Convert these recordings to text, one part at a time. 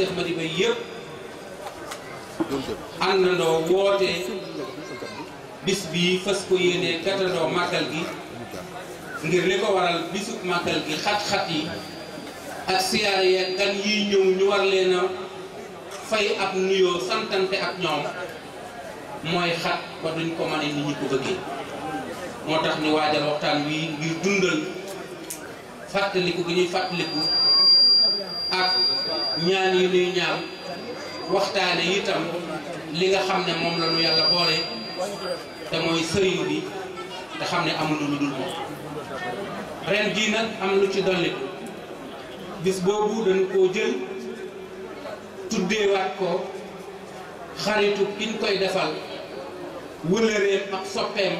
Cheikh Madiba yëpp àndandoo woote bis bii fas ko yéenee gàttandoo màggal gi ngir li ko waral bisub màggal gi xat-xat yi ak siyaare ya gan ñëw ñu war leen a fay nuyoo santante ak ñoom mooy xat ba duñ ko mën a nit ñi ko bëggee moo tax ñu waajal waxtaan wi ngir dundal fàttaliku gi ñuy fàttaliku ak ñaan yi nuy ñaan waxtaane itam li nga xam ne moom la nu yàlla boole te mooy sëriñ bi te xam ne amul lu dul moom ren jii nag am lu ci dolli bis boobu dañu koo jël tuddeewaat ko xaritu kiñ koy defal wëlëreem ak soppeem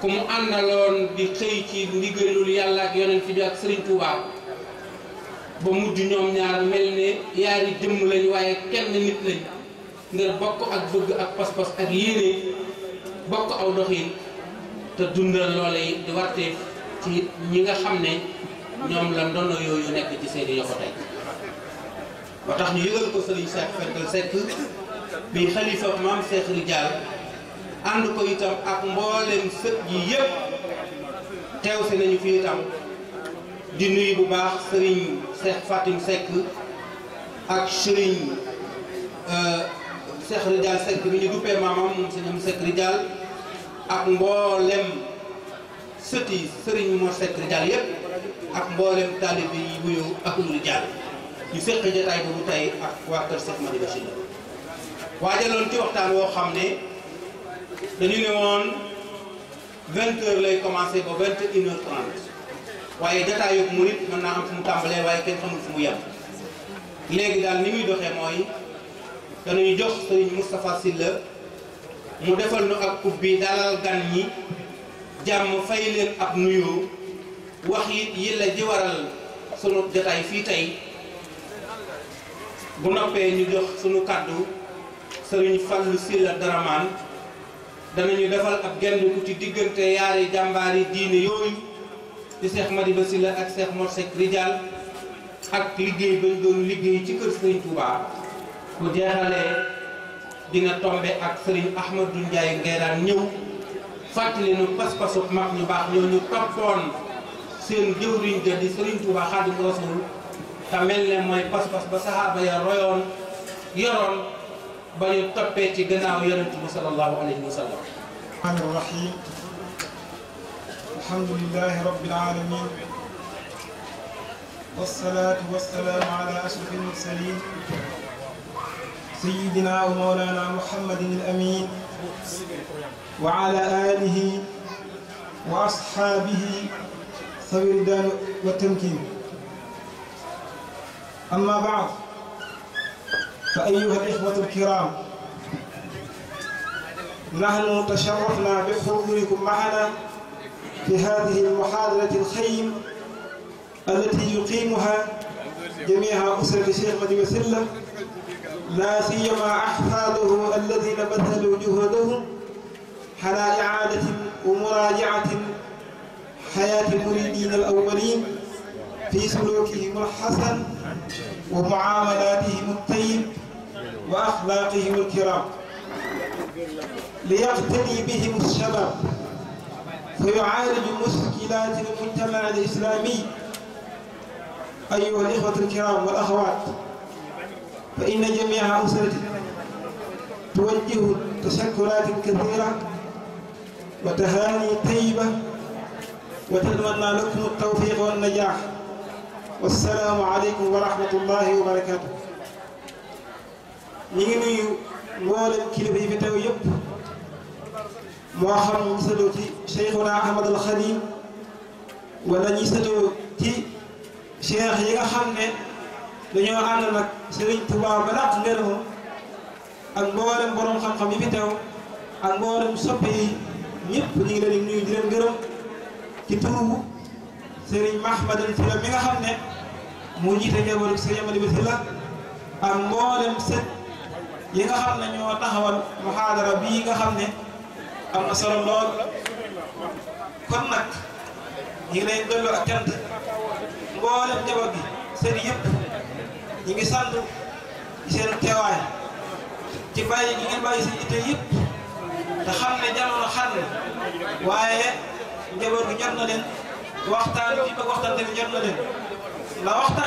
ku mu àndaloon di xëy ci ndigalul yàlla ak yonent bi ak sëriñ Tuubaa ba mujj ñoom ñaar mel ne yaari jëmm lañu waaye kenn nit lañ ngir bokk ak bëgg ak pas-pas ak yéene bokk aw doxin te dundal loole yi di warte ci ñi nga xam ne ñoom la ndono yooyu nekk ci seeni yoxo tey tax ñu yëgal ko sëriñ Seex Fental Seck bi xalifa maam Seex Rijaal ànd ko itam ak mbooleem sët yi yëpp teew si nañu fi itam di nuy bu baax sëriñ Cheikh Fatim Seck ak sëriñ euh, Cheikh Rijal Seck bi ñu duppee maamam moom sëñ am Seck Rijal ak mboolem sëti sëriñ Mor Seck Rijal yépp ak mboolem taalibe yi wuyoo ak lu Rijal ñu seq jotaay boobu tey ak waa kër Seck Madi Bachir waajaloon ci waxtaan woo xam ne dañu ne lay commencé ba vingt et waaye jataayu murit mën naa am fu mu tàmbalee waaye kenn xamul fu mu yem léegi daal ni muy doxee mooy dañuy jox sëriñ Moustapha Sylla mu defal nu ak ubbi dalal gan ñi jàmm fay leen ab nuyoo wax yi yi la ji waral sunu jataay fii tey bu noppee ñu jox suñu kàddu sëriñ Fallou Sylla Daraman danañu defal ab genn ku ci diggante yaari jàmbaari diine yooyu di Cheikh si Sylla ak Cheikh Mor Seck Rijal ak liggéey bañ doon liggéey ci kër Serigne Touba bu jeexalee dina tombe ak Serigne jaay Ndiaye Nguerane ñëw fàttali nu pas-pasu mag ñu baax ñoo ñu toppoon seen jëwriñ ga di Serigne Touba Xaadimu Rasuul te mel ne mooy pas-pas ba saxaaba ya royoon yoroon ba ñu toppee ci gannaaw yonent bi sallallahu alayhi wa sallam. الحمد لله رب العالمين والصلاة والسلام على أشرف المرسلين سيدنا ومولانا محمد الأمين وعلى آله وأصحابه ذوي الردان والتمكين أما بعد فأيها الإخوة الكرام نحن تشرفنا بحضوركم معنا في هذه المحاضرة الخيم التي يقيمها جميع أسر الشيخ محمد وسلم لا سيما أحفاده الذين بذلوا جهدهم على إعادة ومراجعة حياة المريدين الأولين في سلوكهم الحسن ومعاملاتهم الطيب وأخلاقهم الكرام ليقتدي بهم الشباب ويعالج مشكلات المجتمع الإسلامي أيها الإخوة الكرام والأخوات فإن جميع أسرتي توجه تشكرات كثيرة وتهاني طيبة وتتمنى لكم التوفيق والنجاح والسلام عليكم ورحمة الله وبركاته نيني ngi كلبي بتويب moo xam ñu sëtoo ci Cheikhuna Ahmad al Khadim wala ñi sëtoo ci cheikh yi nga xam ne dañoo ànd nag Sëriñ Tuubaa ba dàq moom ak mboolem borom xam-xam yi fi teew ak mboolem soppe yi ñëpp ñu ngi leen di nuyu di leen gërëm ci turu Sëriñ Mahmadou Sylla mi nga xam ne moo jiite njabootu Sëriñ Amady Ba Sylla ak mboolem sët yi nga xam ne ñoo taxawal muhaadara bii nga xam ne. am na solo lool kon nag ñu ngi lay delloo ak cant mboolem njaboot bi seen yëpp ñu ngi sant seen teewaay ci bàyyi gi ngeen bàyyi seen itte yëpp te xam ne jamono xam ne waaye njaboot bi jot na leen waxtaan bi ba waxtaan tamit jot na wi dafa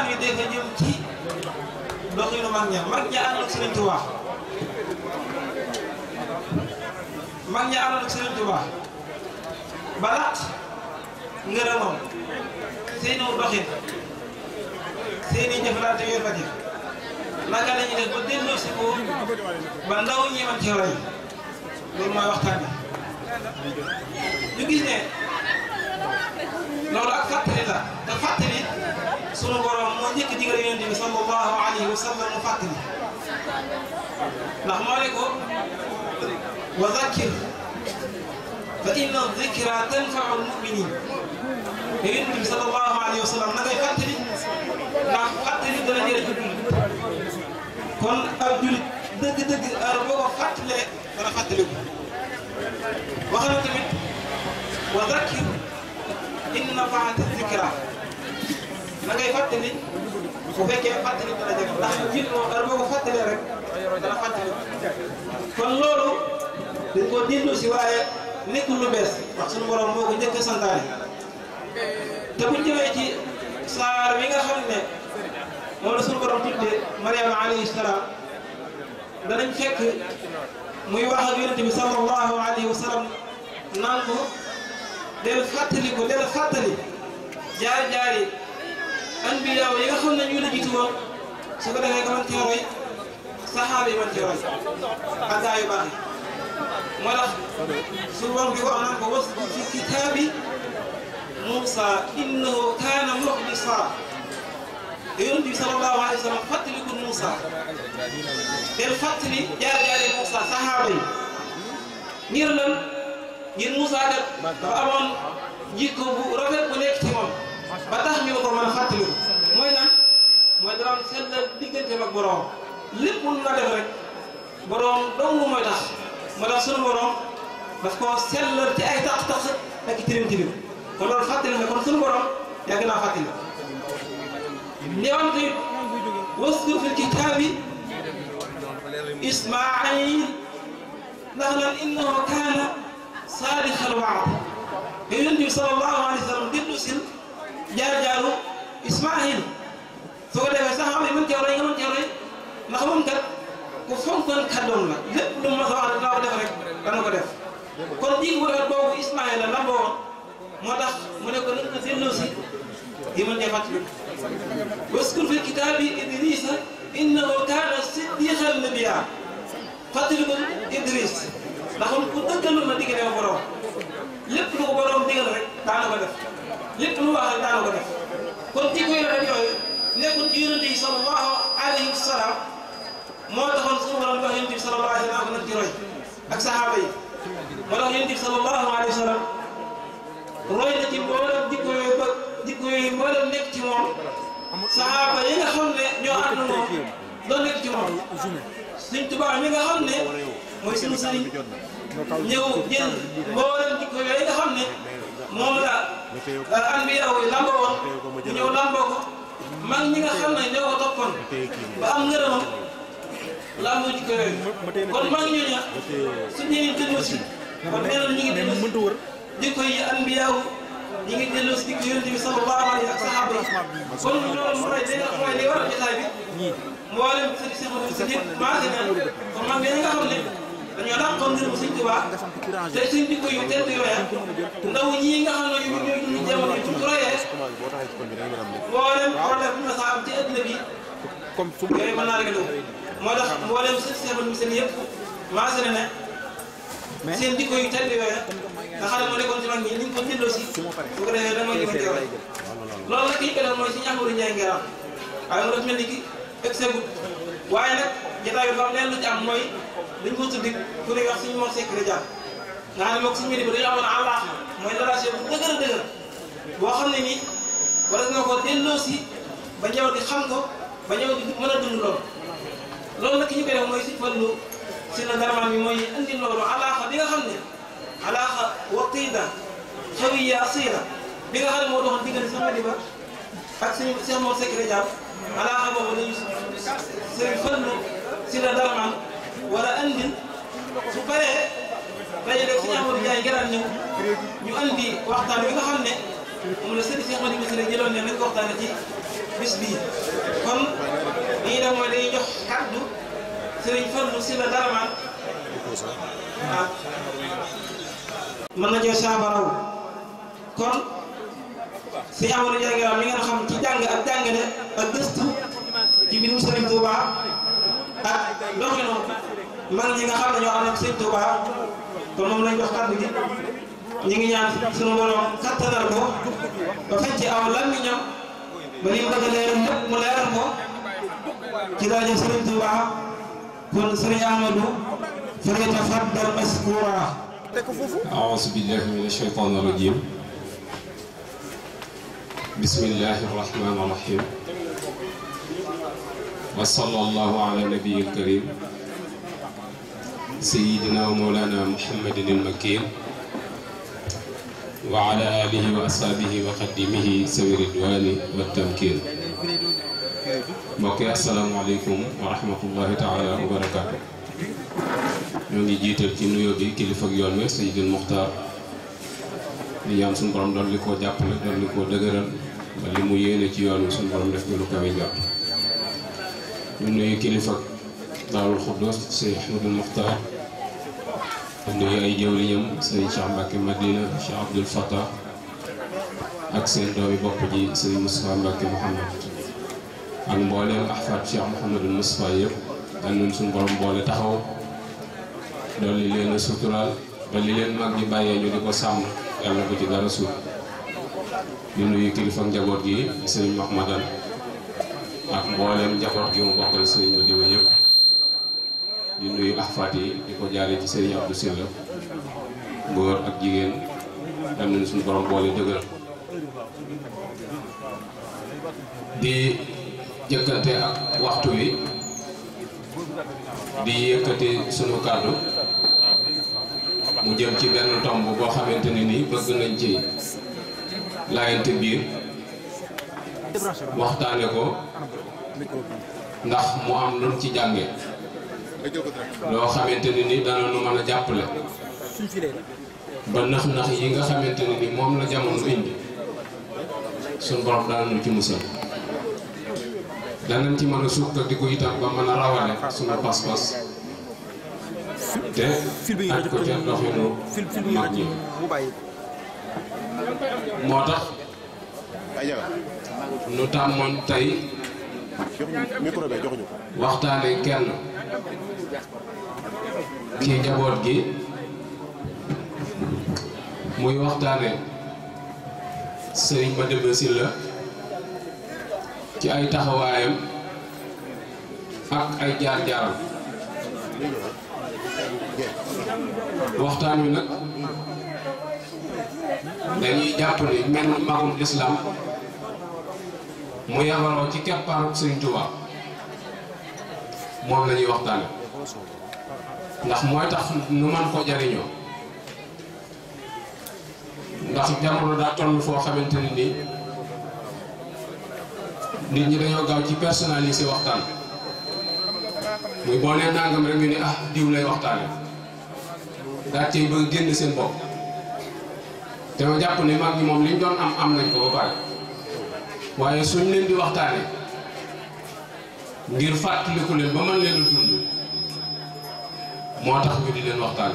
ci doxinu mag ña mag ña ànd ak Sëriñ Tuubaa mag ñi àndoon ak Sëriñ Tuubaa balaat a seeni doxin seeni jëflante yu rafet naka la ñuy def ba delloo si ko ba ndaw ñi man ci roy loolu mooy waxtaan bi ñu gis ne loolu ak fàttali a te fàttali sunu borom moo njëkk digal yonent bi sallallahu alayhi wa sallam mu fàttali ndax moo ne ko وذكر فإن الذكرى تنفع المؤمنين إنه صلى الله عليه وسلم ماذا يقتل لا قتل دلني رجل كن أبدل دق دق أربو قتل ولا قتل وهنا تمت وذكر إن نفعت الذكرى ماذا يقتل وفيك يقتل دلني رجل نحن جل أربو قتل رجل ولا قتل كن لولو dañ koo dillu si waaye nekkul lu bees wax suñu borom moo ko njëkk santaane te bu ñëwee ci saar wi nga xam ne moom la suñu borom tuddee Mariama alayhi salaam danañ fekk muy wax ak yonente bi sallallahu alayhi wa sallam naan ko del fàttali ko del fàttali jaar jaari anbiyaaw yi nga xam ne ñu la jiitu woon su ko nga mën cee roy saxaaba yi mën cee roy baax moo tax suñu borom bi wax naan ko wasbir fi kitaabi Muusaa innahu kaana muxlisaa yonent bi sallallahu alayhi wa sallam fàttali ko Muusaa del fàttali jaar-jaari Muusaa saxaaba yi lan ngir Muusaa kat dafa amoon jikko bu rafet nekk ci moom ba tax ñu ko mën a fàttaliku mooy lan mooy daan sellal diggante ak boroom lépp lu nga def rek boroom dong mooy tax مدرسون برام مسكو سلر تأي تأخ تكترم تبين كل الفاتن مدرسون برام يعنى فاتن نعم وصل في الكتاب إسماعيل نهلا إنه كان صالح الوعد النبي صلى الله عليه وسلم قد نسل يا جارو إسماعيل سوى لك سهام من تيوري من تيوري لهم كتب كفنطن كدون ما لب لما زار لا بده رك كانوا كده كن دي هو أبو إسماعيل أنا بو مدا مدا كن نزل نزل يمن جمعت له وسكر في كتابي إدريس إنه كان صديق النبي قتل من إدريس لكن كنت كلو ما تيجي نعم برو لب لو برو تيجي نعم كانوا كده لب لو بعد كانوا كده كن دي هو أبو إسماعيل لكن يرد إسماعيل الله عليه السلام moo taxoon suñu borom wax yonent bi sallallahu alayhi wa sallam nañ ci roy ak saxaaba yi moo tax yonent bi sallallahu alayhi wa sallam roy na ci mboolem jikko yooyu ba jikko yooyu yi nga xam ne ñoo ànd moom doon nekk ci moom Sëriñ Tuubaa mi nga xam ne mooy suñu sëriñ ñëw jël mboolem jikko yooyu nga xam ne moom la anbiya yi lamboo woon ñëw lamboo ko mag ñi ñoo ko ba am ngërëmam laa mooy jikko yooyu kon mag ñu ña suñ ñu ngi delloo si kon nee ñu ngi delloo si wër jikko yi anbiyaawu ñu ngi delloo si jikko yonent bi sallallahu alayhi ak sahaaba yi kon loolu mooy li nga mooy li war a jotaay bi mboolem sëñ si xamul si nit maase na kon mag ñi nga xam ne dañoo daan kon ngir mu sëñ Tuubaa te suñ jikko yu tedd yooya ndaw ñii nga xam ne ñu ñoo ñu jamono ci royee mboolem problème bu ma sa am ci adduna bi yooyu mën naa rek moo tax mboolem seen seexul misel yëpp maase na ne seen jikko nga xam moo nekkoon ci mag ñi ñu ko delloo si bu ko defee da mooy dimanteew loolu nag ki ñu mooy si ñaxaru Njaay Ngiraan waaye mu def mel ni ki egsegut waaye nag jotaay bi ba am leen lu ci am mooy dañ ko tuddi ku ne wax suñu mor sekk la jaar nga xam ne moom suñu mbir mi dañu amoon àllaax mooy relation bu dëgër a dëgër boo xam ne nii ba na ko delloo si ba ñëw di xam ko ba ñëw di mën a dund loolu nag ki ñu koy mooy si fallu si na darman bi mooy andi loolu alaaxa bi nga xam ne alaaxa waqiida xawiya asiira bi nga ne moo doxoon diggante sama diba ak suñu Cheikh Mor Seck Rajab alaaxa boobu dañu seen fallu si na darman wala andi su paree dañu def si Amadou Ndiaye gërëm ñu andi waxtaan bi nga xam ne moom la sëriñ Cheikh Madi Bissiré jëloon ne nañ ko waxtaanee ci bis bii kon lii nag mooy dañuy jox kàddu sëriñ Fallu si la daramaan ah mën na jox saafaraw kon si amoon jàngewaam mi ngeen xam ci jàng ak jàngale ak gëstu ci mbirum sëriñ Touba ak doxinu mag ñi nga xam ne ñoo am ak sëriñ Touba kon moom lañ jox kàddu gi ñu ngi ñaan sunu aw lan mi ñoom ba li mu bëgg a leeral lépp mu leeral ko ci rajo Serigne Touba kon Serigne Amadou falyatafaddal mashkura أعوذ بالله من الشيطان الرجيم بسم الله الرحمن الرحيم وصلى الله على النبي الكريم سيدنا ومولانا محمد المكين وعلى آله وأصحابه وخدمه سوي الرضوان والتمكين. بكي السلام عليكم ورحمة الله تعالى وبركاته. نجي جيتل في نيويورك كيف يجون سيد المختار. نيام سنبرم دارلي كو جابل دارلي كو دعيران. بلي مويه نجيوان سنبرم دارلي كو كامي جاب. نيويورك كيف دارل خدوس سيد المختار. nuyu ay jëwriñam sëriñ Cheikh Mbacke Madina Cheikh Abdoul Fattah ak seen doomi bopp ji sëriñ Moustapha Mbacke Mouhamad ak mbooleem ahfaad Cheikh Mouhamadul Moustapha yëpp danañ suñu borom boole taxaw dolli leen a suturaal ba li leen mag ñi bàyyee ñu di ko sàmm yàlla ko ci dara suuf di nuyu kilifa njaboot gi sëriñ Mouhamadane ak mbooleem mu bokkal sëriñ Madina di nuyu ahfaat yi di ko jaaree ci Serigne Abdou Sylla ngor ak jigen dem nañ suñu borom boole deugal di jëkkante ak waxtu wi di yëkkati suñu kaddu mu jëm ci benn tombu bo xamanteni ni bëgg nañ ci layante biir waxtane ko ndax mu am lu ci jànge loo xamante ne ni dana nu mën a jàppale ba nax-nax yi nga xamante ne ni moom la jamono indi suñ borom dana nu ci musal danañ ci mën a sukkandiku itam ba mën a rawale suñu pas-pas te ak ko te doxinu mag ñi moo tax nu tàmmoon tey waxtaane kenn ci jaboot gi muy waxtaane sëriñ Mademba la ci ay taxawaayam ak ay jaar-jaaram waxtaan wi nag dañuy jàpp ni mel ni magum islam mu yabaroo ci keppaaru sëriñ Tuubaa moom la ñuy ndax moy tax nu man ko jariño ndax jamono da toll fo xamanteni ni nii nit ñi dañu gaw ci personnalisé waxtan muy boo nee nangam rek ñu ne ah diw lay waxtan da ci bu genn seen bok te ma jàpp ne mag ñi mom liñ doon am am nañ ko ba pare waye suñu leen di waxtaane ngir fatlikulen ba man leen a dund moo tax ñu di leen waxtaan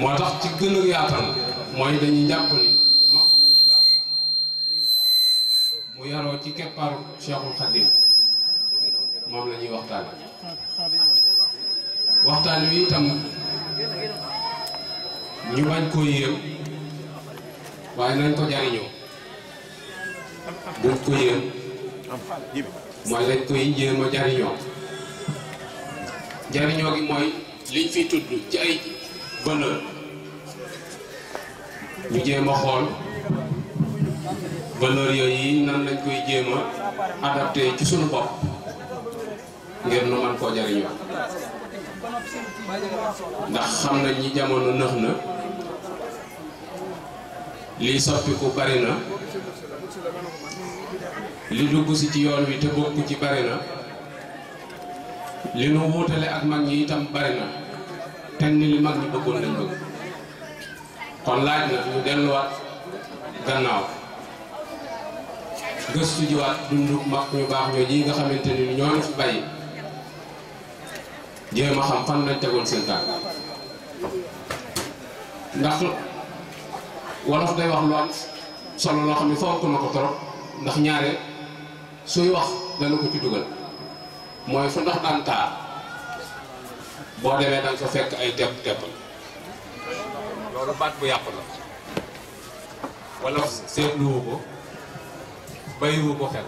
moo tax ci gën a yaatal mooy dañuy jàpp mu yaroo ci keppaaru Cheikhul Khadim moom lañuy ñuy waxtaan waxtaan wi itam ñu bañ koo yéem waaye nañ ko jariñoo buñ ko yéem mooy dañ koy jéem jariñoo jariñoo gi mooy liñ fi tudd ci ay valeur ñu jéem a xool valeur yooyu nan lañ koy jéem a ci sunu bopp ngir nu man koo jariñoo ndax xam nañ ñi jamono nëx na lii soppiku bari na li dugg si ci yoon wi te bokku ci bari na li nu wuutale ak mag ñi itam bari na te ni li mag ñi bëggoon lañ bëgg kon laaj na ñu delluwaat gannaaw gëstu jiwaat dundu mag ñu baax ñoo ñi nga xamante ni ñoo ñu fi bàyyi jéem a xam fan lañ tegoon seen tànk ndax wolof day wax lu am solo loo xam ne fonk na ko trop ndax ñaare suy wax dana ko ci dugal mooy fu ndox daan taa boo demee danga fa fekk ay tepp tepp la loolu baat bu yàqu la wala seetluwu ko bàyyiwu ko xel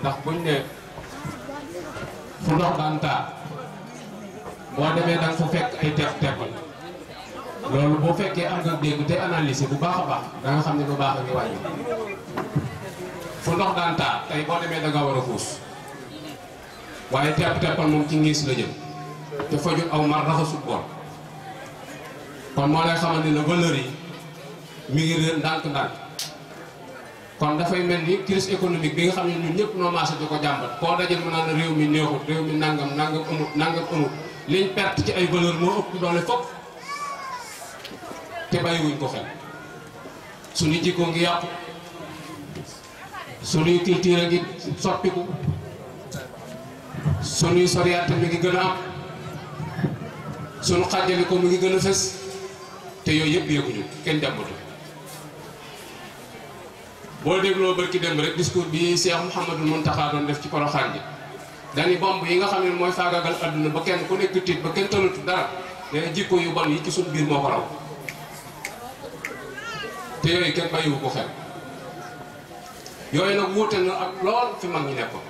ndax buñ ne fu ndox daan taa boo demee danga fa fekk ay tepp tepp boo fekkee am nga dégg bu baax a baax da xam ne bu baax a ngi wàññi fu danta tay bo demé da nga wara fous waye waaye tepp teppal moom ci ngiss la jëm te faju aw mar raxasut bor kon mo lay xamanteni le valeur yi mi ngi reen dank dank kon da fay melni crise économique bi nga xamni ne ñun ñëpp marché diko di ko jàmbat koo dajal réew mi neexut réew mi nangam nangam amut nangam amut liñ perte ci ay valeur moo ëpp doole fop te bayiwuñ ko xel suñu jikko ngi yaq suñuy culture ngi soppiku suñuy soriyaate mi ngi gën a am sunu xajjali ko mi ngi gën a fës te yeb yëpp yëguñu kenn jàmbatu boo dégloo barki dem rek discours bi Cheikh mohammed muntaha don def ci Porokhane ji dañu bomb yi nga xam moy mooy aduna ba kenn ku nekk tit ba kenn tënatu dara nee jikko yu bon yi ci sun bir moko raw te yoy kenn bayu ko xel yooyu nag wuute na ak lool fi mag ñi nekkoon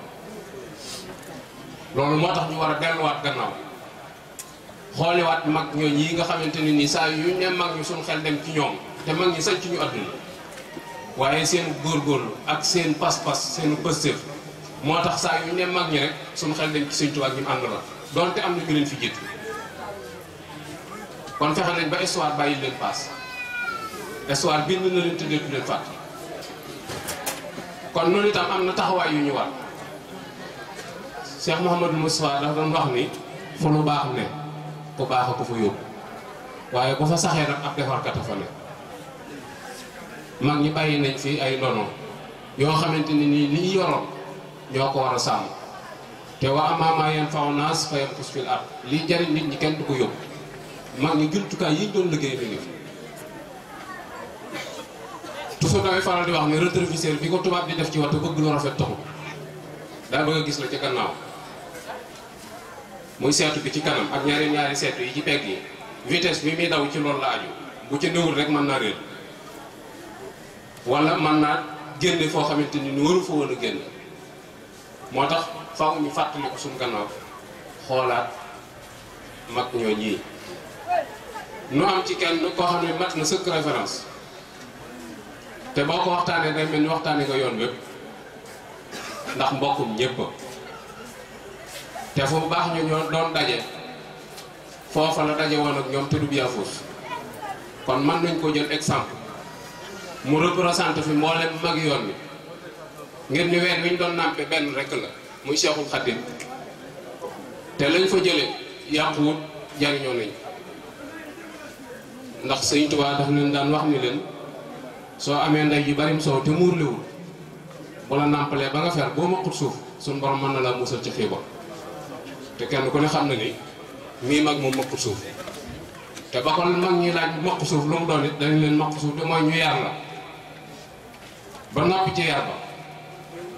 loolu moo tax ñu war a delluwaat gannaaw xoolewaat mag ñooñ yi nga xamante ne nii saa yu ne mag ñu suñu xel dem ci ñoom te mag ñi sañ ci ñu adduna waaye seen góor góorgóorlu ak seen pas-pas seen pëstéef moo tax saa yu ne mag ñi rek suñu xel dem ci Sëñ Tuubaa gi ànd la donte am na ñu leen fi jiitu kon fexe nañ ba histoire bàyyi leen paas histoire bind na leen tëddee leen fàtt kon non itam am na taxawaay yu ñu war Cheikh mohammed moussa da doon wax ni fu lu baax ne ku baax ko fu yob waaye bu fa saxee nag ab defarkat a fa ne mag ñi bàyyi nañ fi ay lono yoo xamante ni nii liñ yoroon ñoo ko war a sàmm te wa amama yan faunas naas fa yamkus fil ard li jariñ nit ñi kenn du ko yóbbu mag ñi jumtukaay yi ñu doon liggéey mi ngi fi toujours damay faral di wax ne rétroviseur bi ko tubaab di def ci waxtu bëgg lu rafet taxu daa bëgg a gis la ci gannaaw muy seetu bi ci kanam ak ñaari ñaari seetu yi ci pegg yi vitesse bi muy daw ci loolu la aju bu ca néewul rek mën naa réer wala mën naa génne foo xamante ni ni waru fa woon a génn moo tax faaw ñu fàttali ko suñu gannaaw xoolaat mag ñoo ñii nu am ci kenn koo xam ne mat na sëkk référence te boko waxtane waxtaanee day mel ni ko yoon wépp ndax mbokum ñepp te fu baax ñu ñoo doon daje fofu la daje won ak ñom te du Biafous kon man nañ ko jël exemple mu représenter fi mboolem mag yoon ni ngir ni weer wi doon nampé ben rek la muy Cheikhul Khadim te lañ fa jëlé yàquwut jariñoo nañ ndax seigne touba daf leen daan wax ni leen soo amee ndey yu bari mu soow te muur liwul bu la nàmpalee ba nga fer boo maqut suuf suñ borom mën na laa muusal ci xiiba te kenn ku ne xam na ni mii mag moom maqut suuf te ba ko mag ñi laaj maqut suuf lu mu dañ leen maqut suuf te mooy ñu yar la ba noppi ci yar ba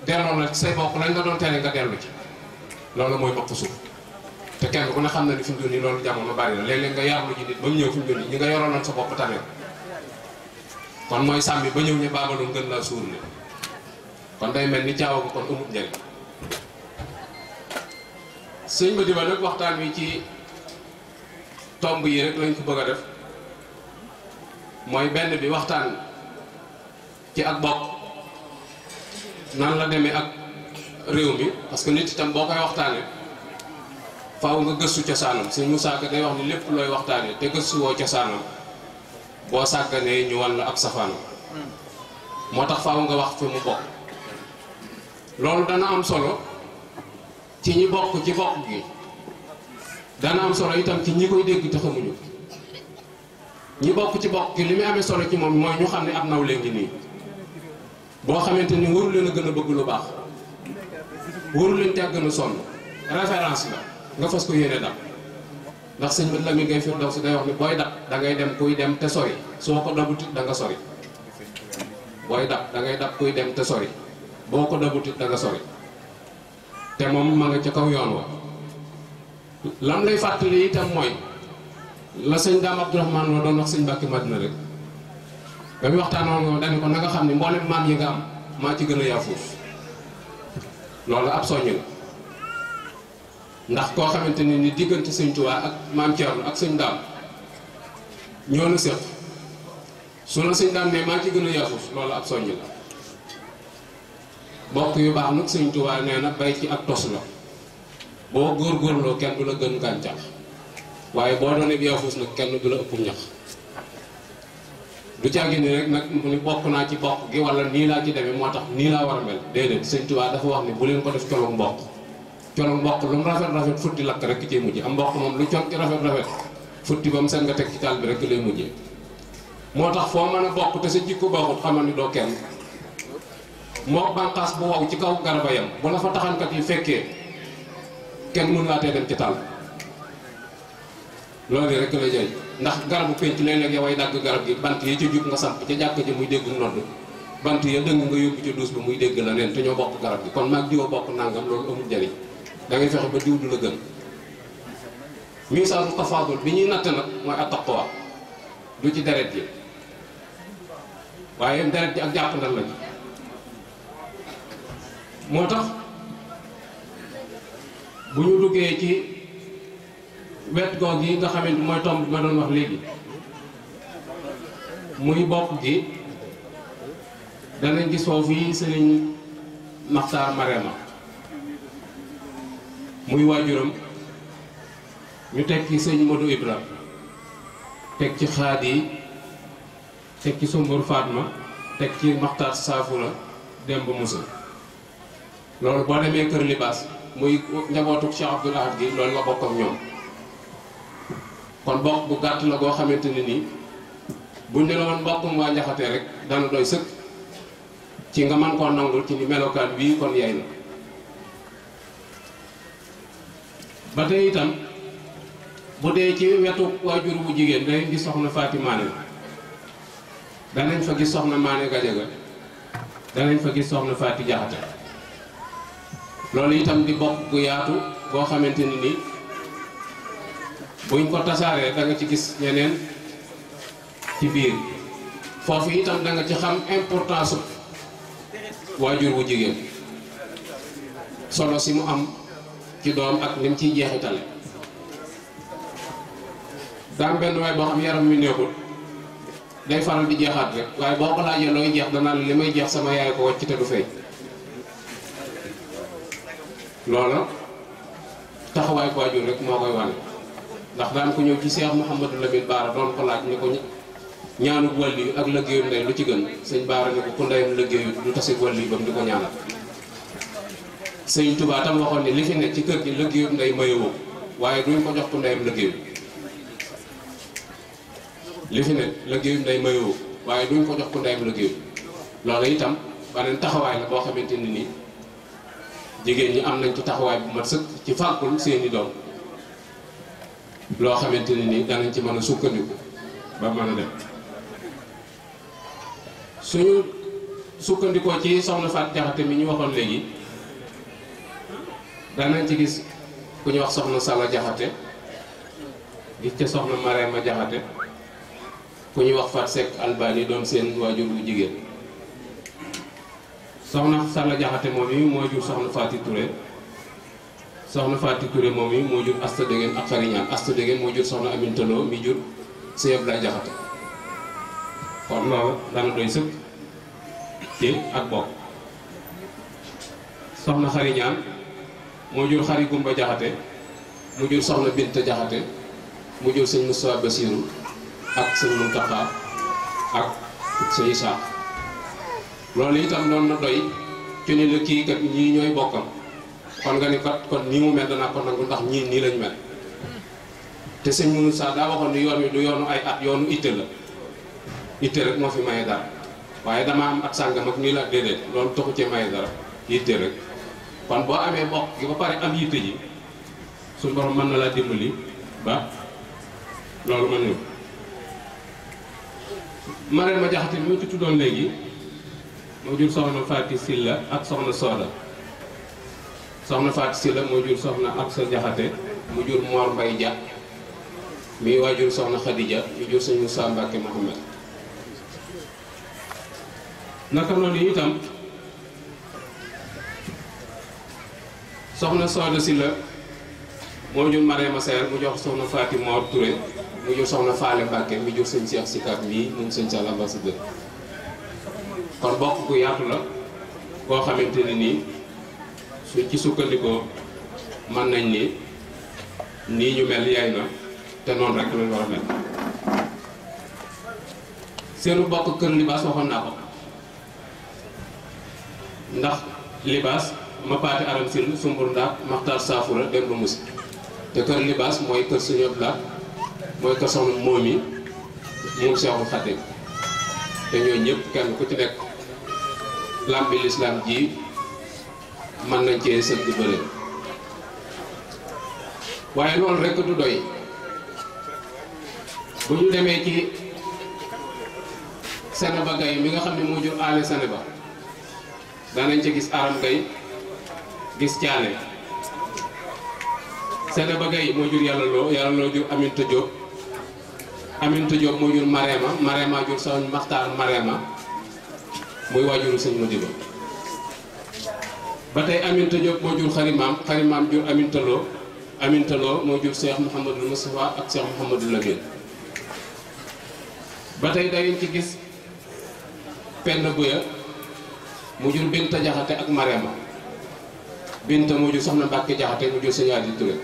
delloo la say bokk lañ nga ci loolu mooy maqut suuf te kenn ku ne xam na ni fi mu doon nii loolu jamono bari na léeg-léeg nga yarlu ji nit ba mu ñëw fi mu doon nii ñi nga yoroon sa bopp tamit kon mooy sàmmi ba ñëw ñu baabaloon gën laa suur ne kon day mel ni caawa ko kon amut njëriñ sëñ ma diba nag waxtaan wi ci tomb yi rek lañ ko bëgg a def mooy benn bi waxtaan ci ak bokk nan la demee ak réew bi parce que nit itam boo koy waxtaanee faw nga gëstu cosaanam sëñ Moussa Ka day wax ni lépp looy waxtaanee te gëstu woo boo sàgganee ñu wan la ab safaan moo tax faaw nga wax fi mu bokk loolu dana am solo ci ñi bokk ci bokk gi dana am solo itam ci ñi koy dégg te xamuñu ñi bokk ci bokk gi li muy amee solo ci moom mooy ñu xam ne am naw léegi nii boo xamante ni waru leen a gën a bëgg lu baax waru leen teg gën a sonn référence la nga fas ko yéene dal ndax sëñ mën la mi ngay fir daw si day wax ni booy dab da ngay dem kuy dem te sori soo ko dabutit da nga sori booy da ngay dab kuy dem te boo ko dabutit moom ma nga ci kaw yoon wa lam lay fàttali itam mooy la sëñ Daam Abdourahmane la doon wax sëñ Mbàkke Madina rek ba mu waxtaanoon dane ko na xam ne mboolem maam yi nga maa ci gën a yaafuuf loolu ab soññ ndax ko xamanteni ne ni diggante sëñ Touba ak Mam Thierno ak sëñ Dam ñono la seq su la ne ma ci gën yaxu loolu ab soñu la bokk yu baax nak sëñ Touba nee na bay ci ak tos la gor lo kenn du la gën waye bo doone bi yaxu nak kenn du la ëpp ñax du jàggi ni rek nak mu ni bokk na ci bokk gi wala ni la ci demee motax ni la war mel déedéet sëñ Touba dafa wax ni bu leen ko def tolok mbokk col mbokk lu mu rafet rafet futti lak rek cee mujj am mbokk moom lu col ci rafet rafet futti di mu seen nga teg ci taal bi rek lay mujjee moo tax foo bokk te sa jikko baaxut xamal ni doo kenn moo bànqaas bu waw ci kaw garaba yam bu la fa taxankat yi fekkee kenn mun laa dem ci taal loolu rek la jëriñ ndax garabu penc léeg-léeg yow ay dagg garab gi bant yi ya ca jub nga samp ca jàkk ji muy dégg nodd bant ya dëng nga yóbbu ca duus ba muy dégg la te ñoo bokk garab gi kon mag diwo bokk nangam loolu amul jëriñ da ngay fexe ba diw du la gën sa tafadul bi ñi natt nak moy attaqwa du ci deret ji waye deret ji ak japp ndal la motax bu ñu duggé ci wet goog yi nga xamé moy tomb bi ma doon wax légui muy bopp gi da nañ gis fofu yi sëriñ Maxtaar Marema muy wajuram ñu tek ci seigne Modou Ibra tek ci khadi tek ci Sombor Fatma tek ci Demb Musa loolu boo demé keur libas muy njabootu Cheikh Abdoul Ahad gi loolu nga bokk ak kon bokk bu gatt la go xamanteni ni bu ñu ne la woon mbokkum wa njaxate rek dana doy seuk ci nga man ko nangul ci ni melokan bi kon yaay batay itam bu dee ci wetu waajur bu jigéen danañ gis soxna Faati da danañ fa gi soxna Maane Gajaga danañ fa gi soxna Faati Jaxate lolou itam di bok gu yaatu boo xamanteni ni buñ ko tasaaree da nga ci gis ñeneen ci biir fofu itam da nga ci xam importance waajur bu jigen solo si mu am ci doom ak lim ciy jeexitale daam benn waaye boo xam yaram mi neexul day faral di jeexaat rek waaye boo ko laajee looy jeex danaa la li may jeex sama yaay ko wàcc te du fay loola taxawaay ko waajur rek moo koy wane ndax daan ko ñëw ci Cheikh Mouhamadou Lamine Baara doon ko laaj ni ko ñaanub wàlli ak lëggéeyu ndey lu ci gën sëñ Baara ni ko ku ndeyam lëggéeyu lu tasib wàlli bam di ko ñaanal sëñ Touba tam waxoon ni li fi nekk ci kër gi liggéeyub nday mayewoo waaye duñ ko jox ku ndeyam liggéeyub fi nekk liggéeyub ndey mayewoo waaye duñ ko jox ku ndeyam liggéeyub loolu itam beneen taxawaay la boo xamante ni nii jigéen ñi am nañ ci taxawaay bu mat sëkk ci fàggul seeni doom loo xamante ni nii danañ ci mën a sukkandiku ba mën a dem suñu sukkandikoo ci soxna Fatou Diakhaté mi ñu waxoon léegi danañ ci gis ku ñu wax soxna Sala Jaxate gis ca soxna Marema Jaxate ku ñu wax Fat Seck Albani doon seen waajur bu jigéen soxna Sala Jaxate moom yi moo jur soxna Faati Touré soxna Faati Touré moom yi moo jur Asta Degen ak Xariñaan Asta Degen moo jur soxna Aminta Lo mi jur Sëñ Abdoulaye Jaxate kon loolu dana doy sëkk ci ak bokk soxna Xariñaan moo jur xari gumba jaxate mu jur soxna binta jaxate mu jur sëñ Moustapha Bassirou ak sëñ Mountakha ak sëñ Issa loolu itam doon na doy ci ni kii kat ñii ñooy bokkam kon nga ni kat kon nii mu mel danaa ko nangu ndax ñii nii lañ mel te sëñ Moussa daa waxoon ni yoon wi du yoonu ay at yoonu itte la itte rek moo fi maye dara waaye dama am at sàngam ak nii la déedéet loolu taxu ci maye dara itte rek kon boo amee bokk gi ba pare am yitte ji suñu borom mën na laa dimbali ba loolu mën na mareen ma jaxate mi ci tuddoon léegi moo jur soxna Faati Silla ak soxna Sooda soxna Faati Silla moo jur soxna Absa Jaxate mu jur Mor Mbay Ja mi waajur soxna Xadija mu jur sëñ Musaa Mbàkke Muhammad naka noonu itam soxna soxna si la moo jur Marème Seer mu jox soxna Faati Moor Touré mu jur soxna Faale Mbàkke mu jur sëñ Cheikh Sikap mii moom sëñ Sall ambassadeur kon bokk ku yaatu la koo xamante ne nii suñ ci sukkandikoo mën nañ ni nii ñu mel yaay na te noonu rek lañ war mel seenu bokk kër libaas waxoon naa ko ndax libaas Mapate Aram Sine Sumbur Ndaak Maxtaar Saafura Demba Musi te kër libaas mooy kër suñu Abdoulaye mooy kër soxna moom yi moom Seexul Xadiim te ñooñu ñëpp kenn ku ci nekk làmbi lislaam ji mën nañ cee sëgg loolu rekk du doy bu ñu demee ci Senaba Gaye mi nga xam ne moo jur aale Senaba danañ ci gis Aram Gaye gis caane Sede ba Gueye moo jur yàlla loo yàlla loo jur Aminta Diop Aminta Diop moo jur Marema Marema jur sëñ Maxtaar Marema muy waajuru sëñ Modibo ba tey Aminta Diop moo jur xarimaam xarimaam jur Aminta Lo Aminta Lo moo jur Cheikh Mouhamadul Moustapha ak Cheikh Mouhamadul Lamine ba tey da ci gis Penda Guya mu jur Binta Jaxate ak Marema Binta mu jur soxna Mbàkke Jaxate mu jur sëñ Adi Touré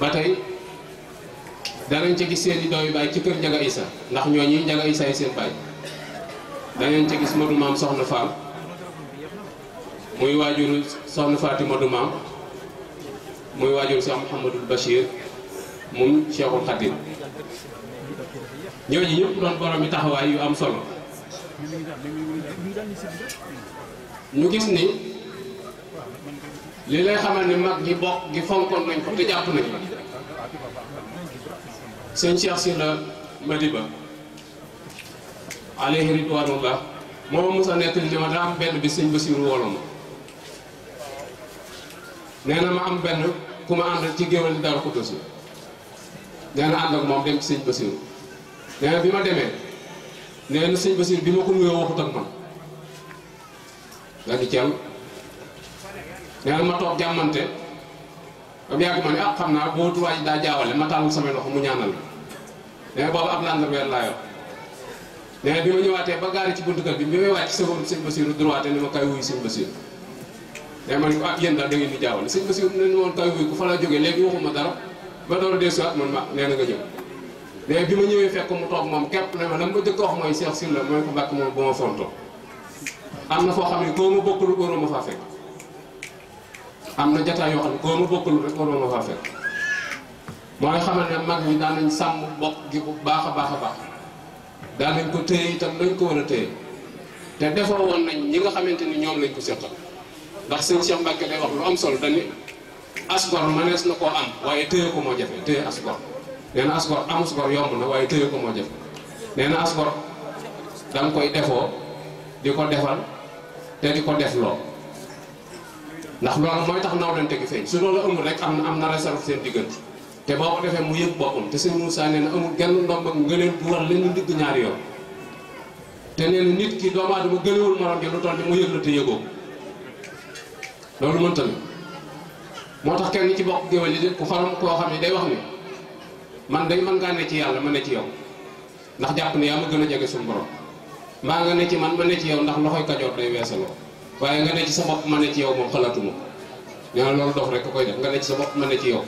ba tey danañ ci gis seen i doomi ci kër Njaga Isa ndax ñooñu Njaga Isa yi seen baay danañ ci gis Modou Maam soxna Faam muy waajuru soxna Faati Modou Maam muy waajuru Cheikh Mouhamadul Bachir moom Cheikhul Khadim ñooñu ñëpp doon borom yi taxawaay yu am solo ñu gis ni li lay xamal ni mag gi bok gi fonkon nañ ko te japp nañ seigne Cheikh sina Madiba alayhi ridwanullah mo Moussa nettali li ma daa am benn bi seigne basir wolom neena ma am benn kuma and ci géwél dara ko dosi neena and ak mom dem ci seigne basir neena bima demé neena seigne basir bima ko nuyo waxut ak man yàlla ma tok jàmmante ba bi ak man ak ah, xamna bo tu waji da daa ma tàllal sama loxu mu ñaanal ma nee boobu ab làndar weer laa yor nee bi ma ñëwaatee ba gaari ci buntu kër bi bi may ci sëfoon sëñ basir droite ni ma kay wuy sëñ basir nee ma ne ko ah yéen daal da ngeen di jaawale sëñ basir ne ni kay wuy ku fa la jógee léegi waxuma dara ba door a deesuwaat man ma nee na nga jëm mais bi ma ñëwee fekk mu tok mom képp ne ma la ko jëk wax moy Cheikh Sylla moy ko bàkk mom bo fonto amna fo xamni ko xam bokku koo ma bokkul góor ma faa fekk am na yo yoo xam ko koo ma rek waroon na faa fekk mooy xamal ne mag ni daan nañ sàmm bokk gi bu baax a baax da nañ ko téye tam nañ ko wara a te defo won nañ ñi nga xamanteni ñoom lañ ko sekkal ndax seen Cheikh Mbacke day wax lu am solo dañu asgor manes na ko am waye téye ko mo jafe téye asgor neena asgor am asgor yomb na waye téye ko mo jafe neena asgor dang koy defo diko ko defal te di ko def lo ndax loolu mooy tax nawlante gi feeñ su loolu amul rek am na am na réserve seen diggant te boo ko defee mu yëg boppam te sëñ Moussa nee na amul genn ndomb ak ngëneel bu ñaari yoon te doomu aadama gënewul morom ji lu toll ni mu yëg la te yëgoo loolu mënta la moo tax kenn ci bokk géwél yi ku faram koo xam ne day wax ni man day mën ngaa ne ci yàlla ma ne ci yow ndax jàpp ne yaa ma gën a jege suñu borom maa nga ne ci man ma ne ci yow ndax loxoy kajoor day weesaloo waaye nga ne ci sa bopp ma ne ci yow moom xalaatuma ñaa loolu dox rek koy def nga ne ci sa bopp ma ne ci yow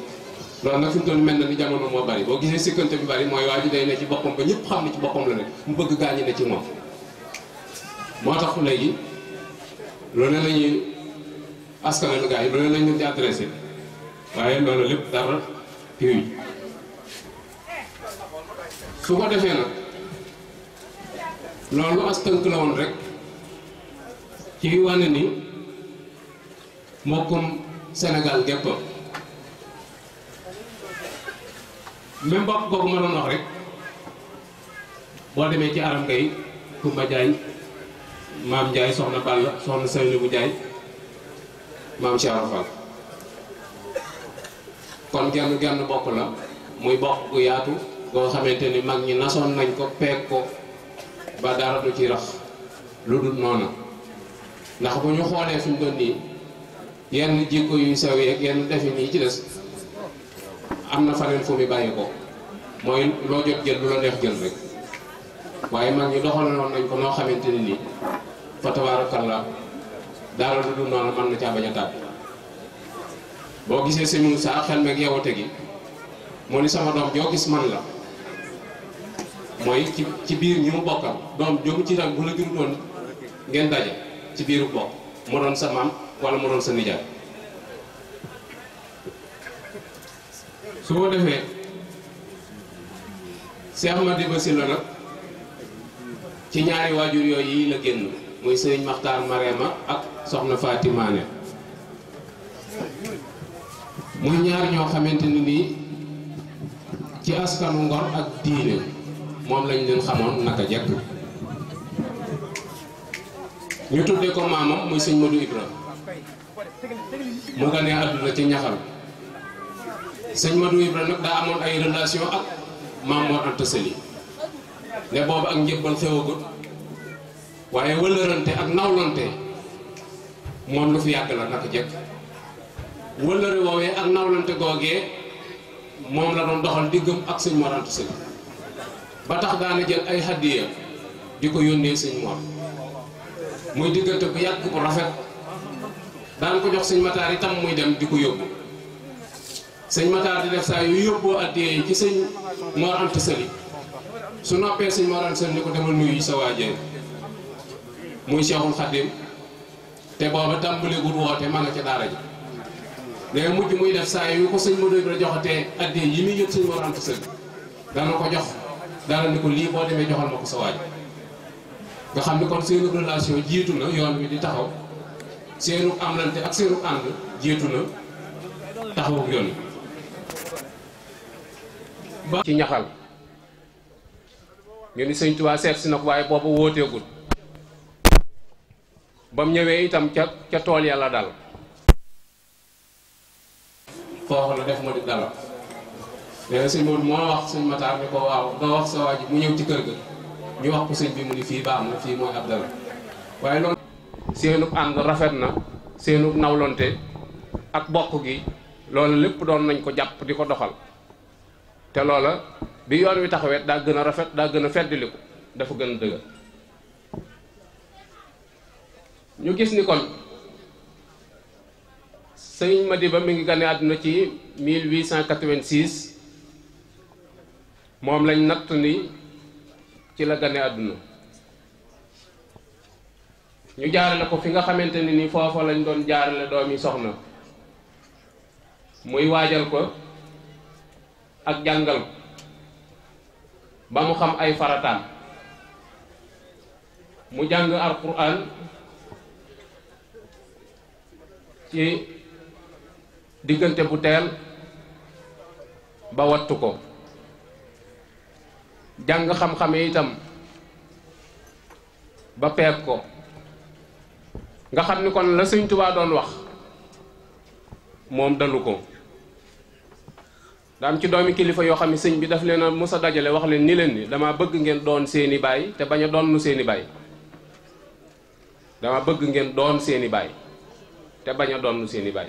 loolu na fi mel na ni jamono moo bari oo gisee sikkante bi bari mooy waa ji day ne ci boppam ba ñëpp xam ne ci boppam la ne mu bëgg gaañi ne ci moom moo tax léegi loolu la ñuy yi loolu la ñu di adressé waaye loolu lépp dara piiw su ko defee na loolu as la woon rek ci bi wane ni mbokkum Sénégal géppam même mbokk googu ma doon wax rek boo demee ci aram kay Kumba Jaay maam Njaay soxna Balla soxna Saynu bu Njaay maam Cheikh kon genn genn bokk la muy bokk gu yaatu goo xamante ni mag ñi nasoon nañ ko peeg ko ba dara ci rax lu dul noona ndax bu ñu xoolee fi mu doon nii yenn jikko yu sew yeeg yenn defin yi ci des am na faneen fu mu bàyyi ko mooy loo jot jël lu la neex jël rek waaye mag ñi doxaloon nañ ko noo xamante ni nii fa tabaarakallaa daara lu dul noonu na caa bañ a tàbb boo gisee sëñ Moussa xel meeg yeewate gi mu ni sama doom joo gis man la mooy ci ci biir ñi mu bokkal doom joo ci tam bu la jur ngeen daje ci biiru bopp moo doon sa maam wala mu doon sa nijaay su ko defee Cheikh Ahmadou Bassirou nag ci ñaari waajur yooyu yi la génn muy sëriñ Maxtaar ma ak soxna Fatimaane muy ñaar ñoo xamante ni nii ci askanu ngor ak diine moom lañ leen xamoon naka jekk ñu tuddee ko maamam muy sëñ Modou Ibra mu ganee àdduna ci ñaxal sëñ Modou Ibra nag daa amoon ay relation ak maam Mor Anta Sali ne boobu ak njëbbal xewagut waaye wëllërante ak nawlante moom lu fi yàgg la naka jëkk wëllëre woowee ak nawlante googee moom la doon doxal diggam ak sëñ Mor Anta ba tax daana jël ay hadiya di ko yónnee sëñ Mor muy diggante bu yàgg bu rafet daan ko jox sëñ mataar itam muy dem di ko yóbbu sëñ mataar di def saa yu yóbboo addiyee yi ci sëñ Mor Anta Sali su noppee sëñ Mor Anta Sali ni ko demal nuyu sa waajee muy Cheikhul Khadim te booba tàmbalegul woote ma nga ca daara ji léegi mujj muy def saa yu ko sëñ Modou Ibra joxatee addiyee yi muy yëpp sëñ Mor Anta Sali dana ko jox dana ni ko lii boo demee joxal ma ko sa waaj nga xam ne kon seenu relation jiitu na yoon wi di taxaw seenu amlante ak seenu ànd jiitu na taxaw ak yoon ba ci ñaxal ñu ni sëñ seet si na ko waaye boobu wóoteegul ba mu ñëwee itam ca ca tool yàlla dal foofu la def ma di dala léegi sëñ Maodo moo wax sëñ Matar ni ko waaw nga wax sa waa ji mu ñëw ci kër ga ñu wax ko sëñ bi mu ni fii baax na fii mooy ab waaye loolu seenub ànd rafet na seenub nawlonte ak bokk gi loolu lépp doon nañ ko jàpp di ko doxal te loola bi yoon wi taxawet daa gën a rafet daa gën a feddiliku dafa gën a dëgër ñu gis ni kon sëñ ba mi ngi gane àdduna ci 1886 moom lañ natt ni ci la gane àdduna ñu jaarale ko fi nga xamante ne nii foofa lañ doon jaarale doomi soxna muy waajal ko ak jàngal ko ba mu xam ay farataam mu jàng alquran ci diggante bu teel ba wattu ko jàng xam-xam yi itam ba peeg ko nga xam ni kon la sëñ Tuubaa doon wax moom dalu ko daam ci doomi kilifa yoo xam ne sëñ bi daf leen a dajale wax leen ni leen ni damaa bëgg ngeen doon seeni baay te bañ a doon seeni baay dama bëgg ngeen doon seeni baay te bañ a doon seeni baay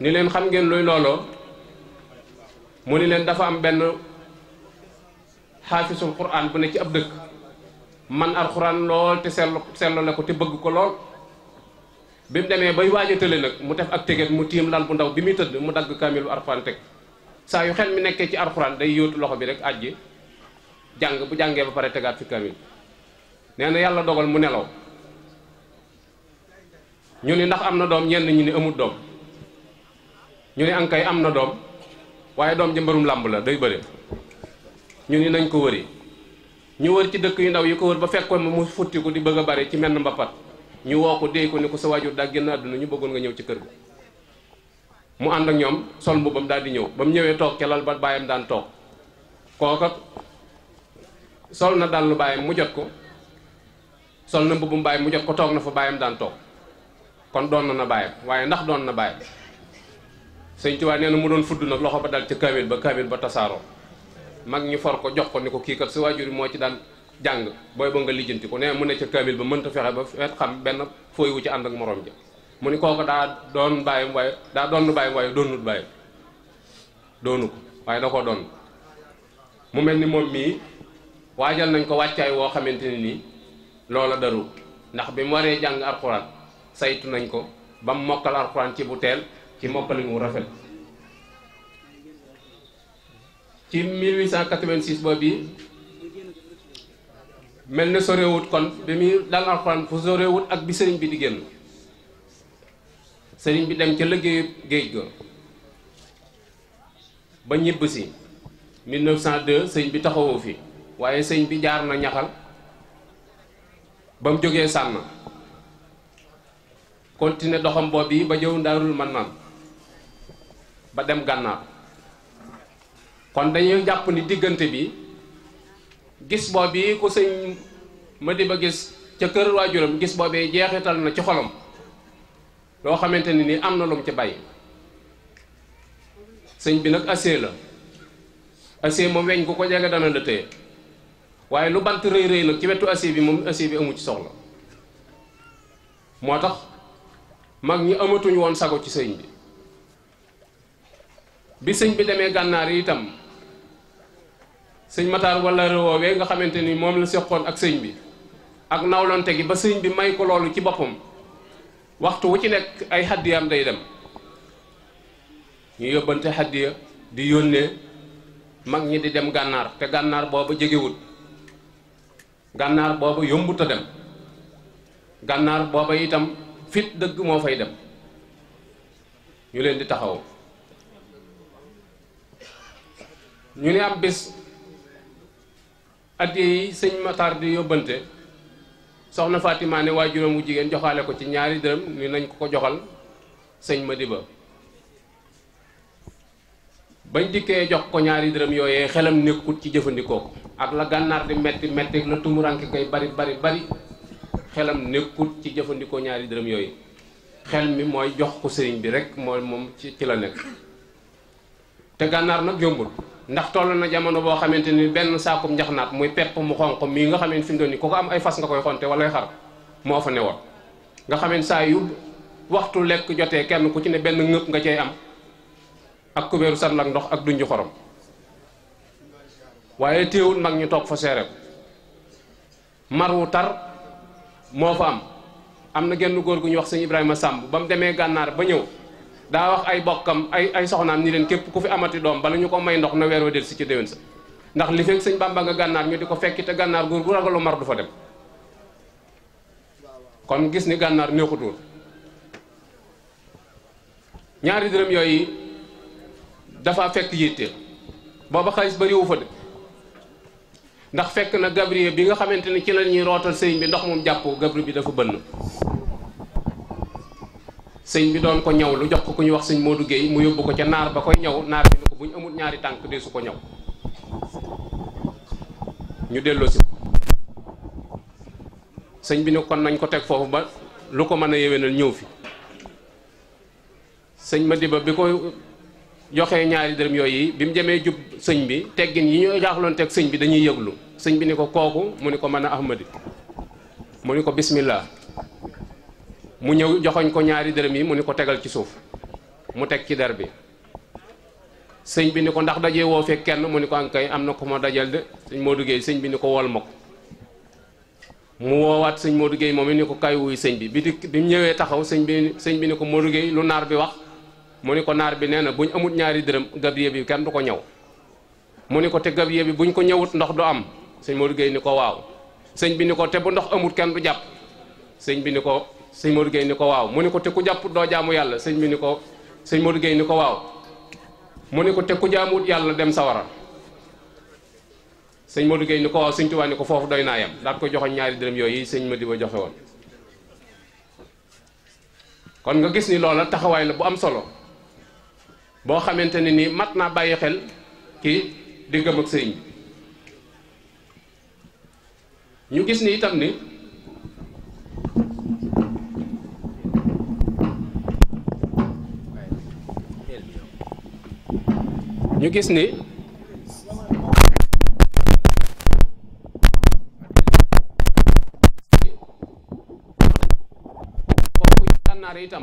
ni leen xam ngeen luy looloo mu ni leen dafa am benn Hafizul quran bu ne ci ab deuk man qur'an lol te sellu selo la ko te beug ko lol bim deme bay waaj tele nak mu def ak teget mu tim lal bu ndaw bi mi teud mu dagg kaamilu alxuraan tek sa yu xel mi nekk ci qur'an day yóotu loxo bi rek ajji jang bu jange ba pare tegat fi kamil neena yalla dogal mu nelaw ñu ni ndax amna dom ñen ñi ni amul dom ñu ni ankay am na doom ji mbeurum lamb la day beure ñu ngi nañ ko wëri ñu wër ci dëkk yu ndaw yu ko wër ba fekk ko mu futti ko di bëgg bari ci mel mbapat ñu woo ko déy ko ni ko sa waajur daa génn àdduna ñu bëggoon nga ñëw ci kër ga mu ànd ak ñoom sol mbubam daal di ñëw ba mu ñëwee toog ca lal ba bàyyam daan toog kooka sol na dàllu bàyyam mu jot ko sol na mbubum bàyyam mu jot ko toog na fa bàyyam daan toog kon doon na na bàyyam waaye ndax doon na bàyyam sëñ Tuubaa nee na mu doon fudd nag loxo ba dal ca kaamil ba kaamil ba tasaaroo mag ñu for ko jox ko ni ko kii kat su wajuri mo ci dan jang boy ba nga lijeenti ko ne mu ne ci kaamil ba ta fexé ba fet xam ben foy wu ci and ak morom ja mu ni koko da don bàyyam way da don bàyyam way doonut bàyyam doonu ko da ko don mu melni mom mi wajal nañ ko waccay wo xamanteni ni lola daru ndax bi mu waree jàng alxuraan saytu nañ ko bam mokal alquran ci bu tel ci mokal mu rafet ci 1886 boobu bi mel na sorewut kon bi muy dal alxuraan fu sorewut ak bi sëriñ bi di génn sëriñ bi dem ca liggéeyu géej ga ba ñibb si 1902 sëriñ bi taxawoo fi waaye sëriñ bi jaar na ñaxal ba mu jógee sànn kontine doxam boobu yi ba jëw daarul man man ba dem gànnaar kon dañuy jàpp ni diggante bi gis boo bi ku sëñ ma di ba gis ca kër waa waajuram gis boobee jeexital na ci xolam loo xamante ni nii am na lum ci bàyyi sëñ bi nag asee la asee moom weñ ku ko jege dana la téye waaye lu bant rëy rëy nag ci wetu asee bi moom asee bi amu ci soxla moo tax mag ñi amatuñ woon sago ci sëñ bi bi señ bi demee gànnaar itam señ Matar wala rewoowee nga xamante ni moom la seqoon ak señ bi ak nawlonte gi ba señ bi may ko loolu ci boppam waxtu wu ci nekk ay xaddiyaam day dem ñu yóbbante xaddiya di yónnee mag ñi di dem gànnaar te gànnaar booba jegewut gànnaar booba yombu ta dem gànnaar booba itam fit dëgg moo fay dem ñu leen di taxaw ñu ne ab bis addiya yi sëñ Matar di yóbbante soxna Fatima ne waajuram wu jigéen joxaale ko ci ñaari dërëm ni nañ ko ko joxal sëñ ma Madiba bañ dikkee jox ko ñaari dërëm yooyee xelam nekkut ci jëfandikoo ko ak la gànnaar di metti metti la tumuranke koy bari bari bari xelam ci jëfandikoo ñaari dërëm yooyu xel mi mooy jox ko sëriñ bi rek mooy moom ci ci la nekk te gànnaar nag yombul ndax toll na jamono boo xamante ni benn saakum njaxnaat muy pepp mu xonq mii nga xamante fi mu doon ku ko am ay fas nga koy xonte wala ay xar moo fa ne newoon nga xamante saa yu waxtu lekk jotee kenn ku ci ne benn ngëpp nga cay am ak kubéeru sàll ak ndox ak dunji xorom waaye téewul mag ñu toog fa seere mar wu tar moo fa am am na genn góor gu ñuy wax sëñ Ibrahima Samb ba mu demee gànnaar ba ñëw daa wax ay bokkam ay ay ni leen képp ku fi amati doom bala ñu ko may ndox na weer wa del si ci déwén sa ndax li fekk sañ Bàmba nga gànnaar ñu di ko fekki te gànnaar góor gu ragalu mar du fa dem kon gis ni gànnaar neexutul ñaari dërëm yooyu dafa fekk yitte booba xaalis bariwu fa de ndax fekk na gabriel bi nga xamante ne ci la ñuy rootal sëñ bi ndox moom jàpp gabriel bi dafa bënn sëñ bi doon ko ñaw lu jox ko ku ñu wax sëñ moo Guèye mu yóbbu ko ca naar ba koy ñaw naar bi ne ko bu ñu amul ñaari tànk de su ko ñaw ñu delloo si sëñ bi ne kon nañ ko teg foofu ba lu ko mën a yéwénal ñëw fi sëñ Madiba bi ko joxee ñaari dërëm yi bi mu jemee jub sëñ bi teggin yi ñu jaaxloon teg sëñ bi dañuy yëglu sëñ bi ni ko kooku mu ni ko mën a ahmadi mu ni ko bismillah mu ñëw joxoñ ko ñaari dërëm yi mu ni ko tegal ci suuf mu teg ci der bi sëñ bi ni ko ndax dajee woo fekk kenn mu ni ko ankay am na ko ma dajal de sëñ Modou Guèye sëñ bi ni ko wol ko mu sëñ Modou Guèye moom it ni ko kay sëñ bi bi di bi ñëwee taxaw sëñ bi sëñ bi ni ko moo Guèye lu naar bi wax mu ni ko naar bi nee na buñ amut ñaari dërëm gabrier bi kenn du ko ñëw mu ni ko te gabrier bi buñ ko ñëwut ndox du am sëñ moo Guèye ni ko waaw sëñ bi ni ko te bu ndox amut kenn du jàpp sëñ bi ni ko sëñ Modou Gueye ni ko waaw mu ni ko te ku jàpp doo jaamu yàlla sëñ bi ni ko sëñ Modou ni ko waaw mu ni ko te ku jaamuwut yàlla dem sawara sëñ Modou Gueye ni ko waaw sëñ Tuubaa ni ko foofu doy naa yem daal ko joxoon ñaari dërëm yooyu sëñ Madiba joxe woon kon nga gis ni loola taxawaay la bu am solo boo xamante ne ni mat naa bàyyi xel ki diggam ak sëñ bi ñu gis ni itam ni ñu gis ni foofu tànnaar itam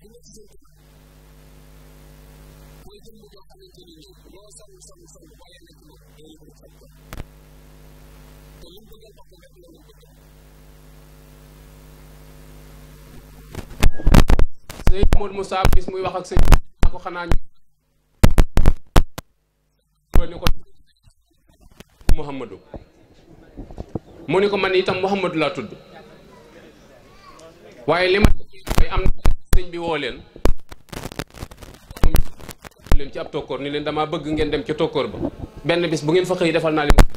dina ci jënd mooy jënd boo xamante ni loo sonn sonn sonn boo yàlla ci moom day yëngu faj ko te lu mu bëgg a bokk rek la mu bëgg sëñ Modou Moussa bis muy wax ak sëñ ko xanaa ñu ni ko Mouhamadou mu ni ko man itam Mouhamadou laa tudd waaye li ma sëñ bi woo leen leen ci ab tokkoor ni leen damaa bëgg ngeen dem ca tokkoor ba benn bis bu ngeen fa xëy defal naa leen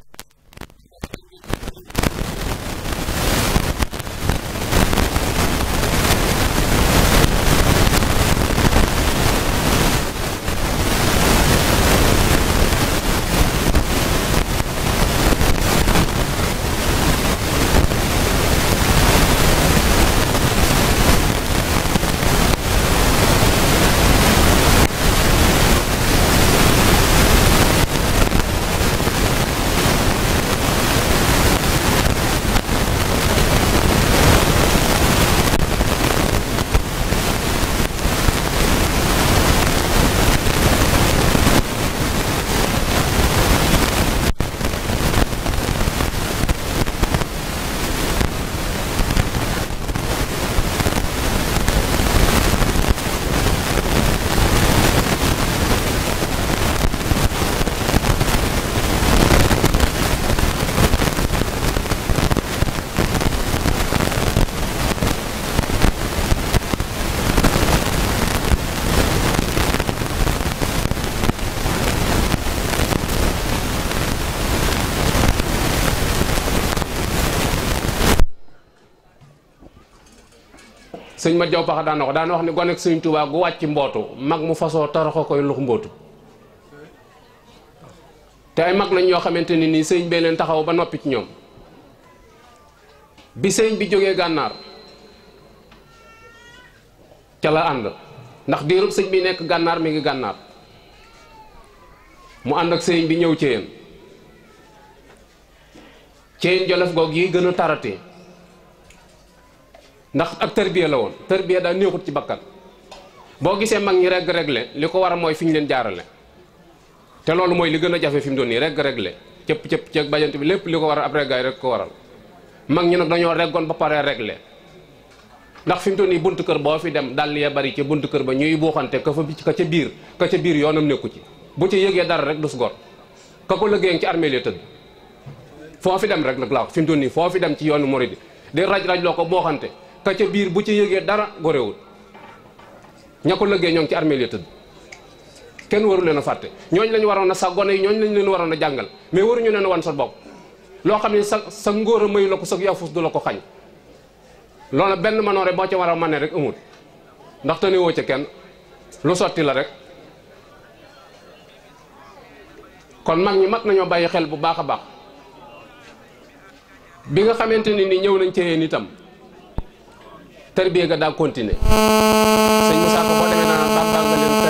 ma jaw paxa daan wax daan wax ni gonek sëñ touba gu wacc mbootu mag mu faso toroxo koy lu mbootu tay mag lañ ñoo xamanteni ni nii sëñ bee taxaw ba nopi ci ñom bi sëñ bi joge gannar ci la and ndax deerum sëñ bi nek gannar mi ngi gannar mu and ak bi yeen ci yeen jolof gog yi gëna tarati ndax ak tarbiya la woon tarbiya daa néexut ci bakkan boo gisee mag ñi reg réglé li ko war a mooy fi ñu leen jaarale te loolu mooy li gën a jafe fi mu doon nii reg réglé cëpp cëpp ceeg bajante bi lépp li ko war ab reggaay rek ko waral mag ñi nag dañoo reggoon ba paree pare réglé ndax fi mu toll nii buntu kër boo fi dem dal ya bari ci buntu kër ba ñuy buuxante ka fa ka ca biir ka ca biir yoonam nekku ci bu ci yëgee dara rek dus gor ka ko lëggéeyang ci armée la tëdd foo fi dem rek nag laa fi mu toll nii foo fi dem ci yoonu Mouride di raj raj loo ko buuxante ka ca biir bu ci yëgee dara gorewul ña ko lëggee ñoo ngi ci armée li tëdd kenn waru leen a fàtte ñooñ lañ waroon a sa gone yi ñooñ lañ leen waroon a jàngal mais waruñu leen wan sa bopp loo xam ne sa sa ngóor a mayu la ko sa yafus du la ko xañ loolu benn manoore boo ci war a mane rek amul ndax te woo ca kenn lu sotti la rek kon mag ñi mat nañoo bàyyi xel bu baax a baax bi nga xamante ni nii ñëw nañ ci yéen itam tarbiya ga daa continuer sëñ Moussa ko boo demee naan bàmbaal nga leen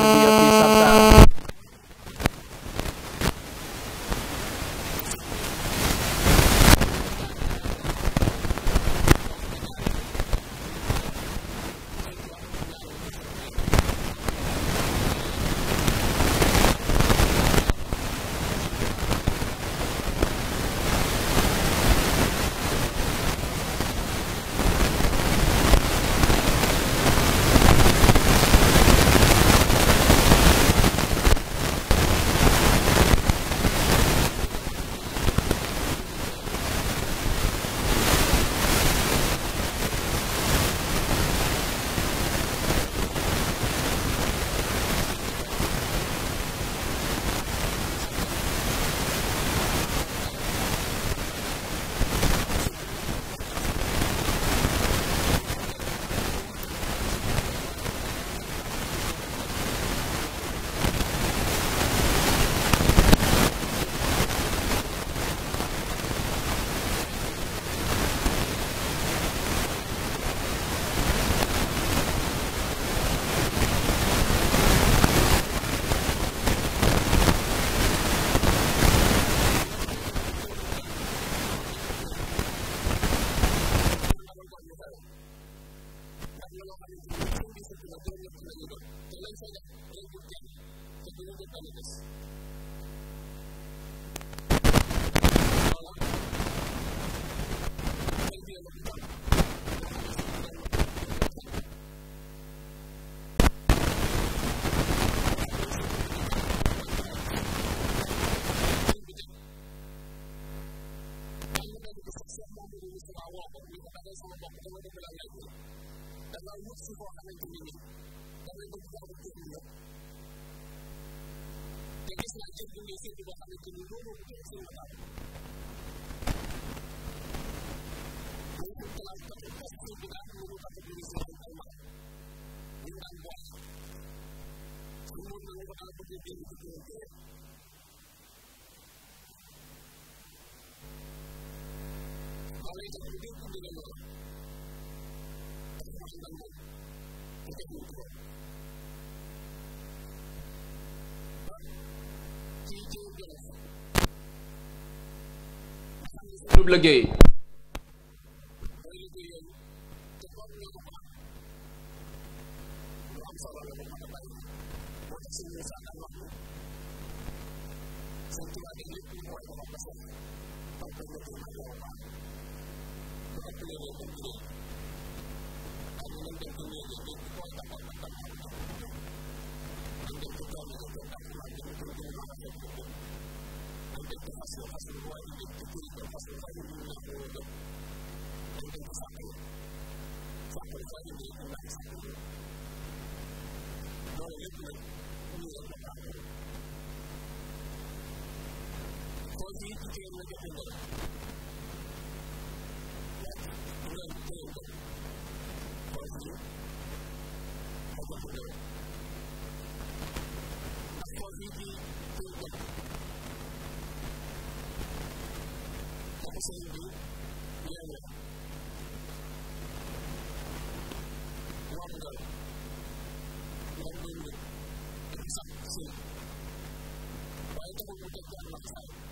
dama dégg laa laaj moom dangaa wut si koo xamante ni nii dangay bëgg mu amul jënd la te gis naa jënd ni seetu boo xamante ni loolu liggéey 是，我这个目的就是。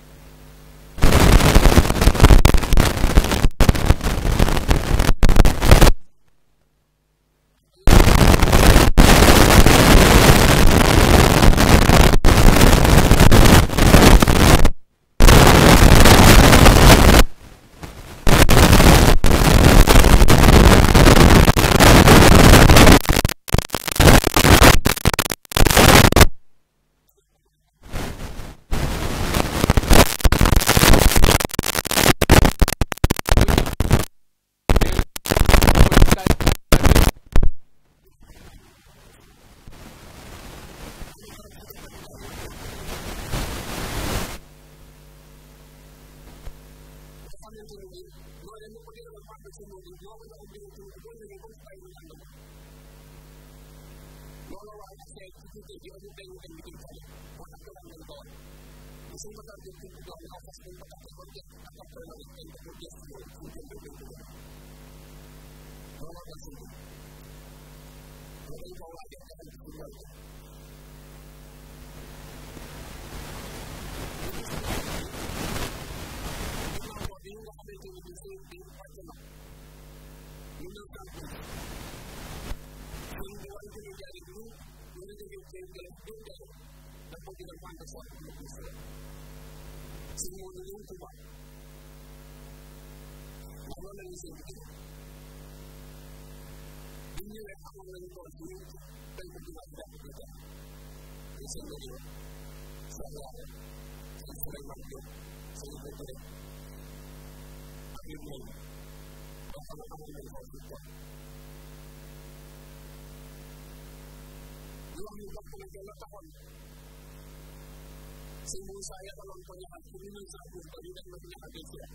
saya kalau punya hati ini satu tadi dan punya hati saya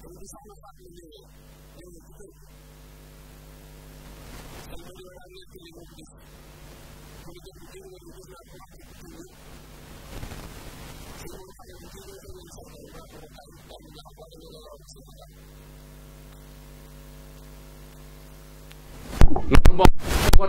yang bisa ini yang itu sampai orang yang tidak mungkin tidak mungkin yang itu berapa itu semua yang mungkin itu bisa berapa berkait dan berapa Nombor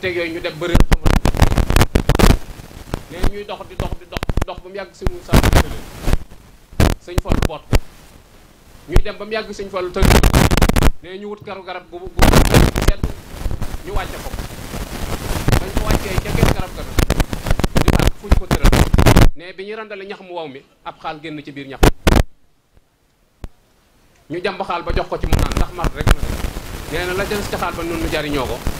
atte yooyu ñu dem bëri xam ne ñuy dox di dox di dox dox ba mu yàgg sëñ Moussa tële sëñ Fallu boot ñuy dem ba mu Fallu ñu wut karu garab gu gu sedd ñu wàcce ko dañ ko garab garab di wàcc fuñ ko tëral ne bi ñu ñax mu waw mi ab xaal génn ci biir ñax ñu jàmb xaal ba jox ko ci mu naan ndax mar rek nee na la jël ci xaal ba noonu jariñoo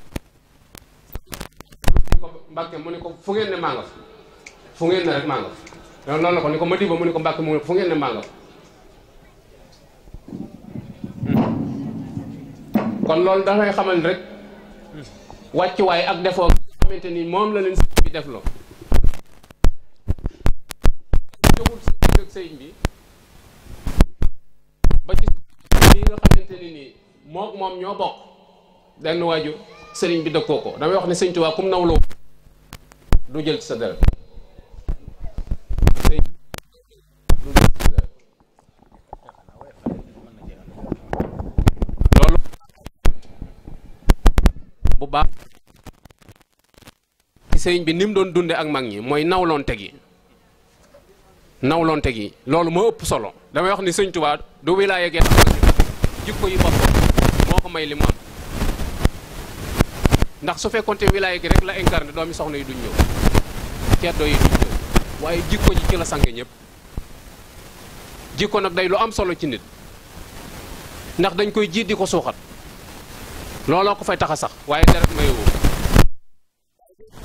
ko Mbàkke mu ne ko fu ngeen ko ni ko mu ne ko Mbàkke fu ngeen hmm. kon loolu dafay xamal ni rek wàccuwaay ak defoo xamante ni moom la leen sëñ bi def loo jógul ak moom ñoo bokk benn waajur sëriñ bi dëkkoo ko damay wax ne sëñ Tuubaa kum nawloo du jël ci sa deret loolu bu baax ci sëriñ bi ni mu doon dunde ak mag ñi mooy nawloonte gi nawloonte gi loolu moo ëpp solo damay wax ni sëñ Tuubaa du wilaaya gee jikko yi moo ko may li ndax su fekkonté wilaya gi rek la incarné doomi soxna yi du ñëw ceddo yi jikko ji ci la sangé ñëpp jikko nak day lu am solo ci nit ndax dañ koy jiit di ko suuxat looloo ko fay taxa sax waaye deret mayewoo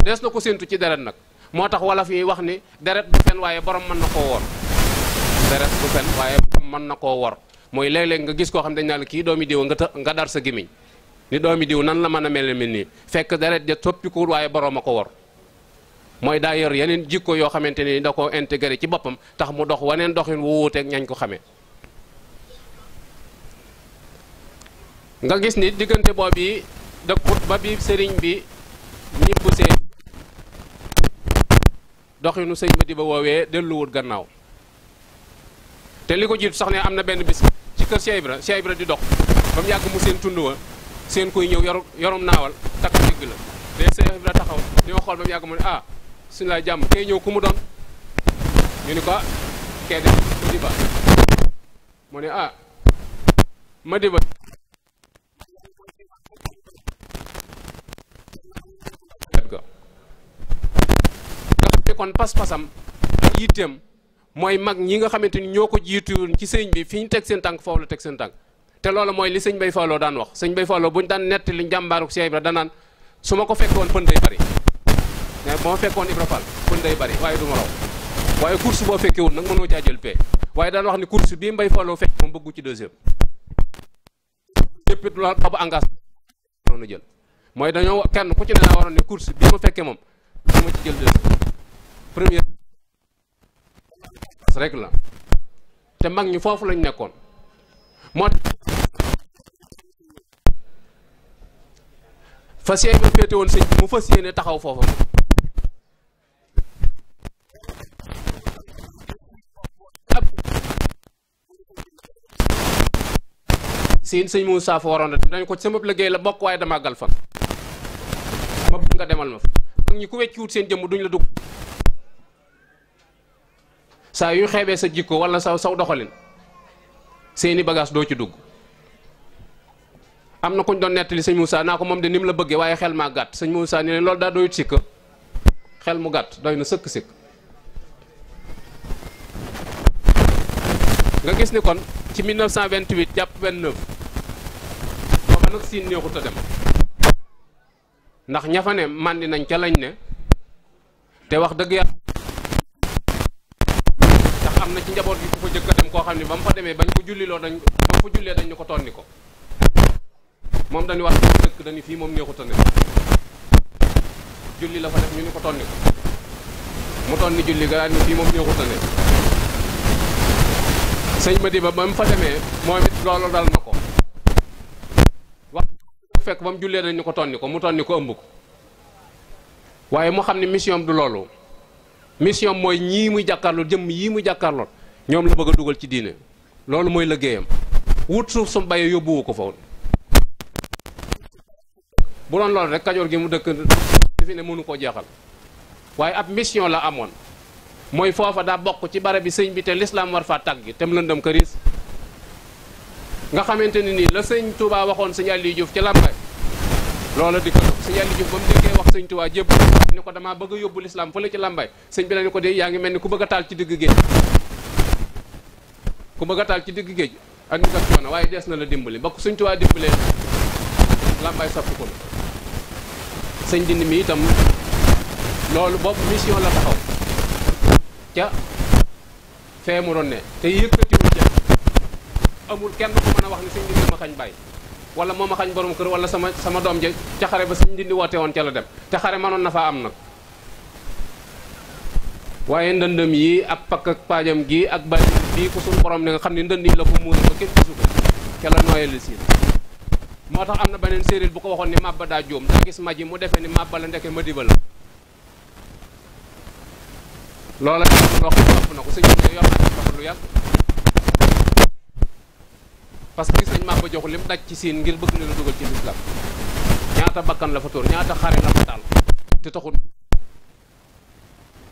des na ko sentu ci deret nak motax wala fi wax ni deret du fen waye borom man nako wor deret du fen waye man nako wor moy leg leg nga gis ko xam dañ na la doomi diiw nga nga dar sa gimiñ ni doomi diw nan la mën a mel mel nii fekk deret ja soppikuwul waaye boroom a ko wor mooy daa yor yeneen jikko yoo xamante ni da koo intégré ci boppam tax mu dox waneen doxin wu wuuteeg ñañ ko xamee nga gis ni diggante boobu yi dëkkut ba bi sëriñ bi ñibbusee doxinu sëñ bi di ba woowee delluwut gannaaw te li ko jiitu sax ne am na benn bis ci kër Cheikh Ibra Cheikh Ibra di dox ba mu yàgg mu seen tund wa seen kuy ñëw yor yorom naawal takk digg la day seex bi la taxaw di ma xool ba mu yàgg mu ne ah suñu laa jàmm kay ñëw ku mu doon ñu ni ko ah kee de Madiba mu ne ah Madiba nga xam ne kon pas-pasam yitteem mooy mag ñi nga xamante ni ñoo ko jiituwoon ci sëñ bi fi ñu teg seen tànk foofu la teg seen tànk te loolu mooy li sëñ Bay Fallou daan wax sëñ Bay Fallou bu ñu daan nett li njàmbaaruk Cheikh Ibra danaan su ma ko fekkoon pën day bari mais bu ma fekkoon Ibra Fall pën day bari waaye du ma waaye course boo fekkewul nag mënoo caa jël pee waaye daan wax ni course bii Mbay Fallou fekk moom bëggu ci deuxième ñëpp it loolu boobu engagement mooy dañoo kenn ku ci ne naa waroon ne ma fekkee moom du ci jël deuxième première rek la te mag ñi foofu lañu nekkoon moo tax fas yéene féete woon sëñ bi mu fas yéene taxaw foofa siin sëñ Moussa fa waroon a dem dañ ko sama liggéey la bokk waaye dama gal ma bëgg nga demal ma fa mag ñi ku wecci wut seen jëmm duñ la dugg saa yu xeebee sa jikko wala saw saw doxalin seeni bagage doo ci dugg am na kuñ doon nettali sëñ Moussa naa ko moom de ni la bëggee waaye xel maa gàtt sëñ Moussa ni leen loolu daa doyut sikk xel mu gàtt dooy na sëkk sikk nga gis ni kon ci 1928 jàpp 29 booba nag siin neexut a dem ndax ña fa ne màndi nañ ca lañ ne te wax dëgg yàlla am na ci njaboot gi ku fa jëkk a dem koo xam ne ba mu fa demee ko julliloo dañ ba mu dañ ñu ko tonni ko moom wax dëkk dañu fii moom neexut a ne julli la fa mu tonni julli ga daal ni fii moom neexut ba mu fa demee moom it fekk ba jullee dañ ñu ko tonni ko mu tonni ko ëmb ko waaye mu xam ne mission du loolu mission mooy ñii muy jàkkaarlool jëmm yii muy jàkkaarlool ñoom la bëgg a dugal ci diine loolu mooy liggéeyam wut suuf sum bayee yóbbuwu ko fa woon bu doon loolu rek kajoor gi mu dëkk fi ne mënu koo jeexal waaye ab mission la amoon mooy foofa daa bokk ci barab bi sëñ bi te lislaam war faa tàgg te mu lëndëm këriis nga xamante ni nii la sëñ Touba waxoon sëñ Aliou Diouf ci làmbaay loola di ko si yàlla jub ba mu déggee wax sëñ Tuubaa jébb ni ko damaa bëgg yóbbu lislaam fële ci làmbaay sëñ bi la ni ko de yaa ngi mel ni ku bëgg a taal ci digg géej a taal ci digg géej ak ñu ko coono waaye dees na la dimbali ba sëñ Tuubaa dimbalee làmbaay soppi ko sëñ dindi mi itam loolu boobu mission la taxaw ca fee mu doon ne te yëkkatiwul ja amul kenn ku mën a wax ni sëñ dindi ma xañ bàyyi wala moma xagn borom keur wala sama sama dom je ci xare ba sañ dindi wote won ci la dem te xare manon na fa am nak waye ndëndëm yi ak pak ak pajam gi ak bari bi ku sun borom ni nga xamni ne la ko muuri ba kenn ci suko ke la noyel ci motax amna benen na bu ko waxon ni mabba da jóom da gis maji mu defee ni mabba la ndeke ma diba la loola loo xam na ko sëñ ne yoo xam ne lu yak parce que seigne nañ jox lim daj ci seen ngir bëgg na la duggal ci lislam ñaata bakkan la fa tour ñaata xare la fa taal te taxul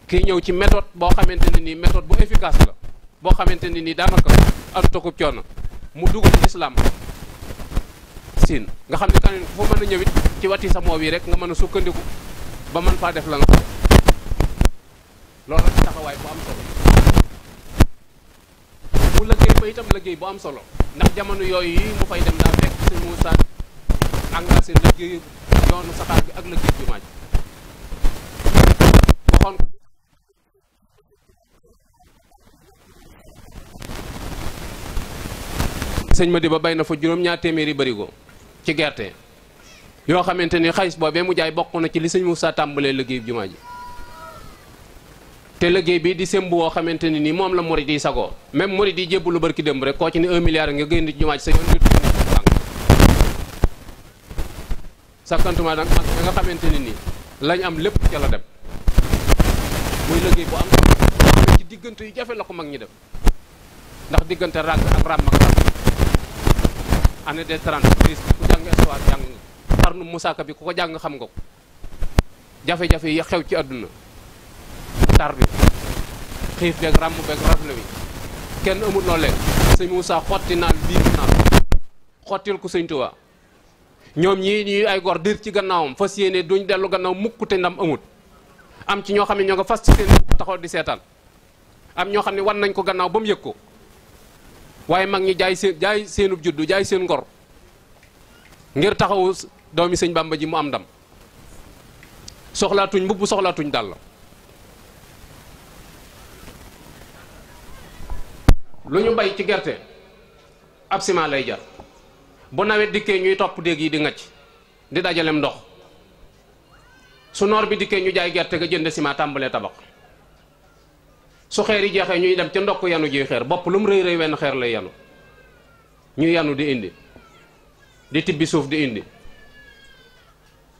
ki ñew ci méthode bo xamanteni ni méthode bu efficace la bo xamanteni ni da naka ak takub coono mu duggal lislam seen nga xamni tan fu mëna ñewit ci wati sa moowi rek nga mëna sukkandiku ba man fa def la nga loolu taxaway bu am solo mu liggéey ba itam liggéey bu am solo ndax jamono yooyu yi mu fay dem daa fekk sëñ Moussa engagé liggéey yoonu saxaar bi ak liggéey jumaa ji waxoon ko sëñ di ba bay na fa juróom-ñaar téeméeri barigo ci gerte yoo xamante ni xaalis boobee mu jaay bokk na ci li sëñ saa tàmbalee liggéey jumaa ji te liggéey bi di sémb bo xamanteni ni mom la mouride yi sagoo même mouride yi jébbu lu barki démb rek ko ci ni 1 milliard nga génn jumaa ci sa yoon sakkantuma nak ak nga xamanteni ni lañ am lepp ci la dem muy liggéey bu am ci digënté yu jafé la ko mag ñi dem ndax digënté rag ak ram ak ràmm année des 30 crise ku jàng histoire jàng nga xarnu musaaka bi ku ko jàng xam nga ko jafé jafe yi xew ci aduna tar bi xiif ram ràmm beeg rafle bi kenn amut loo lekk sëñ Moussa xoti naan bi na xotil ko seigne touba ñom ñi ñuy ay gor dir ci gannaawum fasiyene duñ delu gannaaw mukk te ndam amut am ci ño xamni ño nga fas ci seen taxaw di seetaan am ño xamni wan nañ ko gannaaw bam yekko waye mag ñi jaay seen jaay seenub juddu jaay seen gor ngir taxawu doomi seigne bamba ji mu am ndam soxlaatuñ mbub soxlaatuñ dal lu ñu bay ci gerte ab sima lay jar bu nawet diké ñuy top déeg yi di ngacc di dajalé ndox su nor bi diké ñu jaay gerte ga jënd sima tambalé tabax su xéer yi jeexee ñuy dem ndox ko yanu ji xéer bop lu mu reuy rëy wenn xeer lay yanu ñuy yanu di indi di tibbi suuf di indi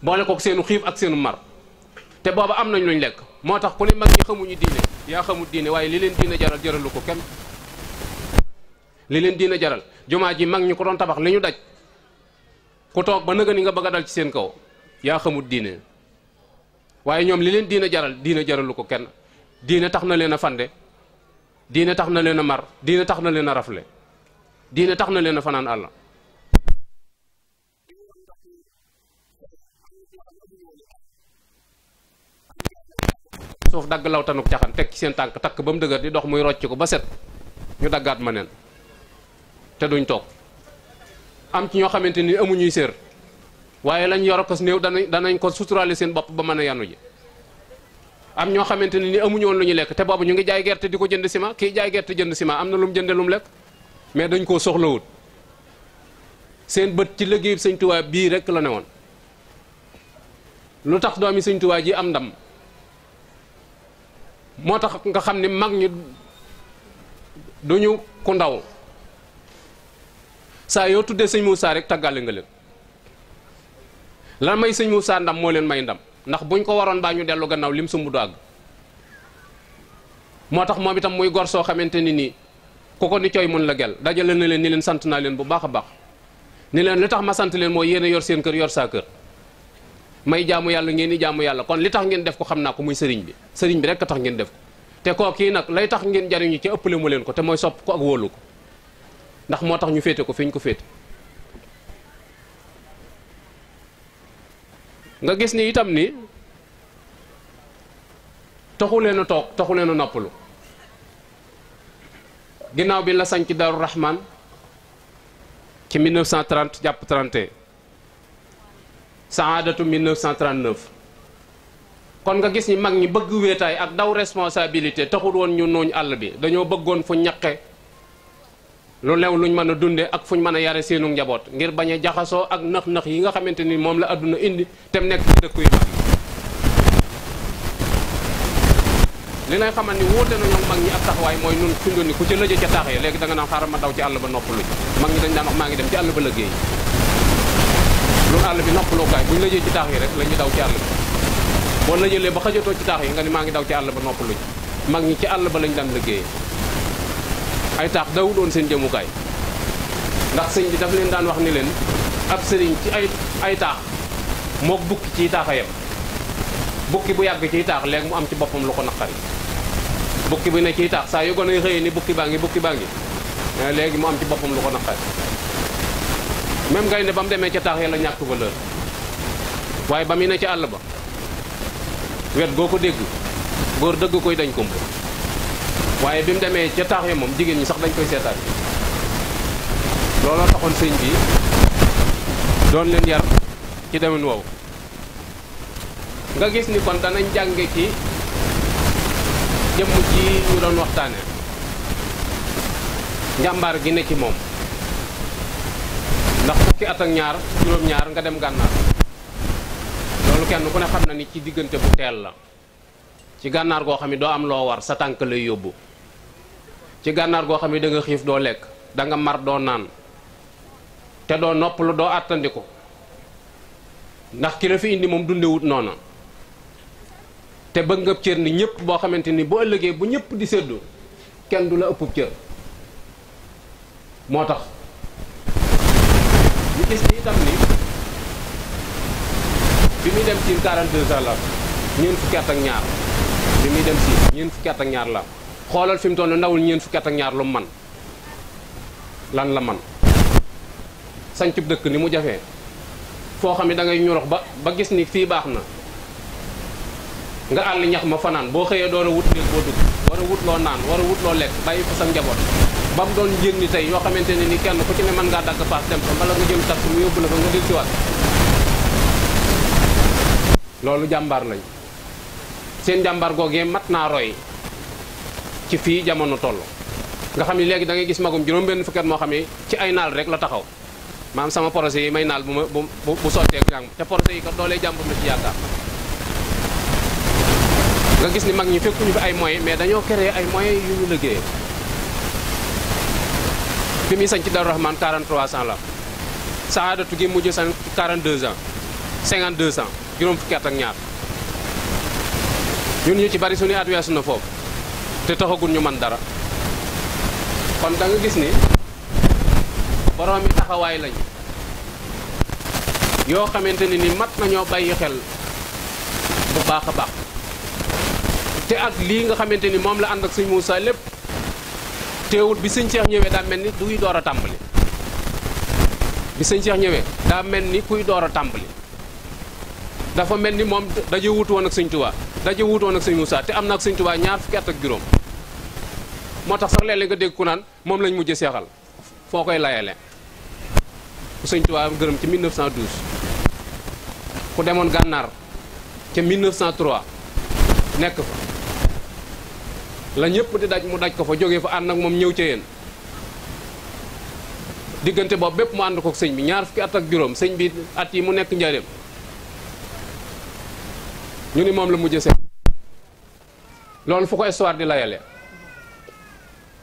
boole kook seenu xiif ak seenu mar te booba am nañ luñ lek ku ne mag ñi xamuñu diine ya xamu diine waye li leen diine jaral kenn li leen diina jaral jumaa ji mag ñi ko doon tabax li ñu daj ku toog ba nëga ni nga bëgg a dal ci seen kaw yaa xamut diine waaye ñoom li leen diina jaral diina jaralu ko kenn diine tax na leen a fande diine tax na leen a mar diine tax na leen a rafle diine tax na leen a fanaan àll soof dagg lawtanuk caxan teg ci seen tànk takk ba mu dëgër di dox muy rocc ko ba set ñu daggaat ma neen te duñ toog am ci ñoo xamante ni amuñuy séer waaye lañ yor ko néew danañ danañ ko suturaale seen bopp ba mën a yanu ji am ñoo xamante ni amuñu woon lu ñu lekk te boobu ñu ngi jaay gerte di ko jënd ciment ki jaay gerte jënd ciment am na lu jënde lu lekk mais dañ koo soxlawut seen bët ci liggéey sëñ Tuubaa bii rek la ne woon lu tax doomi sëñ Tuubaa ji am ndam moo tax nga xam ni mag ñi duñu ku ndaw saa yoo tuddee sëñ Moussa rek tàggale nga leen lan may sëñ Moussa ndam moo leen may ndam ndax buñ ko waroon baa ñu dellu gannaaw lim sumb du àgg moo tax moom itam muy gor soo xamante ni nii ku ko ni cooy mën la gel dajale na leen ni leen sant naa leen bu baax a baax ni leen li tax ma sant leen mooy yéen a yor seen kër yor saa kër may jaamu yàlla ngeen di jaamu yàlla kon li tax ngeen def ko xam naa ko muy sëriñ bi sëriñ bi rek tax ngeen def te koo kii nag lay tax ngeen jariñu ci ëppale mu leen ko te mooy sopp ko ak wóolu ko ndax moo tax ñu féete ko fi ñu ko féete nga gis ni itam ni taxu leen toog taxu leen a noppalu ginnaaw bi la sañ ci Daaru Rahman ci 1930 jàpp 31 saadatu 1939 kon nga gis ni mag ñi bëgg wéetaay ak daw responsabilité taxul woon ñu nooñ àll bi dañoo bëggoon fu ñaqe lu lew luñ mën a dunde ak fuñ mën a yare seenu njaboot ngir bañ a jaxasoo ak nax-nax yi nga xamante ni moom la àdduna indi tem nekk ci dëkk yu mag li lay xamal ni wóote na ñoom mag ñi ak taxawaay mooy nun fi ni ku ci lëjë ca taaxee ya léegi da nga naan xaaral ma daw ci àll ba noppalu mag ñi dañ daan wax maa ngi dem ci àll ba lëggéey lu àll bi noppaloo kaay buñ lëjee ci taax yi rek la ñuy daw ci àll bi boo lëjëlee ba xajatoo ci taax nga ni maa ngi daw ci àll ba noppalu mag ñi ci àll ba lañ daan lëggéeyee ay taax daw doon seen jëmukaay ndax sëñ bi daf leen daan wax ni leen ab sëriñ ci ay ay taax mook bukki ciy taax yam yem bukki bu yàgg ciy taax léegi mu am ci boppam lu ko naqari bukki bi ne ciy taax saa yu gone yi ni bukki baa ngi bukki baa ngi léegi mu am ci boppam lu ko naqari même gaynde ba mu demee ca taax yàlla ñàkk valeur waaye ba mu ne ca àll ba wet goo ko dégg góor dëgg koy dañ kumpa waye bimu démé ci tax taax ya jigen jigéen ñi sax dañ koy sétal lolo taxoon sëñ bi doon leen yar ci demin wow nga gis ni kon danañ jànge ci jëmm ci ñu doon waxtaane njàmbaar gi ne ci moom ndax fukki at ak ñaar juróom-ñaar nga dem gànnaar loolu kenn ku ne xam na ni ci diggante bu teel la ci gànnaar goo xam ne doo am loo war sa tànk lay yóbbu ci gànnaar goo xam ne danga xiif doo lekk danga mar doo naan te doo noppalu doo àttandiku ndax ki la fi indi moom dundewut noona te bëgg nga cër ni ñëpp boo xamante ni bu ëllëgee bu ñëpp di séddu kenn du la ëppub cër moo tax ñu gis ni itam ni bi la ñeent fukki at ak ñaar bi muy dem siin ñeent fukki at ak ñaar la xoolal fi mu toll ndawul ñeent fukki at ak ñaar lu mu man lan la man sancub dëkk ni mu jafee foo xam ne da ngay ñorox ba ba gis ni fii baax na nga àll ñax ma fanaan boo xëyee door a wut néeg boo dugg war a wut loo naan war a wut loo lekk bàyyi fa sa njaboot ba doon jën ni tey yoo xamante ne ni kenn ku ci ne mën ngaa dagg paas dem fa mbala nga jël tax mu yóbbu la fa nga del siwaat loolu jàmbaar lañ seen jàmbaar googee mat naa roy ci fi jamono tollu nga xamni legui da ngay gis magum juroom ben fukkat mo xamni ci ay nal rek la taxaw maam sama projet yi may nal bu bu bu ak jang te projet yi ko dole jàmbur la ci yaaka nga gis ni mag ñi fekkuñu fi ay moyens mais dañoo créer ay moyens yu ñu liggéeyee bi mi sañ ci Darou Rahman 4300 ans la saadatu gi mujj sañ 42 ans 52 ans juroom fukkat ak ñaar ñun ñu ci bari suñu at weesu na foofu te taxagul ñu man dara kon da nga gis ni yi taxaway lañ yo xamanteni ni mat nañoo bayyi xel bu baax baax te ak li nga xamanteni mom la and ak seigne Moussa lepp teewul bi seigne Cheikh ñewé da melni duuy doora tambali bi seigne Cheikh ñewé da melni kuy doora tambali dafa mel ni moom daje wuutu woon ak sëñ Tuubaa daje wuutu woon ak sëñ Moussa te am na ak sëñ Tuubaa ñaar fukki at ak juróom moo tax sax léeg-léeg nga dégg moom lañ mujj seexal foo koy layale ku sëñ gërëm ci 1912 ku demoon gànnaar ca 1903 nekk fa ñëpp di mu daj ko fa jógee fa ànd ak moom ñëw ca yéen diggante boobu bépp mu ànd ko sëñ bi ñaar fukki at ak juróom sëñ bi at yi mu nekk njaareem ñu ni moom la mujjee seet loolu fu ko histoire di layale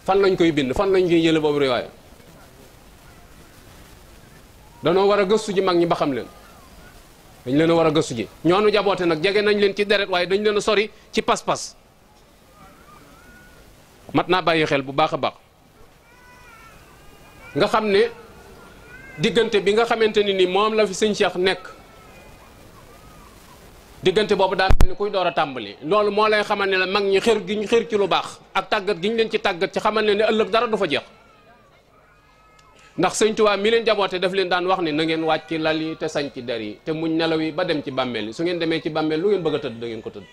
fan lañ koy bind fan lañ koy jële boobu riwaaya danoo war a gëstu ji mag ñi ba xam leen dañ leen a war a gëstu ji ñoonu jaboote nag jege nañ leen ci deret waaye dañu leen a sori ci pas-pas mat naa bàyyi xel bu baax a baax nga xam ne diggante bi nga xamante ni ni moom la fi sëñ Cheikh nekk digënté bobu daa mel ni kuy doora tambali loolu mo lay xamal ne la mag ñi xër gi ñu xër ci lu baax ak tagat gi ñu leen ci tagat ci xamal ne ëlëk dara du fa jeex ndax sëñ Tuubaa mi leen jaboté daf leen daan wax ni na ngeen wàcc lal yi te sañ ci der yi te muñ nelawi ba dem ci bammel su ngeen démé ci bammel lu ngeen bëgg tëdd da ngeen ko tëdd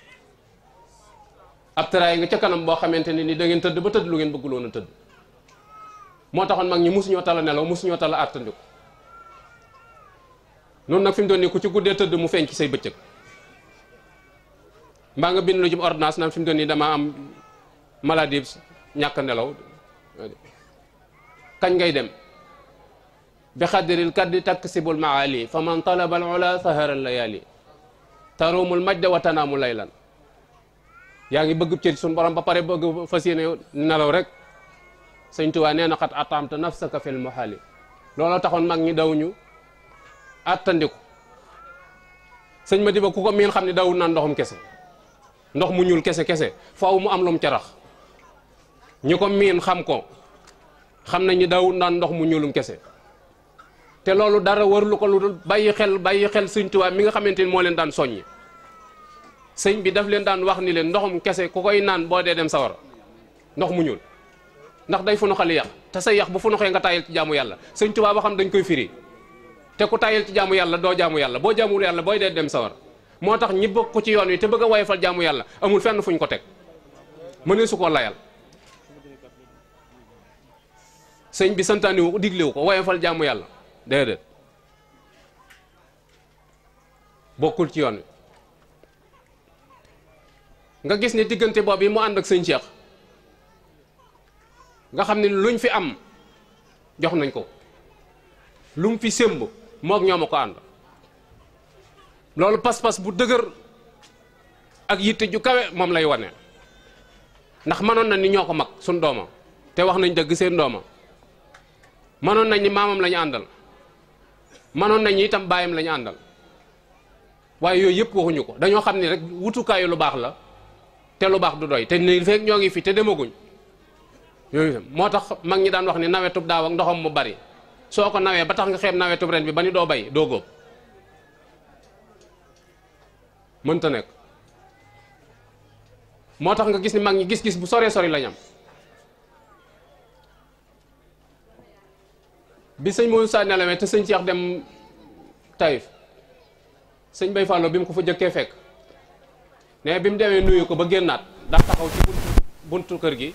ab traay nga ci kanam bo xamanteni ni da ngeen tëdd ba tëdd lu ngeen tëdd mo taxon mag ñi ñoo tala nelaw ñoo tala attandiku non nak ku ci guddé tëdd mu ci say bëccëk mbaa nga bind lu ci ordonnance nam fim doni dama am maladie ñak nelaw kañ ngay dem bi xaddiril kad taksibul maali faman talaba al ula sahara layali tarumul majd wa tanamu laylan ya ngi bëgg ci sun borom ba paré bëgg fasiyene nelaw rek seigne touba neena khat atamta nafsaka fil muhaali lolo taxon mag ñi dawñu ñu seigne madiba kuko min xamni ko na ndoxum kesse ndox mu ñuul kese kese faaw mu am lu mu ca rax ñi ko miin xam ko xam nañu daawul naan ndox mu ñuulum kese te loolu dara war lu ko lu dul bàyyi xel bàyyi xel Sëñ Tuubaa mi nga xamante ni moo leen daan soññi sëñ bi daf leen daan wax ni leen ndoxum kese ku koy naan boo dee dem sawara ndox mu ñuul ndax day funuxali yàq te sa yàq bu funuxee nga tayal ci jaamu yàlla Sëñ Tuubaa ba xam dañ koy firi te ku tayal ci jaamu yàlla doo jaamu yàlla boo jaamul yàlla booy dee dem sawara motax tax ñi bokk ci yoon yi te bëgg wayfal jaamu yalla amul fenn fuñ ko tek mëne su ko layal señ bi santani wu wu ko wayfal jaamu yalla déedéet bokul ci yoon nga gis ni digënté bobu mu and ak señ Cheikh nga xamni luñ fi am jox nañ ko lu mu fi sémb moog ñooma ko loolu pas-pas bu dëgër ak yitte ju kawe moom lay wane ndax mënoon na ni ñoo ko mag suñ dooma te wax nañ dëgg seen dooma mënoon nañ ni maamam la ñu àndal mënoon nañ itam baayam la ñu àndal waaye yooyu yëpp waxuñu ko dañoo xam ne rek wutukaayu lu baax la te lu baax du doy te ni fekk ñoo ngi fi te demaguñ yooyu moo tax mag ñi daan wax ni nawetub daaw ak ndoxam mu bari soo ko nawee ba tax nga xeeb nawetub ren bi ba ni doo bay doo góob mënta nekk moo tax nga gis ni mag gis-gis bu sori sori lañ am bi sëñ Moussa nelawee te seigne Cheikh dem taif seigne Bay Fallo bim ko fa jëkke fek né bi déwé nuyu ko ba gennat da taxaw ci buntu buntu kër gi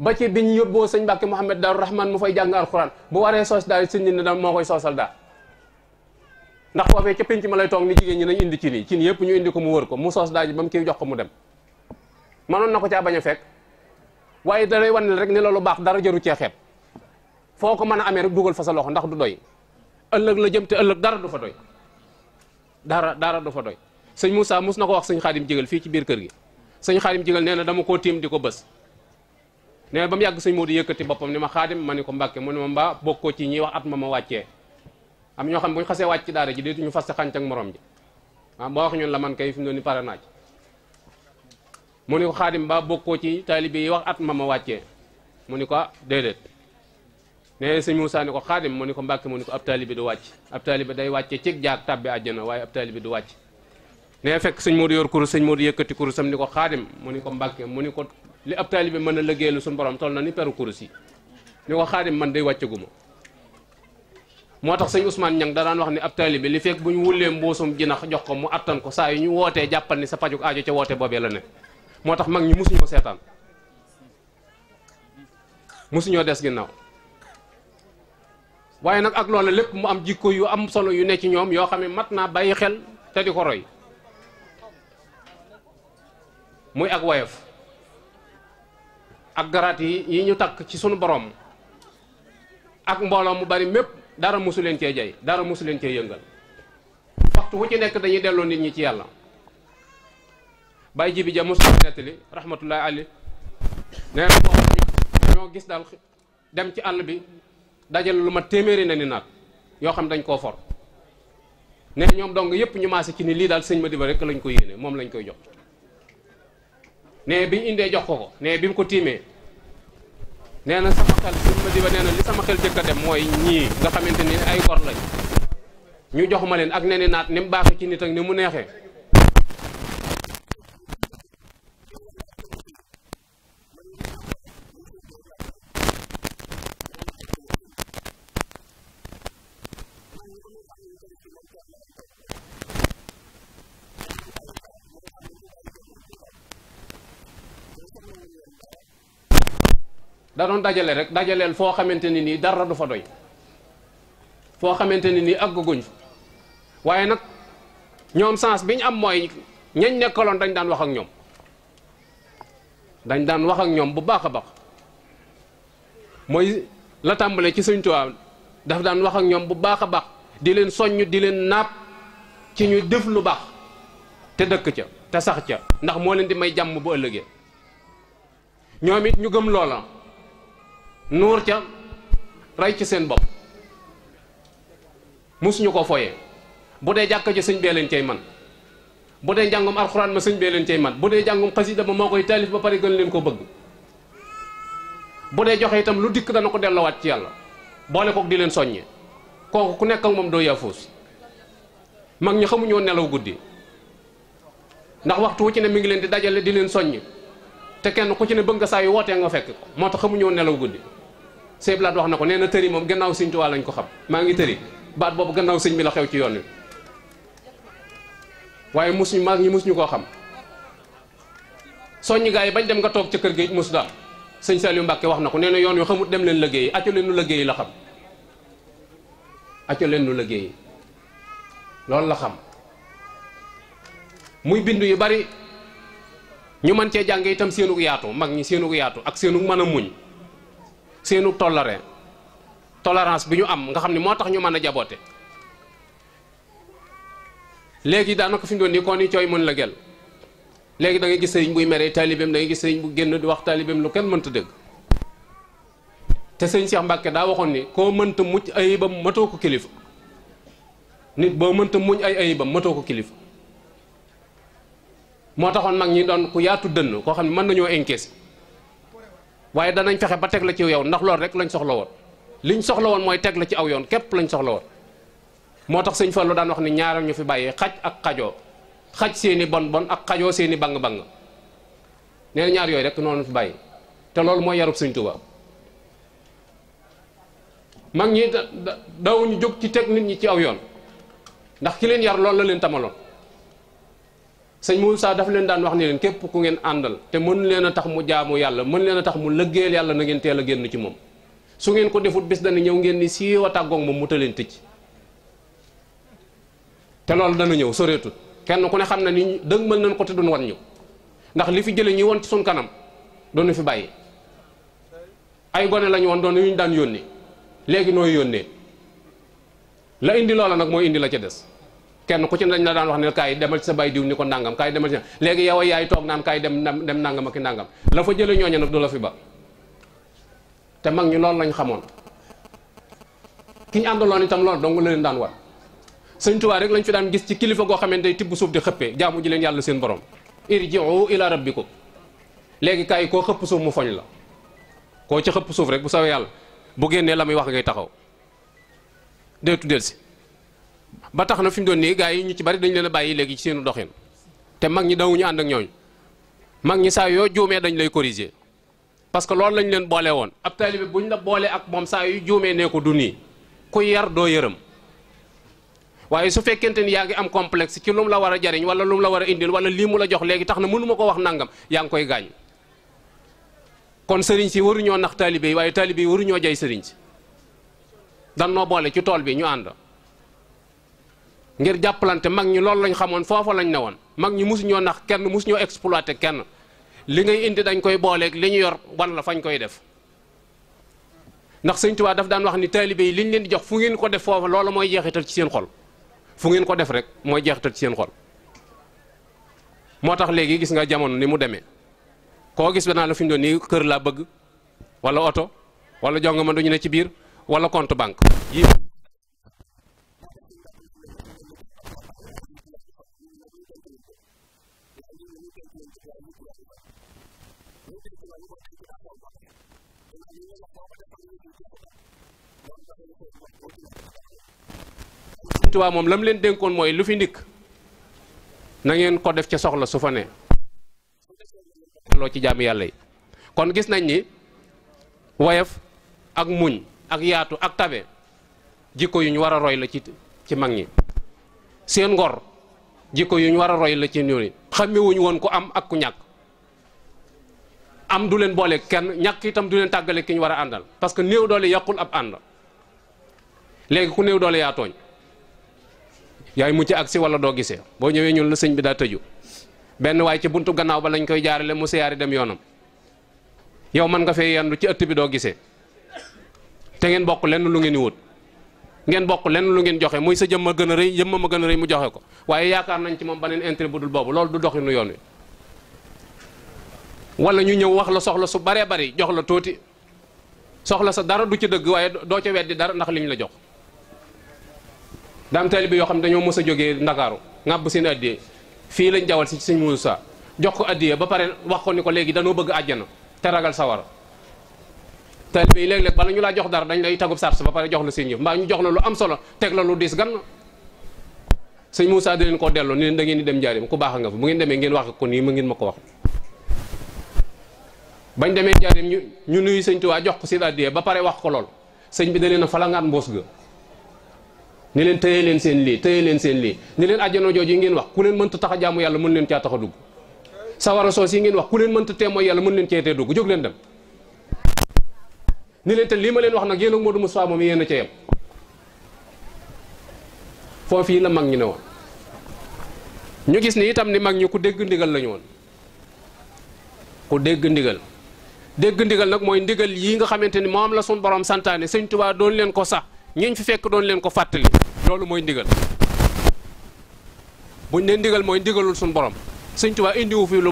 ba ci biñ yóbboo sëñ Mbàkke Mouhamed Daaru Rahman mu fay jàng alxuraan bu waree soos daal sëñ ñi ne moo koy soosal daal ndax foofee ca penc ma lay toog ni jigéen ñi nañ indi ci nii cin ni yëpp ñu indi ko mu wër ko mu soos daal ji ba mu kii jox ko mu dem manoon na ko caa bañ a fekk waaye danay wan rek ni loolu baax dara jëru cee xeeb foo ko mën a amee rek dugal fa sa loxo ndax du doy ëllëg la jëm te ëllëg dara du fa doy dara dara du fa doy sëñ Moussa mos na ko wax sëñ Xaadim Jigal fii ci biir kër gi sëñ Xaadim Jigal nee na dama koo tiim di ko bës nee ba mu yàgg sëñ Modou yëkkati boppam ni ma xaadim ma ni ko mbàkke mu ne ma mbaa bokkoo ci ñi wax at ma ma wàccee am ñoo xam ne xasee wàcc ci daara ji dituñu fas xànc ak morom ji waaw ah wax ñun la man kay fi mu ni pare naaj mu ni ko xaadim mbaa bokkoo ci taalibe yi wax at ma ma wàcce mu ni ko ah déedéet nee sëñ Moussa ni ko xaadim mu ni ko mbàkke mu ni ko ab taalibe du wàcc ab taalibe day wàccee cig jaag tàbbi àjjana waaye ab taalibe du wàcc nee fekk sëñ Modou yor kurus sëñ Modou yëkkati kurusam ni ko xaadim mu ni ko mbàkke mu ni ko li ab taalibe mën a liggéeylu suñu borom toll na ni peru kurus yi ni ko xaadim man day wàccaguma moo tax sëñ Ousmane Niang da daan wax ni ab bi li fekk bu ñu wulee mbuusum jinax jox ko mu attan ko saa yu ñu wootee jàppal ni sa pajuk aajo ca woote boobee la ne moo tax mag ñu mosuñu ko seetaan musuñoo des ginnaaw waaye nag ak loolu lépp mu am jikko yu am solo yu ne ci ñoom yoo xam ne mat naa bàyyi xel te di ko muy ak woyof ak garaat yi yi ñu takk ci sunu borom ak mbooloo mu bari mépp dara mosu leen cee jay dara mosu leen cee yëngal waxtu wu ci nekk dañuy delloo nit ñi ci yàlla bàyyi jibi ja mosu nettali rahmatullahi ali nee na boo ñoo gis daal dem ci àll bi dajal lu ma téeméeri na ni naat yoo xam dañ koo for ne ñoom dong yépp ñu maase ci ni lii daal sëñ ma diba rek lañ ko yéene moom lañ koy jox ne bi ñu indee jox ko ko ne bi mu ko tiimee nee na sama xel sëñ Madiba nee na li sama xel jëkk dem mooy ñii nga xamante ni ay gor lañ ñu jox ma leen ak ne naat ni mu baaxee ci nit ak ni mu neexee. da dajale rek dajaleel foo xamante ne nii dara du fa doy foo xamante ne nii àgguñ fa waaye nag ñoom sens bi ñu am mooy ñañ nekkaloon dañ daan wax ak ñoom dañ daan wax ak ñoom bu baax a baax mooy la tàmbale ci Sëñ Tuubaa daf daan wax ak ñoom bu baax a baax di leen soññ di leen naat ci ñu dëf lu baax te dëkk ca te sax ca ndax moo leen di may jàmm bu ëllëgee ñoom it ñu gëm loola nur ca ray ci seen bop musuñu ko foyé bu dé mesin ci sëñ bee leen cay man bu dé kobegu, alcorane ma sëñ bee leen cay man bu dé jangum qasida ma moo talif ba pare gën leen ko bëgg bu dé joxé itam lu da dana ko wat ci yàlla boole ko di leen soññe ko ku nekk ak do ya fous mag xamu xamuñoo nelaw ndax waxtu wu ci ne mi ngi leen di dajalé di leen te kenn ku ci ne bëgg sa yu woté nga fekk motax xamu nelaw sëñ Blaat wax na ko nee na tëri moom gannaaw sëñ Tuubaa lañ ko xam maa ngi tëri baat boobu gannaaw sëñ bi la xew ci yoon wi waaye mosuñu maag ñi mosuñu koo xam soññi gaa yi bañ dem nga toog ca kër gi mosu daal sëñ yu Mbacke wax na ko nee na yoon wi xamut dem leen liggéeyi acca leen nu liggéeyi la xam acca leen nu liggéeyi loolu la xam muy bindu yu bari ñu mën cee jàng itam seenug yaatu mag ñi seenug yaatu ak seenug mën a muñ seenu tolérance tolérance bi ñu am nga xam ne moo tax ñu mën a jaboote léegi daanaka fi ñu doon nii koo ni cooy mën la gel léegi da gis sëriñ buy mere taalibeem da gis sëriñ bu génn di wax taalibeem lu kenn mënta dégg te sëriñ Cheikh Mbacke daa waxoon ni koo mënta mucc ayibam matoo ko kilifa nit boo mënta muñ ay ayibam matoo ko kilifa moo taxoon mag ñi doon ku yaatu dënn koo xam ne mën nañoo encaisser waaye danañ fexe ba teg la ci yow ndax loolu rek lañ soxla woon liñ soxla woon mooy teg la ci aw yoon képp lañ soxla woon moo tax sëñ Fallou daan wax ni ñaaral ñu fi bàyyee xaj ak xajoo xaj seeni bon bon ak xajoo seeni bang-bang nee ñaar yooyu rek noonu fi bàyyi te loolu mooy yarub sëñ Tuubaa mag ñi daawuñu jóg ci teg nit ñi ci aw yoon ndax ki leen yar loolu la leen tamaloon sëñ Moussa daf leen daan wax ni leen képp ku ngeen àndal te mën leen a tax mu jaamu yàlla mën leen a tax mu lëggeel yàlla na ngeen teel a génn ci moom su ngeen ko defut bis dana ñëw ngeen ni siiw a tàggoog moom mu taleen tëj te loolu dana ñëw soreetut kenn ku ne xam na ni dëgmal nañ ko te duñ wan ñu ndax li fi jële ñi woon ci suñ kanam doonu fi bàyyi ay gone lañu woon doon yu ñu daan yónni léegi nooy yónnee la indi loola nag mooy indi la ca des kenn ku ci dañ la daan wax ne kay demal ci sa bay diw ni ko nangam kay demal ci léegi yaw yaay tok nan kay dem dem nangam ak nangam la fa jëlee ñoñu nak do la fi ba te mag ñu lool lañ xamoon ki ñu àndaloon itam lool dong la leen daan wat sëñ tubaa rek lañ fi daan gis ci kilifa go xamne day tibbu suuf di xeppe jaamu ji leen yalla seen borom irji'u ila rabbikum léegi kay ko xëpp suuf mu foñ la ko ci xëpp suuf rek bu sawe yalla bu génnee lamuy wax ngay taxaw dee tuddeel si ba tax na fi mu doon ñu ci bari dañ leena bayyi legi ci seenu doxine te mag ñi ñu and ak ñoy mag ñi sa yo joomé dañ lay corriger parce que lool lañ leen bolé won ab talibé buñ la bolé ak mom sa yu joomé ne ko duni ku yar do yërëm waye su fekente ni am complexe ci lum la wara jariñ wala lum la wara indil wala limu la jox legi tax na wax nangam yang koy gañ kon ci si ñoo nax talibé waye talibé waru ñoo jey jay ci dan no boole ci tol bi ñu ando ngir jàppalante mag ñi loolu lañ xamoon foofa lañ ne woon mag ñi mosuñoo nax kenn musuñoo exploité kenn li ngay indi dañ koy booleek li ñu yor wan la fañ koy def ndax sëñ Tuubaa daf daan wax ni taalibe yi liñ leen di jox fu ngeen ko def foofa loolu mooy jeexital ci seen xol fu ngeen ko def rek mooy jeexital ci seen xol moo tax léegi gis nga jamono ni mu demee koo gis danaa la fi ñu nii kër laa bëgg wala oto wala jonga ñu ne ci biir wala compte banque Sëriñ moom lam leen dénkoon mooy lu fi ndikk na ngeen ko def ca soxla su fa ne loo ci jaamu yàlla yi kon gis nañ ni woyof ak muñ ak yaatu ak tabe jikko yu ñu war a roy la ci ci mag ñi seen ngor jikko yu ñu war a roy la ci ñoom xàmmewuñ woon ku am ak ku ñàkk am du leen boole kenn ñàkk itam du leen tàggale ki ñu war a àndal parce que néew doole yàqul ab ànd léegi ku new doole yaa tooñ yaay mucc agsi wala doo gisee boo ñëwee ñun la sëñ bi daa tëju benn waaye ci buntu gannaaw ba lañ koy jaarale mu siyaari dem yoonam yow man nga fee yendu ci ëtt bi doo gisee te ngeen bokk lenn lu ngeen di wut ngeen bokk lenn lu ngeen joxe muy sa jëmm a gën a rëy jëmm ma gën a rëy mu joxe ko waaye yaakaar nañ ci moom beneen intérêt bu dul boobu loolu du doxinu yoon wi wala ñu ñëw wax la soxla su baree bari jox la tuuti soxla sa dara du ci dëgg waaye doo ca weddi dara ndax liñ la jox dam talib yo xam dañu mësa joggé a ngab seen addiyee fi lañ jawal ci seigne Moussa jox ko addiyee ba paré wax ko ni ko légui dañu bëgg aljana té ragal sawara talib yi léeg bala ñu la jox dar dañ lay tagub sars ba paré jox la seigne yëf ñu jox la lu am solo ték la lu dis gan seigne Moussa dañ ko koo ni da ngeen ni dem jaarim ku baax nga fa bu ngeen démé ngeen wax ko ni mu ngeen mako wax bañ démé jaarim ñu nuyu seigne touba jox ko seen addiyee ba paré wax ko lol seigne bi dañ leen fala ngaat mbos ga ni leen tëye leen seen lii tëye leen seen lii ni leen àjjana jooju yi ngeen wax ku leen mënta tax a jaamu yàlla mën leen caa tax dugg sawara soos yi ngeen wax ku leen mënta tee mooy yàlla mën leen cee tee dugg jóg leen dem ni leen te lii ma leen wax nag yéen ak Modou Moussa moom yéen a ca yem mag ñi ne ñu gis ni itam ni mag ñi ku dégg la ñu woon ku dégg ndigal dégg mooy ndigal yi nga xamante ni moom la suñu borom santaane sëñ Tuubaa doon leen ko sax ñiñ fi fekk doon leen ko fàttali lolou moy ndigal buñ ne ndigal moy ndigalul sun borom touba indi wu fi lu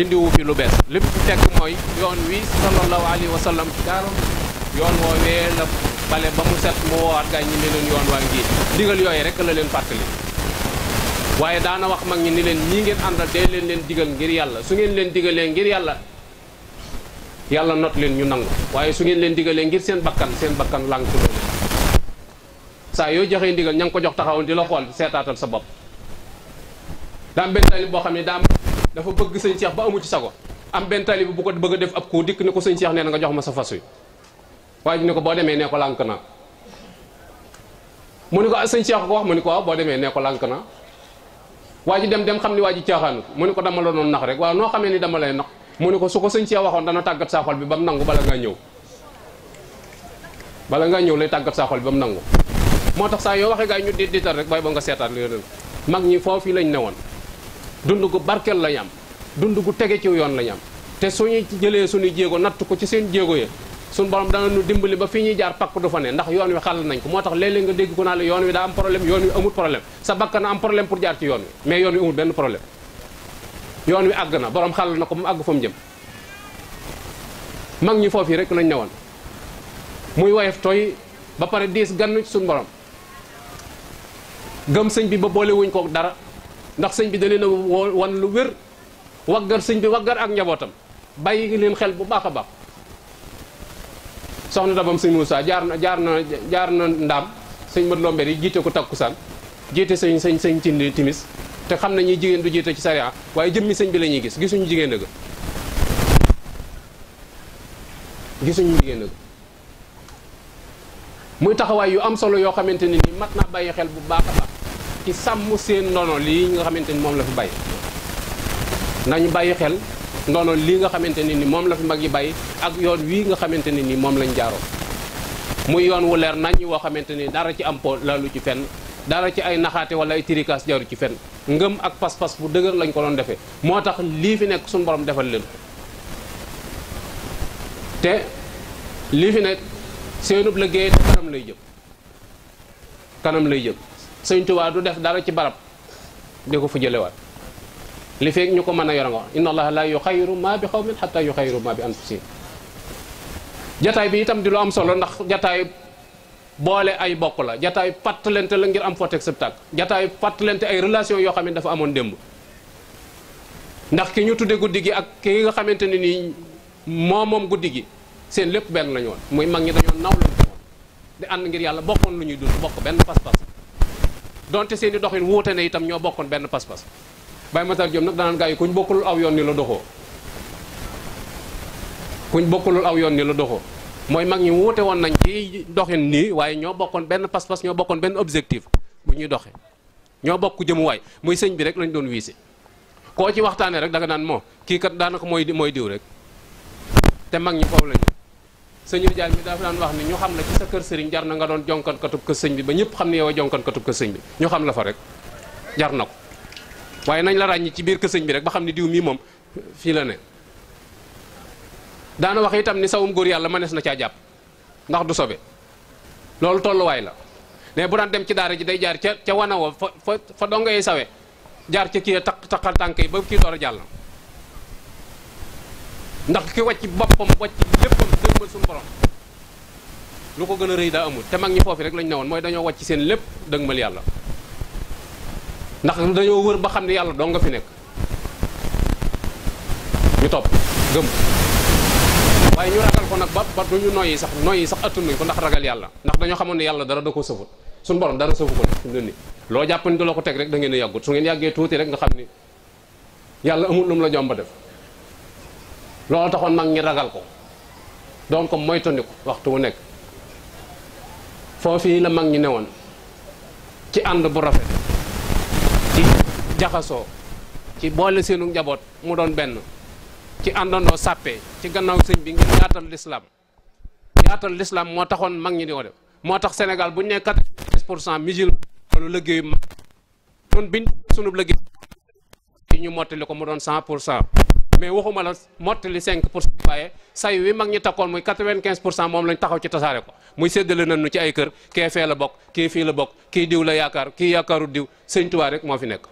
indi wu fi lu bees lepp ci tek moy yoon wi sallallahu alaihi wasallam sallam daanoon wo woowee la bale ba mu set mo woowaat gaa ñi ne leen yoon waa ngi ndigal yoy rek la leen fàttali waaye daana wax mag ñi ni leen ñi ngeen andal de leen leen digal ngir yalla su ngeen leen digalee ngir yalla yalla not leen ñu nang waye su ngeen leen digalee ngir seen bakkan seen bakkan lànk sa yo joxe ndigal ñang ko jox taxawoon di la xol setatal sa bop da am ben talib bo xamni da daam dafa bëgg seigne Cheikh ba amu ci sago am ben talib bu ko bëgg def ab ko dik ne ko seigne Cheikh neena nga jox ma sa fasuy waji ne ko bo demé ne ko lank na mu ne ko ah, seigne Cheikh ko wax mu ne ko ah, bo demé ne ko lank na waji dem dem xamni waji waa mu ne ko dama la non nax rek wa no xamé ni dama lay nax mu ne ko suko seigne Cheikh waxon dana tagat sa xol bi bam nangu bala nga ñew bala nga ñew lay tagat sa xol bi bam nangu motax sa yo waxe gaay ñu dit ditar rek bay bo nga sétal li yoon mag ñi fofu lañ dundu gu barkel layam. am dundu gu tege ci yoon la am te suñu jëlé suñu jéego nattu ko ci seen jéego ya suñ borom dana nu dimbali ba fiñu jaar pak du fa ne ndax yoon wi xal nañ ko motax lélé nga dégg ko na la yoon wi da am problème yoon wi amul problème sa na am problème pour jaar ci yoon wi mais yoon wi amul benn problème yoon wi ag na borom xal na ko mu ag jëm mag ñi fofu rek lañ muy wayef toy ba pare dis gannu ci suñ borom gëm sëñ bi ba boole wuñ ko dara ndax sëñ bi da leen a wan lu wér waggar sëñ bi waggar ak njabootam bàyyi leen xel bu baax a baax soxna dabam sëñ Moussa jaar na jaar na jaar na ndam sëñ Mat sing ri jité ko takusan jité sëñ sëñ sëñ tindi timis te xam nañu jigen du jité ci sharia waye jëmmi sëñ bi lañuy gis gisuñu jigen dëgg gisuñu jigen dëgg muy taxaway yu am solo yo xamanteni ni mat naa xel bu baax baax ci sammu seen nono li nga xamanteni mom la fi bay nañu bayyi xel nono li nga xamanteni ni mom la fi magi bay ak yoon wi nga xamanteni ni mom lañ jaaro muy yoon wu leer nañu wo xamanteni dara ci ampo la lalu ci fenn dara ci ay naxate wala ay tirikaas jaaru ci fenn ngeum ak pas-pas bu deugar lañ ko don defé motax li fi nek sun borom defal leen te li fi nek seenu liggéey kanam lay jëm kanam lay jëm sëñ touba du def dara ci barab di ko fu wat li fek ñuko ko mën nga inna allaha la yuxayiru ma bi qawmin hatta yuxayiru ma bi anfusih jotaay bi itam di lu am solo ndax jotaay boole ay bokk la jotaay fàttalante la ngir am foo teg septak jotaay jataay ay relation yo xam dafa amone demb ndax ki ñu tuddé guddigi ak ki nga xamanteni ni seen lepp ben lañu won muy mag ñi dañu nawlu di and ngir yalla bokkon luñuy dund bokk ben pas-pas donte seen i doxin wuute na itam ñoo bokkoon benn pas-pas ma Matar Diop nag danaan gaa yi kuñ bokkul aw yoon ni la doxoo kuñ aw yoon ni la doxoo mooy mag ñi wuute woon nañ ci doxin nii waaye ñoo bokkoon benn pas-pas ñoo bokkoon benn objectif bu ñuy doxee ñoo bokk jëmuwaay muy sëñ bi rek lañ doon wiise koo ci waxtaanee rek da daan moo kii kat daanaka mooy mooy diw rek te mag ñi foofu lañu sëñ Njaay mi dafa daan wax ni ñu xam la ci sa kër sëriñ jar na nga doon jonkankatub kër sëñ bi ba ñëpp xam ne yow a jonkankatub kër sëñ bi ñu xam la fa rek jar na ko waaye nañ la ràññi ci biir kësëñ bi rek ba xam ne diw mii moom fii la ne daana wax itam ni sawum góor yàlla nees na caa jàpp ndax du sobe loolu tolluwaay la mais bu daan dem ci daara ji day jaar ca ca wana wa fa fa fa dongay sawee jaar ca kii taq taqal tànk yi ba kii door a jàll ndax ki wacc bopam wacc léppam dëgmal sun borom lu ko gëna reuy da amul te mag ñi fofu rek lañ newoon moy dañoo wacc seen lépp dëgmal yalla ndax dañoo wër ba xamni yalla do nga fi nek ñu top gëm way ñu ragal ko nak ba ba duñu noyi sax noyi sax ñu ko ndax ragal yalla ndax dañoo xamone ne yàlla dara da ko sëfut sun borom dara sëfu ko ni lo jappandi ni la ko tek rek da ngeen a su ngeen yagge tuuti rek nga xamni yalla amul lum la jomba def loolu taxoon mag ñi ragal ko doon ko moytandiku waxtu wu nekk yi la mag ñi ne woon ci ànd bu rafet ci jaxasoo ci boole seenu njaboot mu doon benn ci àndandoo sàppee ci gannaaw sëñ bi ngir yaatal lislaam yaatal lislaam moo taxoon mag ñi di ko moo tax Sénégal bu ñu nee quatre pour cent musulman loolu liggéeyu mag ñun biñ sunub liggéey ñu mottali ko mu doon cent pour cent mais waxuma la mottali 5 pour cent waaye say wi mag ñi takkoon muy 95 pour cent moom lañ taxaw ci tasaare ko muy séddale nañu ci ay kër kee fee la bokk kii fii la bokk kii diw la yaakaar kii yaakaaru diw sëñ Tuubaa rek moo fi nekk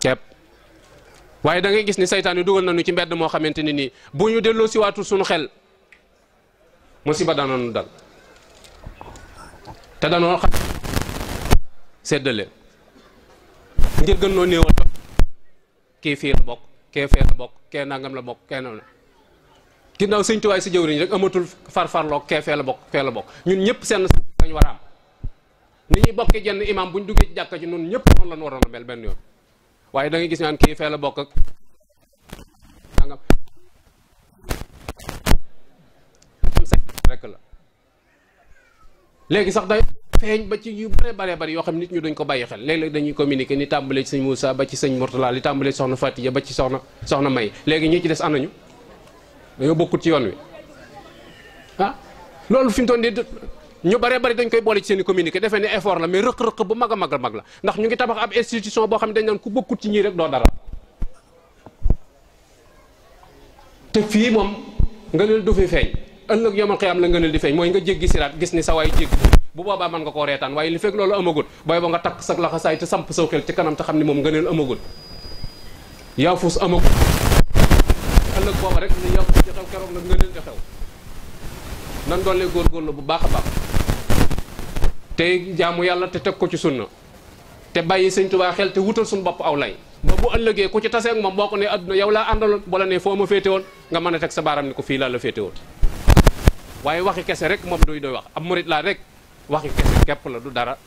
ceeb waaye da ngay gis ni saytaan yi dugal nañu ci mbedd moo xamante ni nii bu ñu delloo si waatul suñu xel musiba danoonu dal te danoo xam séddale ngir gën noo néewal kii fii la bokk kee fee la bokk kee nangam la bokk kee nangam la ginnaaw sëñ tuwaay si jëwriñ rek amatul farfarloo kee fee la bokk fee la bokk ñun ñëpp seen lañ war a am jenn imaam bu ñu duggee ci noonu ñëpp noonu la ñu waroon a waaye da gis ñaan kii fee la bokk léegi sax day feeñ ba ci yu bare bare bari yoo xam nit ñu duñ ko bàyyi xel léeg-léeg dañuy communiquer ni tàmbalee ci sëñ Moussa ba ci sëñ Mourtala li tàmbalee soxna Fatia ba ci soxna soxna May léegi ñi ci des anañu dañoo bokkut ci yoon wi ah loolu fi mu toon di ñu bare bari dañ koy boole ci seeni i communiqué defee ne effort la mais rëq-rëq bu mag a mag a mag la ndax ñu ngi tabax ab institution boo xam ne dañ naan ku bokkut ci ñii rek doo dara te fii moom nga leen du fi feeñ ëllëg yomal xiyaam la ngëneel di feeñ mooy nga jéggi siraat gis ni sa waay bu boobaa mën nga koo reetaan waaye li fekk loolu amagul booy ba nga takk sa laxasaay te samp saw xel ci kanam te xam ne moom ngëneel amagul yaa fuus amagul ëllëg booba rek yaa fuus ci xew keroog la ngëneel di xew nan bu baax a baax tey yàlla te teg ko ci sunna te bàyyi sëñ tubaa xel te wutal suñu bopp aw lay ba bu ëllëgee ku ci taseeg moom boo ko ne adduna yow laa àndaloon bala ne foo ma féete woon nga mën a teg sa baaram ni ko fii laa la féete waaye waxi kese rek moom duy doy wax am murit laa rek waxi kese képp la du dara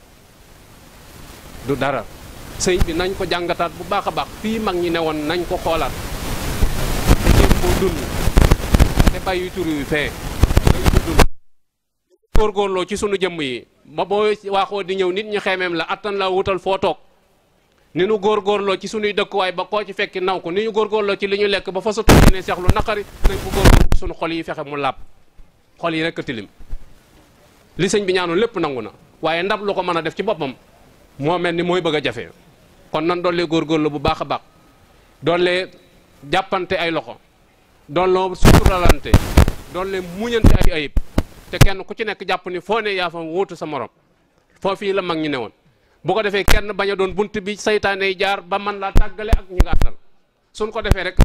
du dara sëñ bi nañ ko jàngataat bu baax a baax fii mag ñi ne woon nañ ko xoolaat te jéem koo dund te bàyyi ci sunu jëmm yi ba boo waaxoo di ñëw nit ñi xeemeem la attan la wutal foo toog ni ñu góorgóorloo ci sunuy dëkkuwaay ba koo ci fekki naw ko ni ñu góorgóorloo ci li ñu lekk ba fa sa tuuti ne seex lu naqari sunu xol yi fexe mu làpp xol yi rek a tilim li señ bi ñaanu lepp nanguna waye ndab lu ko mëna def ci bopam mo melni moy bëgga jafé kon nan dolé gor gor lu bu baaxa baax dolé jappanté ay loxo dolo suturalante dolé muñanté ay ayib té kenn ku ci nekk japp ni fo né ya fa wuutu sa morom foo fii la mag ñu néwon bu ko défé kenn baña doon buntu bi saytane jaar ba man la tagalé ak ñi nga suñ ko défé rek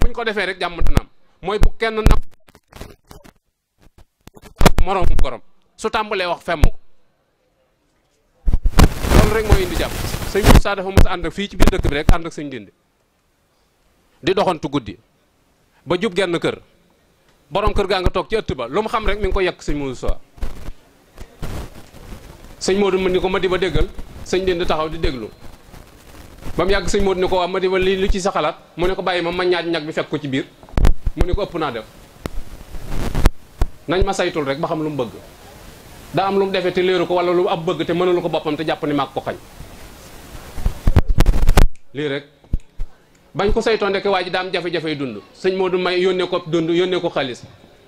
buñ ko défé rek jamm tanam moy bu kenn nak moroom gorom su tàmbalee wax femm ko loolu rek mooy indi jàmm sëñ Moussa dafa mos ànd ak fii ci biir dëkk bi rek ànd ak sëñ Ndindi di doxantu guddi ba jub genn kër borom kër gaa nga toog ci ëtt ba lu mu xam rek mi ngi ko yekk sëñ Moussa sëñ Modou mu ni ko ma di ba déggal sëñ Ndindi taxaw di déglu ba mu yàgg sëñ Modou ni ko waa ma di ba li lu ci sa xalaat mu ne ko bàyyi ma ma ñaaj ñag bi fekk ko ci biir mu ne ko ëpp naa def nañ ma saytul rek ba xam lu mu bëgg daa am lu mu defee te léeru ko wala lu am bëgg te mënalu ko boppam te jàpp ni maag ko xañ lii rek bañ ko saytoo ndeke waa ji daa am jafe-jafey dund sëñ du may yónnee ko dund yónnee ko xaalis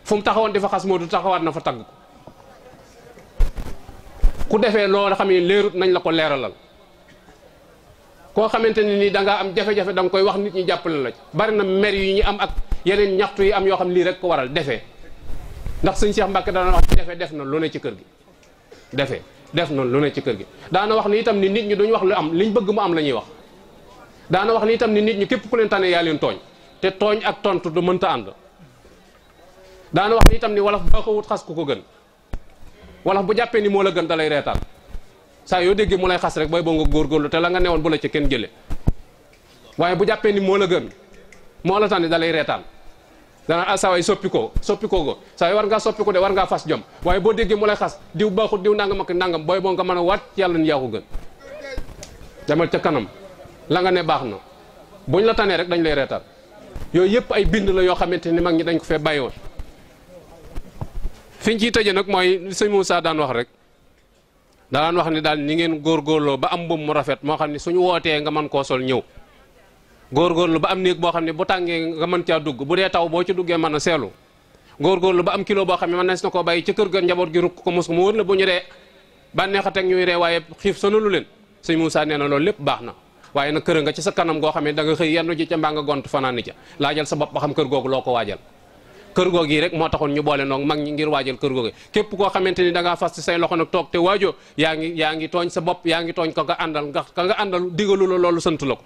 fu mu taxawoon di fa xas Modou taxawaat na fa tagg ko ku defee loo xam ne léerut nañ la ko leeralal koo xamante ni nii dangaa am jafe-jafe danga koy wax nit ñi jàppale la ci bari na mer yu ñu am ak yeneen ñaxtu yi am yoo xam lii rek ko waral defee ndax suñ Cheikh Mbacke daana wax defee def na lu ne ci kër gi defee def na lu ci kër gi daana wax ni itam ni nit ñi duñ wax lu am liñ bëgg mu am la ñuy wax daana wax ni itam ni nit ñi képp ku leen tane yaa leen tooñ te tooñ ak tontu du mënta ànd daana wax ni itam ni wolof baa ko wut xas ku ko gën wolof bu jàppee ni moo la gën da lay reetaan saa yoo déggee mu lay xas rek booy boo nga góorgóorlu te la nga newoon bu la ci kenn jële waaye bu jàppee ni moo la gën moo la tànni da lay reetaan danaa ah, saa waay soppi go. soppi koo ko war nga soppiko de war nga fas jom way bo degge mu lay xas diw baaxut diw nangam ak nangam boy bo nga man wat yalla ni yahu ko gën demal ca kanam la nga ne baxna buñ la tané rek dañ lay rétal yoy yep ay bind la yo xamanteni mag ñi dañ ko fe bàyyi fiñ ci tejje nak moy seigne Moussa daan wax rek daan wax ni daal ni ngeen gorlo ba am bu mu rafet mo xamni suñu wote nga man ko sol ñew lu ba am neeg bo xamne ne bu tàngee nga man ci dugg bu dé taw bo ci man sélu a gor lu ba am kilo bo xamne man nañ ko bayyi ci kër ga njabot gi rukk ko mos ko mo wër bu ñu dee xat ak ñuy ree xif sonu lu leen sëñ Moussa néna lool lepp baxna baax na kër nga ci sa kanam go xamne da nga xey yenn ci ci mbang gont fanaani ci laajal sa bop ba xam kër gog loo ko waajal kër gog gi rek mo taxone ñu bolé nok mag ñi ngir wajal kër gog képp da nga fas say loxo nak tok té wajjo yaangi yaangi togn sa bop yaangi togn ko nga andal nga nga andal digelu lu lako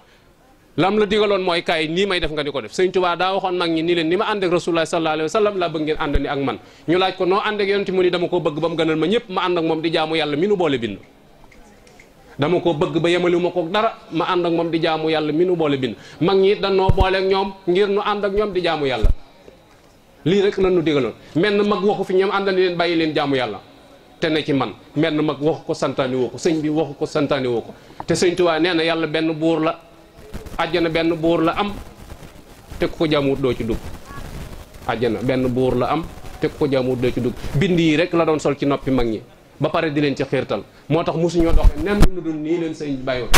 lam la digaloon mooy kaay nii may def nga di ko def sëñ Tuubaa daa waxoon mag ñi ni leen ni ma ànd ak rasulullah sallallahu alayhi wa sallam laa bëgg ngeen ànd ni ak man ñu laaj ko noo ànd ak yonent mu ni dama koo bëgg ba mu gënal ma ñëpp ma ànd ak moom di jaamu yàlla mi nu boole bind dama koo bëgg ba yemaliwu ma ko dara ma ànd ak moom di jaamu yàlla mi nu booleek ñoom ngir nu ànd ñoom di jaamu yàlla lii rek la nu digaloon menn mag waxu fi ñoom àndal leen bàyyi leen jaamu yàlla te ne ci man menn mag wa ko santaani woo ko sëñ bi waxu ko santaani ko te sëñ Tuubaa la àjjana benn buur la am te ku ko jaamuwut doo ci dugg àjjana benn buur la am te ku ko jaamuwut doo ci dugg bind yi rek la doon sol ci noppi mag ñi ba pare di leen ci xiirtal moo tax mosuñoo doxe nen lu dul nii leen sëñ bàyyiwoon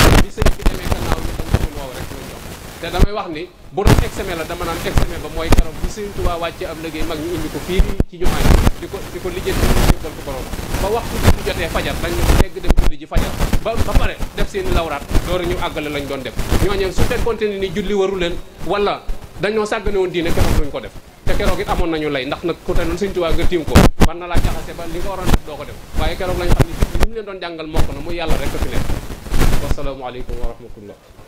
té damay wax ni bu doon examen la dama naan examen ba moy karam bu seigne Touba wacce am liggéey mag ñu indi ko fi ci jumaa ji diko ko di ko lijjanti ko borom ba waxtu bi ñu jotee fajar dañ ñu dégg dem julli ji fajar ba ba paré def seen lawrat door ñu àggale lañ doon def ñooñu su fekkonte ni julli waru len wala dañ dañoo sàggane won diiné kéro duñ ko def té kéro gi amon nañu lay ndax nak ku tan seigne Touba nga tim ko ban na la jaxase ba li nga waron def do ko def waye kéro lañ xamni ñu leen doon jangal moko na mu yalla rek ko fi wassalamu alaykum wa rahmatullahi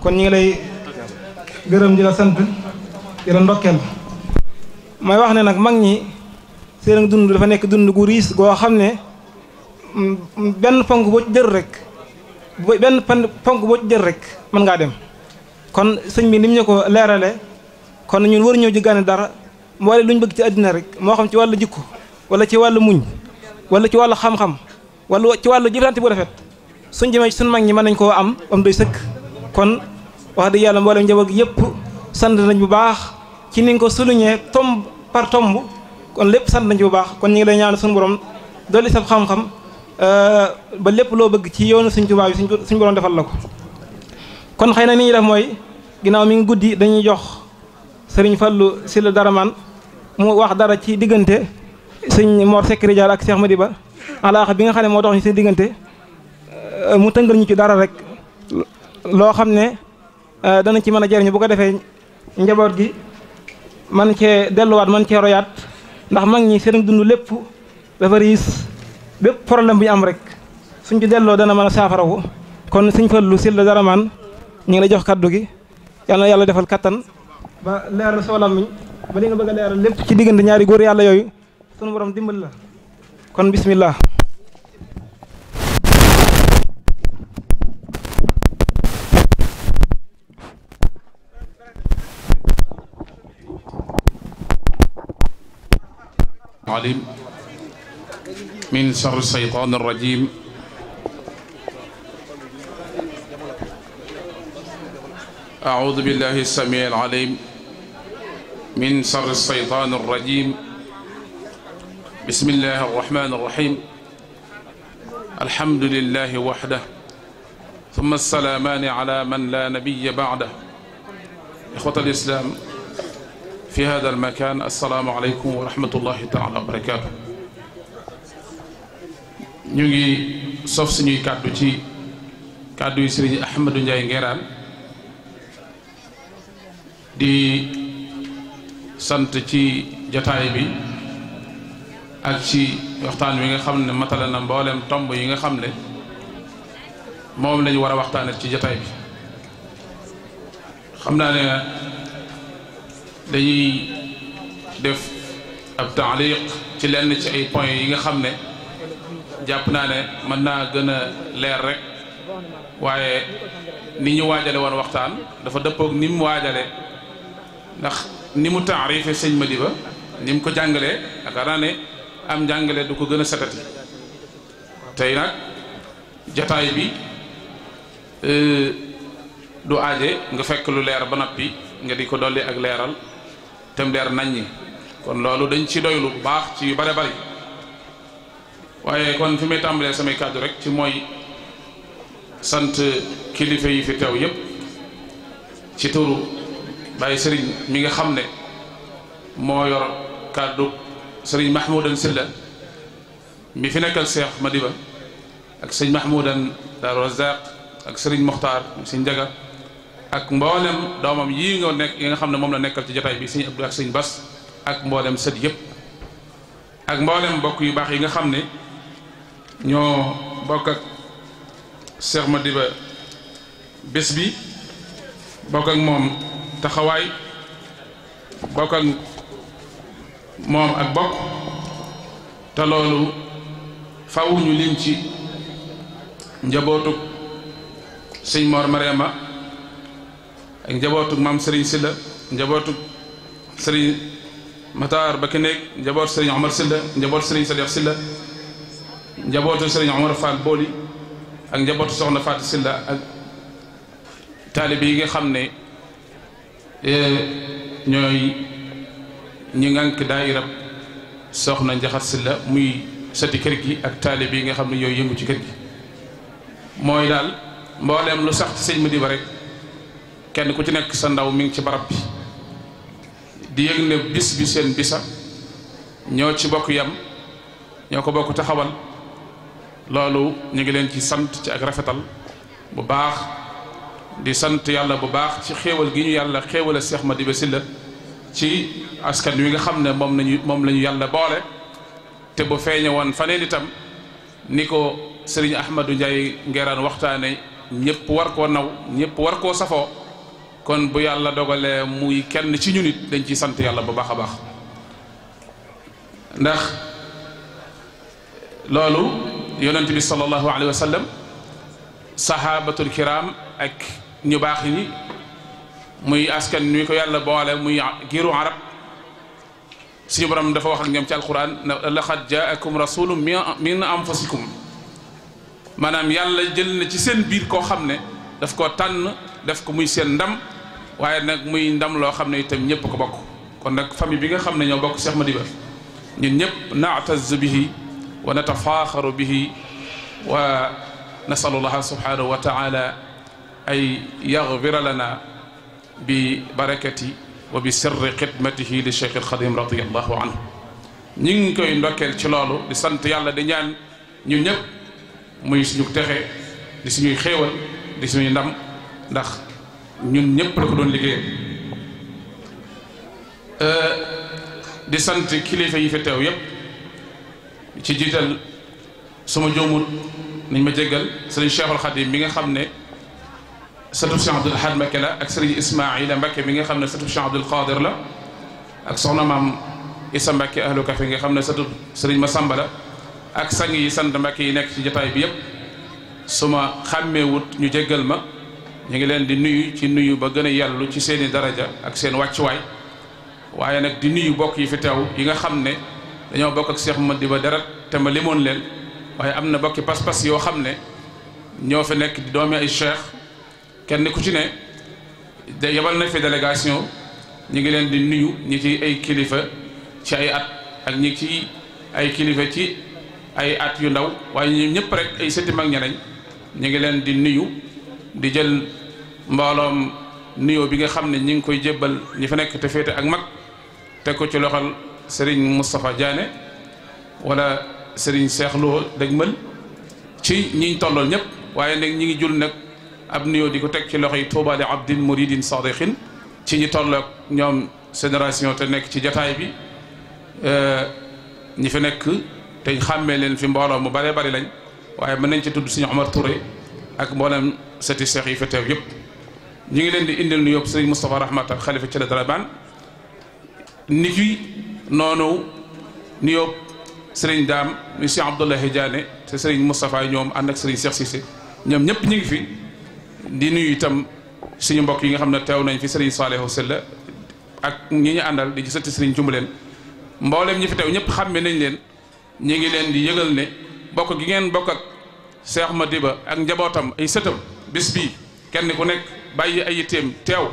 kon ñu ngi lay gërëm di la sant di la ndokkeel may wax ne nag mag ñi seen dund dafa nekk dund gu riis goo xam ne benn ponk boo ci jël rek benn ponk boo ci rek mën ngaa dem kon sëñ bi ni mu ñu ko leerale kon ñun wër ñëw jiggaane dara mboole lu ñu bëgg ci àddina rek moo xam ci wàllu jikko wala ci wàll muñ wala ci wàll xam-xam wala ci wàllu jëflante bu rafet suñ demee ci suñ mag ñi mën nañ koo am am doy sëkk kon wax dëgg yàlla mboolem njaboot gi yëpp sant nañ bu baax ci ni nga ko souligné tomb par tomb kon lépp sant nañ bu baax kon ñu ngi lay ñaan suñu borom dolli sab xam-xam euh, ba lépp loo bëgg ci yoonu suñ tubaab yi defal la ko kon xëy na ni ñuy def mooy ginnaaw mi ngi guddi dañuy jox sëriñ Fallou dara man mu wax dara ci diggante sëñ Mor Seck Ridial ak di ba alaaxa bi nga xam ne moo tax ñu seen diggante Eh, mu tënkal ñu ci dara rek lo xamne ne eh, dana ci mëna jarñu bu ko defee njaboot gi man cee wat man ci royat ndax mag ñi seen dundu lepp dafa problème bu am rek suñ ci dana mëna kon suñ fallu sil dara man ñi la jox kaddu gi yalla yalla defal katan ba leer soo lammiñ ba li nga bëgg leer lepp ci digënd ñaari goor yalla yoyu sunu borom dimbal la kon bismillah عليم من شر الشيطان الرجيم أعوذ بالله السميع العليم من شر الشيطان الرجيم بسم الله الرحمن الرحيم الحمد لله وحده ثم السلامان على من لا نبي بعده إخوة الإسلام في هذا المكان السلام عليكم ورحمة الله تعالى وبركاته نجي صف سنجي كادوتي كادو سيدي احمد نجاي غيران دي سانت تي جتاي بي اك سي وقتان ويغا خامن ماتال نا مبولم تومب ييغا خامن موم لا ني ورا وقتان تي جتاي بي خمنا dañuy def ab taaliq ci lenn ci ay points yi nga xam ne jàpp naa ne mën naa gën a leer rek waaye ni ñu waajale woon waxtaan dafa dëppoog ni mu waajale ndax ni mu taarife sëñ Madiba ni mu ko jàngalee yaakaar naa ne am njàngale du ko gën a setati tey nag jataay bi euh, du aaje nga fekk lu leer ba noppi nga di ko dolli ak leeral tam leer nañ ñi kon loolu dañ ci doy lu baax ci yu bare bari waaye kon fi may tàmbalee samay kàddu rek ci mooy sant kilifa yi fi teew yépp ci turu Baye sëriñ mi nga xam ne moo yor kàddu sëriñ Mahmoudan Silla mi fi nekkal Cheikh Madiba ak sëriñ Mahmoudan Dar Razaq ak sëriñ Mokhtar si Njaga ak mboolem doomam yi nga nekk yi nga xam ne moom la nekkal ci jataay bi sëñ Abdou ak sëñ Bas ak mboolem sët yëpp ak mboolem mbokk yu baax yi nga xam ne ñoo bokk ak Cheikh Madiba bés bi bokk ak moom taxawaay bokk ak moom ak bokk te loolu faw ñu lim ci njabootu sëñ Mor Mariama ak njabootu maam Serigne Sylla njabootu Serigne Matar ba ki nekk njabootu Serigne Omar Sylla njabootu Serigne Saliou Sylla njabootu Serigne Omar Fall Boli ak njabootu Soxna Fatou Sylla ak taalibe yi nga xam ne eh, ñooy ñi ngànk daayirab Soxna Njaxat Sylla muy sati kër gi ak taalibe yi nga xam ne yooyu yëngu ci kër gi mooy daal mboolem lu sax ci sëñ Madiba rek kenn ku ci nekk sa ndaw mi ngi ci barab bi di yëg ne bis bi seen bisa ñoo ci bokk yam ñoo ko bokk taxawal loolu ñu ngi leen ci sant ci ak rafetal bu baax di sant yàlla bu baax ci xéewal gi ñu yàlla xéewale Seex Madiba Sylla ci askan wi nga xam ne moom nañu moom la ñu yàlla boole te bu feeñe woon fa faneen itam ni ko sëriñ Ahmadou Ndiaye Nguerane waxtaane ñëpp war koo naw ñëpp war koo safoo kon bu yàlla dogalé muy kenn ci ñunit dañ ci sante yàlla bu baax a baax ndax lolu yonnati bi sallallahu alayhi wa sallam sahabatul kiram ak ñu baax ñi muy askan ñu ko yàlla boole muy giru arab suñu borom dafa wax ak ñoom ci alquran ne laqad jaakum rasulun min anfusikum maanaam yàlla jël na ci seen biir koo xam daf ko tan daf ko muy sen ndam waye nak muy ndam lo xamne itam ñëpp ko bokk kon nak fami bi nga xamne ñoo bokk Cheikh Madiba ñun ñëpp na'taz bihi wa natafakhar bihi wa nasalu allah subhanahu wa taala ay yaghfir lana bi barakati wa bi sirri xidmatihi li cheikh khadim radiyallahu anhu ñi ngi koy ndokel ci lolu di sante yàlla di ñaan ñun ñëpp muy suñu texe di suñu xéewal di suñu ndam ndax ñun ñëpp la ko doon liggéeyal di sant kilifa yi fi teew yëpp ci jiital suma joomul nañ ma jéggal sëriñ Cheikhul Khadim mi nga xam ne satub Cheikh Abdoul Ahad Mbacké la ak sëriñ Ismaïla Mbacké mi nga xam ne satub Cheikh Abdoul Qadir la ak soxna maam Issa Mbacké ahlu Café nga xam ne satub sëriñ Massamba la ak sang yi sant Mbacké yi nekk ci jataay bi yëpp su ma xàmmeewut ñu jéggal ma ñu ngi leen di nuyu ci nuyu ba gën a yàllu ci seeni daraja ak seen wàccuwaay waaye nag di nuyu bokk yi fi teew yi nga xam ne dañoo bokk ak Cheikh Madi ba dara te ma limoon leen waaye am na bokki pas-pas yoo xam ne ñoo fi nekk di doomi ay cheikh kenn ku ci ne yebal na fi délégation ñu ngi leen di nuyu ñi ci ay kilifa ci ay at ak ñi ci ay kilifa ci ay at yu ndaw waaye ñu ñëpp rek ay sëti mag ña ñu ngi leen di nuyu di jël mbooloom nuyoo bi nga xam ne ñi ngi koy jébbal ñi fa nekk te féete ak mag teg ko ci loxol Serigne Moustapha Diané wala Serigne Cheikh Lo dëgmal ci ñiñ tollool ñëpp waaye nag ñi ngi jul nag ab nuyoo di ko teg ci loxoy Touba li abdin muridin sadiqin ci ñi tolloog ñoom génération te nekk ci jataay bi euh, ñi fi nekk te xàmmee leen fi mbooloo mu bare bari lañ waaye mën nañ ci tudd suñu Omar Touré ak mboolem seti seex yi fa teew yëpp ñu ngi leen di indil nuyoo sëriñ Moustapha Rahmat ak xalifa ci la Darabaan yi ki noonu nuyoo sëriñ Daam ni sëriñ Abdoulaye Diané te sëriñ Moustapha ñoom ànd ak sëriñ ñoom ñëpp ñu ngi fi di nuyu itam suñu mbokk yi nga xam ne teew nañ fi sëriñ Salihu Silla ak ñi ñu àndal di ci sëtti sëriñ leen mboolem ñi fi teew ñëpp xàmme nañ leen ñu ngi leen di yëgal ne. bokk gi ngeen bokk ak ma diba ak njabootam ay sëtam bis bii kenn ku nekk bàyyi ay yitteem teew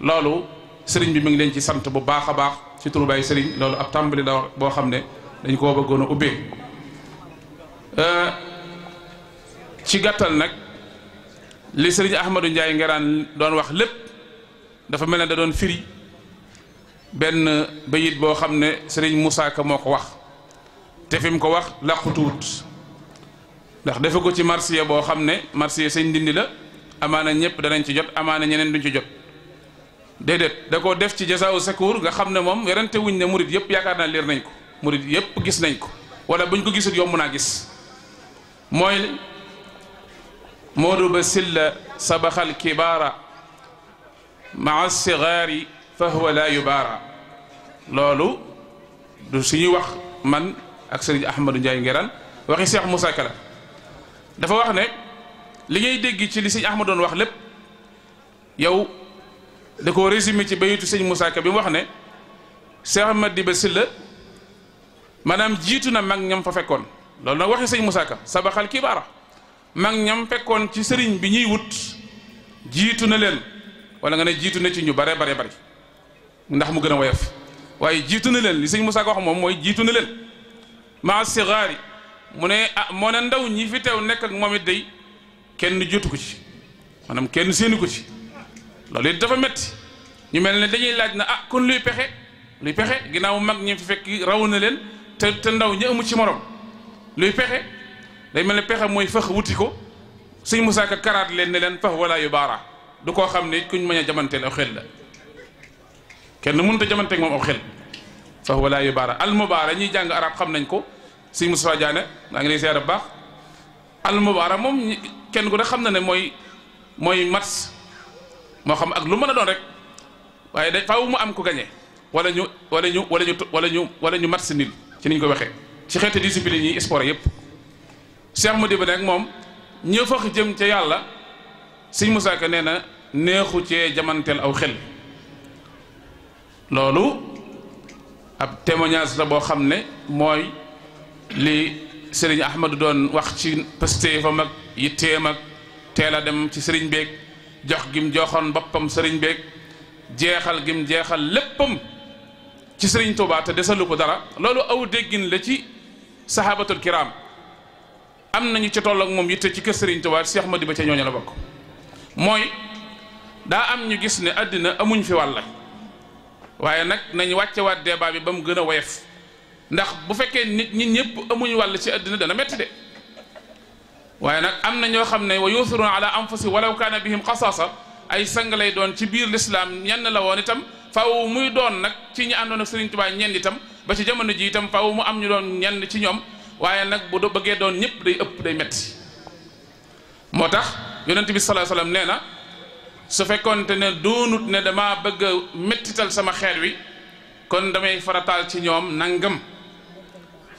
loolu sëriñ bi mu ngi leen ci sant bu baax a baax ci turu baay sëriñ loolu ab tàmbali la boo xam ne dañ koo bëggoon a ubbee euh, ci gàttal nag li sëriñ Ahmadou Ndiaye Nguerane doon wax lépp dafa mel ne da doon firi benn bayit boo xam ne sëriñ Moussa moo ko wax te fi ko wax làqutuwut ndax defe ko ci marché bo xamné marché sëñ dindi la amana ñëpp da nañ ci jot amana ñeneen duñ ci jot dedet da koo def ci jasaawu sakur nga xamné mom yarante wuñ ne murit yëpp yaakaar naa leer nañ ko murit yëpp gis nañ ko wala buñ ko gisul yomuna gis moy moodu ba silla sabaxal kibaara maa sigaari fa huwa laa yubaara loolu du suñuy wax man ak sëriñ Ahmadou Ndiaye Nguerane waxi Cheikh Moussa Kala dafa wax ne li ngay dégg ci li ax ma doon wax lépp yow da ko résumé ci bayitu sëñ Moussa bi mu wax ne Cheikh Ahmad Diba Sylla maanaam jiitu na mag ñam fa fekkoon loolu nag waxi sëñ Moussa Ka sabaxal kibaara mag ñam fekkoon ci sëriñ bi ñuy wut jiitu na leen wala nga ne jiitu na ci ñu bare bare bari ndax mu gën a woyof waaye jiitu na leen li sëñ Moussa Ka wax moom mooy jiitu na leen maa sigaari mu ne ah moo ne ndaw ñi fi teew nekk ak moom it day kenn jotu ko ci manam kenn séenu ko ci loolu it dafa metti ñu mel ne dañuy laaj na ah kon luy pexe luy pexe ginnaaw mag ñi fi fekk raw na leen te te ndaw ñi ci morom luy pexe day mel ne pexe mooy fex wuti ko suñ musaaka karaat leen ne leen fax wala yu baara du koo xam ne kuñ mën a jamanteel aw xel la kenn mënut a jamanteeg moom aw xel fax wala yu baara al mubaara ñuy jàng araab xam nañ ko sëñ Moustapha Diagne maa ngi lay ziar bu baax al mubaara moom kenn ku ne xam na ne mooy mooy match moo xam ak lu mën a doon rek waaye da faaw mu am ko gañe wala ñu wala ñu wala ñu wala ñu wala ñu match nil ci niñ ko waxee ci xeeti discipline yi sport yëpp Cheikh Modibo nag moom ñëw fa jëm ca yàlla sëñ musa Ka nee na neexu cee jamanteel aw xel loolu ab témoignage la boo xam ne mooy li sëriñ Ahmadu doon wax ci pëstéefam ak yitteem ak teel a dem ci sëriñ beeg jox gim joxoon boppam sëriñ beeg jeexal gim jeexal léppam ci sëriñ Tuubaa te desalu ko dara loolu aw déggin la ci sahabatul kiram am nañu ci toll moom yitte ci kër sëriñ Tuubaa Seex Ahmadu ba ca ñooñu la bokk mooy daa am ñu gis ne àddina amuñ fi wàll waaye nag nañ wàcce waat débat bi ba mu gën a woyof ndax bu fekkee nit ñi ñëpp amuñu wàll ci àddina dana metti de waaye nag am na ñoo xam ne wa yuusiruuna ala anfusi walaw kaana bihim qasasa ay sang lay doon ci biir lislaam ñenn la woon itam faw muy doon nag ci ñi àndoon ak Sëriñ Tuubaa ñenn itam ba ci jamono ji itam faw mu am ñu doon ñenn ci ñoom waaye nag bu bëggee doon ñëpp day ëpp day metti moo tax yonent bi salaa salaam nee na su fekkoonte ne doonut ne dama bëgg a mettital sama xeet wi kon damay faratal ci ñoom nangam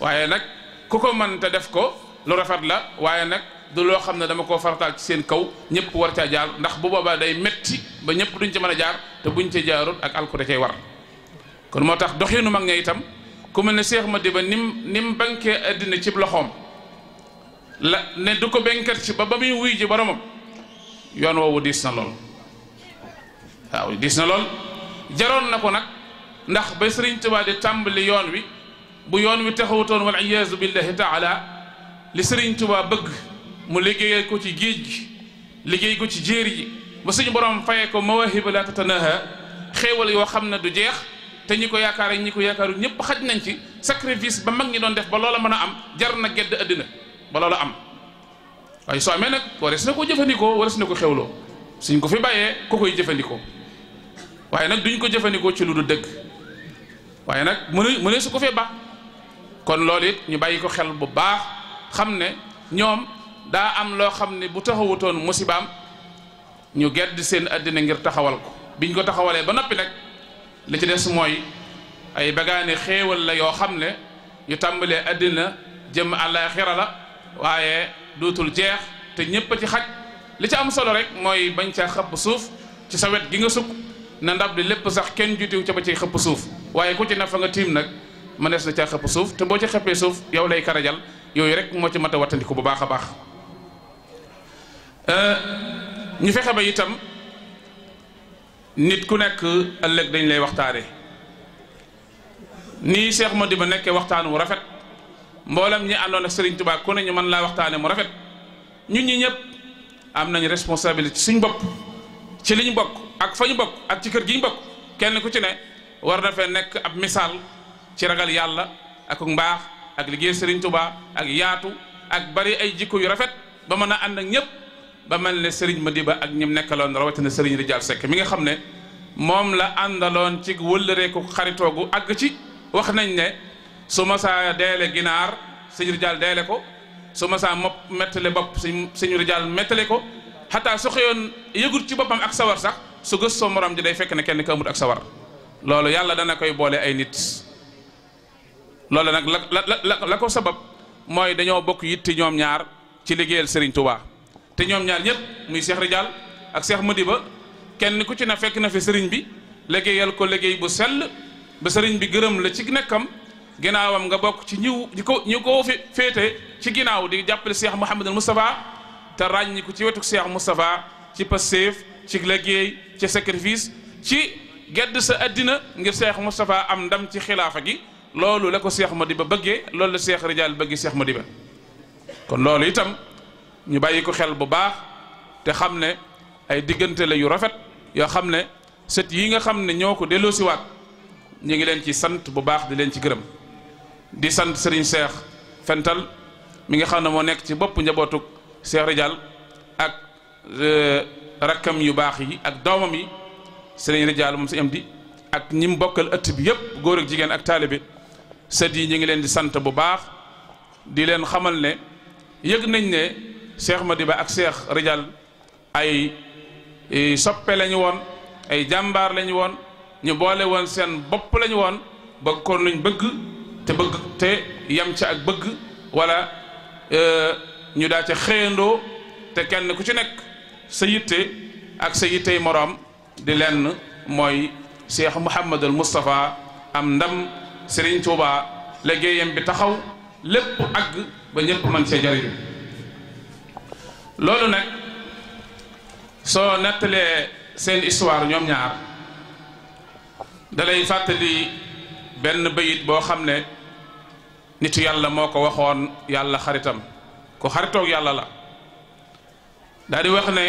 waaye nag ku ko mën te def ko lu rafet la waaye nag du loo xam ne dama ko farataal ci seen kaw ñëpp war caa jaar ndax bu boobaa day metti ba ñëpp duñ ci mën a jaar te buñ ci jaarut ak alku da cay war kon moo tax doxiinu mag ña itam ku mel ne Seex Madiba nim nim bankee àddina cib loxoom la ne du ko benkat ci ba ba muy wuy ji boromam yoon woowu diis na lool waaw diis na lool jaroon na ko nag ndax ba Sëriñ Tuubaa di tàmbali yoon wi bu yoon wi taxawutoon wal iyaazu billahi taala li sëriñ Tuubaa bëgg mu liggéeyee ko ci géej gi liggéey ko ci jéer yi ba suñu borom fayee ko mawaahiba laa tatanaha xéewal yoo xam ne du jeex te ñi ko yaakaar ak ñi ko yaakaaru ñëpp xaj nañ ci sacrifice ba mag ñi doon def ba loola mën a am jar na gedd àddina ba loola am waaye soo amee nag warees na ko jëfandikoo warees na ko xewloo suñ ko fi bàyyee ku koy jëfandikoo waaye nag duñ ko jëfandikoo ci lu du dëgg waaye nag mënu mëne su ko fee baax kon lolit ñu bàyyi ko xel bu baax xamne ñom da am lo xamne bu taxawuton musibam ñu gedd seen adina ngir taxawal ko biñ ko taxawale ba nopi nak li ci dess moy ay bagane xewal la yo xamne yu tambale adina jëm al al-akhirah la waye dutul jeex te ñépp ci xaj li ci am solo rek moy bañ caa xep suuf ci sawet gi nga suk na ndab li lépp sax kenn jutiw ci ba ci xep suuf waye ku ci na fa nga tim nak mënees na caa xëpp suuf te boo ci xëppee suuf yow lay karajal yooyu rek moo ci mat a wattandiku bu baax a baax euh, ñu fexe ba itam nit ku nekk ëllëg dañ lay waxtaane nii Cheikh Mody ba nekkee waxtaan wu rafet mboolem ñi àndoon ak Serigne Touba ku ne ñu mën laa waxtaanee mu rafet ñun ñi ñëpp am nañ responsabilité suñ bopp ci liñ bokk ak fa ñu bokk ak ci kër giñ bokk kenn ku ci ne war na fee nekk ab misaal ci ragal yàlla ak mbax ak liggéey serigne touba ak yaatu ak bari ay jikko yu rafet ba meuna ànd ak ñep ba melne serigne Madiba ak ñim rawati na sëriñ rijal sek mi nga xamne mom la andalon ci wëllëreeku xaritoogu ag ci wax nañ ne su ma saa deele ginar serigne rijal deele ko su ma saa mopp mettale bopp sëñ sëñ ko hatta su xeyon yëgul ci bopam ak sawar sax su gëstoo morom ji day fekk ne kenn ka amut ak sawar loolu yàlla dana koy bolé ay nit loolu nag la la la ko sabab mooy dañoo bokk yitti ñoom ñaar ci liggéeyal Serigne Touba te ñoom ñaar ñëpp muy Cheikh Ridial ak Cheikh ba kenn ku ci ne fekk na fi Serigne bi liggéeyal ko liggéey bu sell ba Serigne bi gërëm la ci nekkam ginnaawam nga bokk ci ñiw ñi ko ñi ko féete ci ginnaaw di jàppale Cheikh Mouhamadul Moustapha te ràññi ci wetu Cheikh Moustapha ci passeef ci liggéey ci sacrifice ci gedd sa addina ngir Cheikh Moustapha am ndam ci xilaafa gi. loolu la ko ma Cheikh ba bëggee loolu la Cheikh Rijaal bëggee Cheikh Modiba kon loolu itam ñu bàyyi ko xel bu baax te xam ne ay diggante la yu rafet yoo xam ne sët yi nga xam ne ñoo ko delloosiwaat ñu ngi leen ci sant bu baax di leen ci gërëm di sant Serigne Cheikh Fental mi nga xam ne moo nekk ci bopp njabootug Cheikh Rijaal ak euh, rakkam yu baax yi ak doomam yi sëriñ Rijaal moom si am di ak ñi mu bokkal ëtt bi yëpp góor ak jigéen ak taalibe sët yi ñu ngi leen di sant bu baax di leen xamal ne yëg nañ ne Cheikh Madiba ak Cheikh Rijal ay e, soppe lañu woon ay jàmbaar lañu woon ñu boole woon seen bopp lañu woon bëgg kon luñ bëgg te bëgg te yem ca ak bëgg wala e, ñu daa ca xëyandoo te kenn ku ci nekk sa yitte ak sa yittey moroom di lenn mooy Cheikh Mouhamadul Moustapha am ndam Serigne Touba liggéeyam bi taxaw lépp àgg ba ñëpp mën see jariñu loolu nag soo nettalee seen histoire ñoom ñaar dalay fàttali benn bayit boo xam ne nitu yàlla moo ko waxoon yàlla xaritam ku xaritoog yàlla la daal wax ne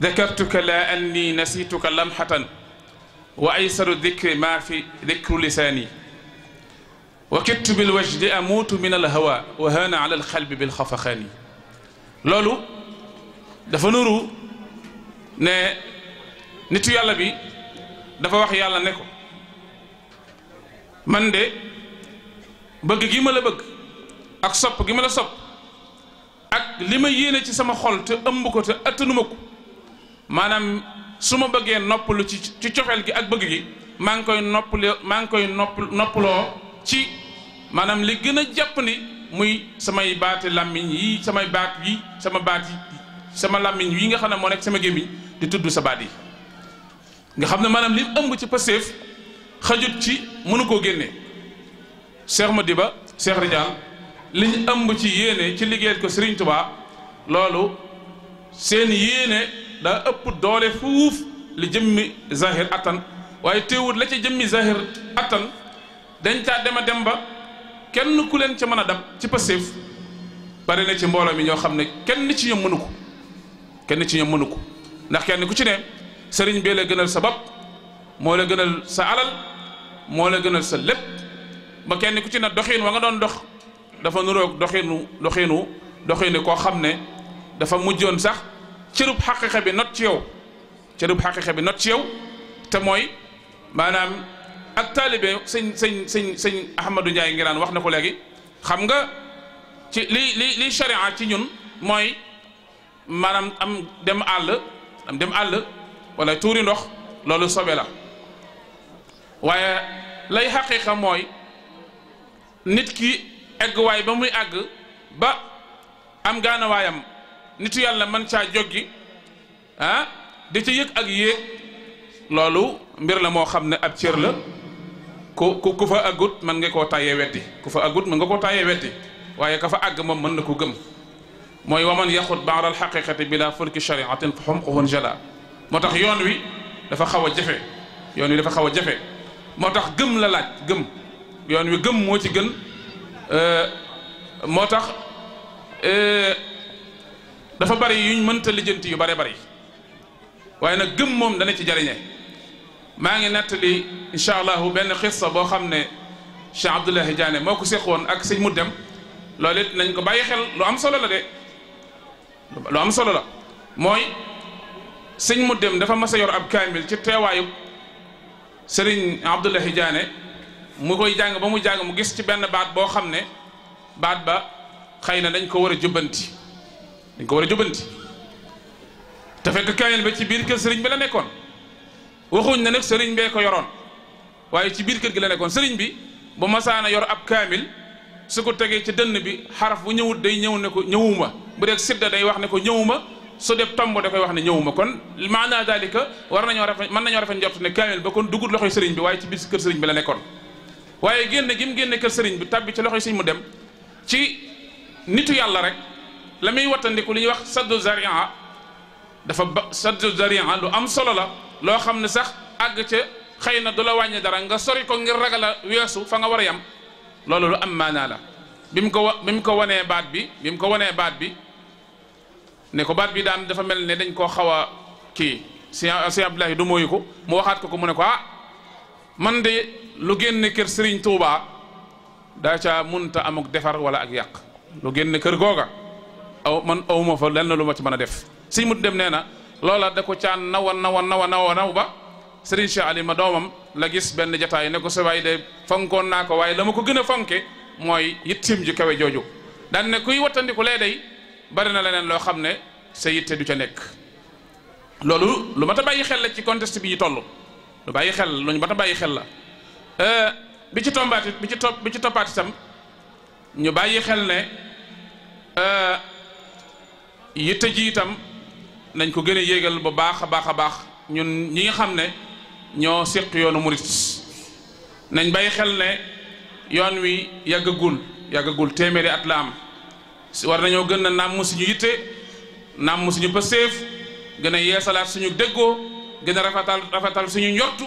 dakartuka la anni nasituka lamhatan وأيسر الذكر ما في ذكر لساني وكدت بالوجد أموت من الهوى وهان على القلب بالخفخان loolu dafa nuru ne nitu yàlla bi dafa wax yàlla ne ko man de bëgg gi ma la bëgg ak sopp gi ma la sopp ak li ma yéene ci sama xol te ëmb ko te attanuma ko maanaam su ma bëggee noppalu ci ci cofeel gi ak bëgg gi maa ngi koy noppaloo maa ngi koy nopp noppaloo ci maanaam li gën a jàpp muy samay baati làmmiñ yi samay baat yi sama baat yi sama làmmiñ yi nga xam ne moo nekk sama gémmiñ di tudd sa baat yi nga xam ne maanaam li ëmb ci pasteef xajut ci mënu koo génnee Cheikh Madiba Cheikh Ridial li ñu ëmb ci yéene ci liggéeyal ko Serigne Touba loolu seen yéene daa ëpp doole fuuf li jëmmi zahir attan waaye téewut la ca jëmmi zahir attan dañ caa dem a dem ba kenn ku leen ca mën a dab ci Pastef bari na ci mbooloo mi ñoo xam ne kenn ci ñoom mënu ko kenn ci ñoom mënu ko ndax kenn ku ci ne sëriñ bee la gënal sa bopp moo la gënal sa alal moo la gënal sa lépp ba kenn ku ci ne doxiin wa nga doon dox dafa nuroog doxiinu doxiinu doxiinu koo xam ne dafa mujjoon sax cërub xaqiqa bi not ci yow cërub xaqiqa bi not ci yow te mooy maanaam ak taalibe sëñ sëñ sëñ sëñ Ahmadou Ndiaye Nguirane wax na ko léegi xam nga ci li li li charia ci ñun mooy maanaam am dem àll am dem àll wala tuuri ndox loolu sobe la waaye lay xaqiqa mooy nit ki egg waay ba muy àgg ba am gaanawaayam nitu yàlla man caa joggi ah di ci yëg ak yéeg loolu mbir la moo xam ne ab cër la ku ku ku fa agut mën nga koo tàyyee weddi ku fa agut mën nga koo tàyyee weddi waaye ka fa àgg moom mën na ko gëm mooy waman yaxut baara alxaqiqati bila fulki shariatin xumquhun jala moo tax yoon wi dafa xaw a jafe yoon wi dafa xaw a jafe moo tax gëm la laaj gëm yoon wi gëm moo ci gën euh, moo tax euh, dafa bari yuñ mënta lijeenti yu bari bari waye nak gëm mom dana ci jariñe ma ngi natali inshallah ben xissa bo xamne Cheikh abdullah hijane moko ko séq ak seigne mu dem nañ ko bàyyi xel lu am solo la de lu am solo la moy seigne mu dafa massa yor ab kamil ci teewaayu seigne abdullah hijane mu koy jàng ba mu jàng mu gis ci ben baat bo xamne baat ba xëy dañ ko wara jubanti dañ ko war a jubanti te fekk kaamil ba ci biir kër sëriñ bi la nekkoon waxuñ na nag sëriñ bee ko yoroon waaye ci biir kër gi la nekkoon sëriñ bi bu masaana yor ab kaamil su ko tegee ci dënn bi xaraf bu ñëwut day ñëw ne ko ñëwuma bu dee sidda day wax ne ko ñëwuma su dee tomb da koy wax ne ñëwuma kon maana dalika war nañoo rafet mën nañoo rafet njort ne kaamil ba kon dugut loxoy sëriñ bi waaye ci biir kër sëriñ bi la nekkoon waaye génn gi mu génne kër sëriñ bi ci loxoy sëriñ mu dem ci nitu yàlla rek la muy wattandiku li ñuy wax saddu zaria dafa ba saddu zaria lu am solo la loo xam ne sax àgg ca xëy na du la wàññi dara nga sori ko ngir ragal a weesu fa nga war a yam loolu lu am maanaa la bi mu ko wa bi mu ko wanee baat bi bi mu ko wanee baat bi ne ko baat bi daan dafa mel ne dañ koo xaw a kii si si Abdoulaye du mooyu ko mu waxaat ko ko mu ne ko ah man de lu génn kër Serigne Touba daa caa munta amuk defar wala ak yàq lu génn kër googa aw man aw ma fa lenn lu ma ci mën a def si mut dem nee na loola da ko caan nawa nawa nawa nawa naw ba sëriñ Cheikh Alima doomam la gis benn jataay ne ko sa waay de fonkoon naa ko waaye la ma ko gën a fonke mooy yittim ju kawe jooju daan ne kuy wattandiku lee day bari na leneen loo xam ne sa yitte du ca nekk loolu lu mat a bàyyi xel la ci contexte bi ñu bàyyi xel lu ñu bàyyi xel la euh, bi ci tombaati bi ci topp bi ci toppaat ñu bàyyi xel ne euh, yitte ji itam nañ ko gën a yéegal bu baax a baax a baax ñun ñi nga xam ne ñoo séq yoonu murit nañ bàyyi xel ne yoon wi yàggagul yàggagul téeméeri at la am war nañoo gën a nàmm suñu yitte nàmm suñu pëseef gën a yeesalaat suñu déggoo gën a rafetal rafetal suñu njortu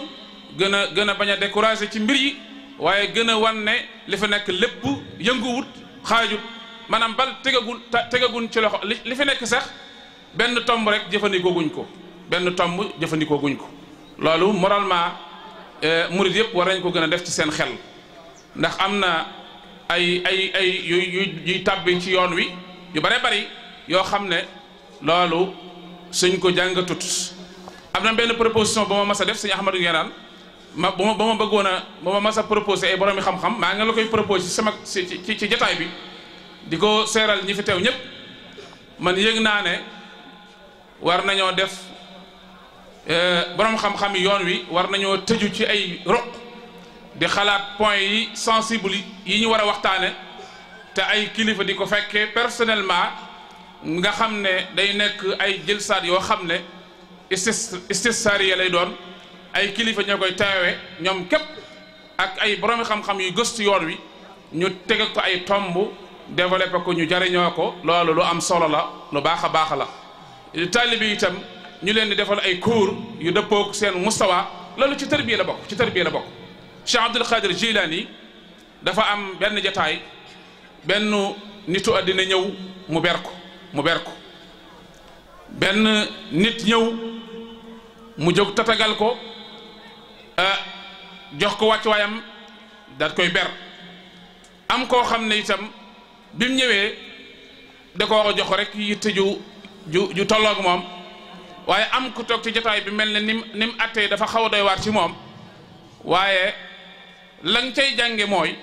gën a gën a bañ a découragé ci mbir yi waaye gën a wan ne li fi nekk lépp yënguwut xaajut maanaam bal tegagun tegagun ci loxo li fi nekk sax benn tomb rek jëfandikoo guñ ko benn tomb jëfandikoo guñ ko loolu moralement euh, murid yëpp war nañ ko gën a def ci seen xel ndax am na ay ay ay yu yuy tàbbi ci yoon wi yu bare bari yoo xam ne loolu suñ ko jàngatut am na benn proposition ba ma mas a def sëñ Ahmadou Ngeeraan ma ba ma ba ma bëggoon a ba ma mas a proposé ay boroomi xam-xam maa ngi la koy proposé sama ci ci jataay bi di ko seeral ñi fi teew ñëpp man yëg naa ne war nañoo def euh, boroom xam-xam yoon wi war nañoo tëju ci ay roq di xalaat point yi sensible yi ñu war a waxtaane te ay kilifa di ko fekkee personnellement nga xam ne day nekk ay jëlsaat yoo xam ne istisariya lay doon ay kilifa ñoo koy teewe ñoom képp ak ay boroomi xam-xam yu gëstu yoon wi ñu tege ay tomb développé ko ñu jariñoo ko loolu lu am solo la lu baax a baax la taalibe yi itam ñu leen di defal ay cours yu dëppook seen mustawa loolu ci tarbiya la bokk ci tarbiya la bokk Cheikh Abdul Qadir Jilani dafa am benn jataay benn nitu àddina ñëw mu ber ko mu ber ko benn nit ñëw mu jóg tatagal ko jox ko wàccuwaayam daat koy ber am koo xam ne itam bi mu ñëwee da ko war a jox rek yitte ju ju ju tolloog moom waaye am ku toog ci jotaay bi mel ne ni mu ni mu attee dafa xaw a doy waar ci moom waaye lang nga cay jànge mooy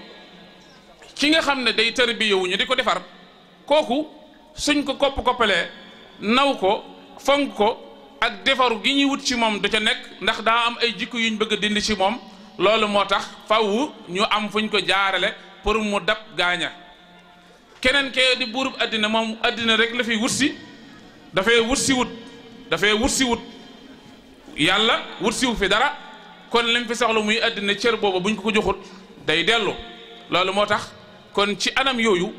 ki nga xam ne day tër bi yow ñu di ko defar kooku suñ ko kopp-koppalee naw ko fonk ko ak defaru gi ñuy wut ci moom da ca nekk ndax daa am ay jikko yuñ bëgg a dindi ci moom loolu moo tax fawu ñu am fuñ ko jaarale pour mu dab gaaña كنن كي دي بورب ادنا مام ادنا رك لا في ورسي دا فاي ورسي ووت دا فاي ورسي ووت يالا ورسي و في دارا كون لم في سخلو موي ادنا تير بوبا بو نكو جوخوت داي ديلو لول موتاخ كون تي انام يويو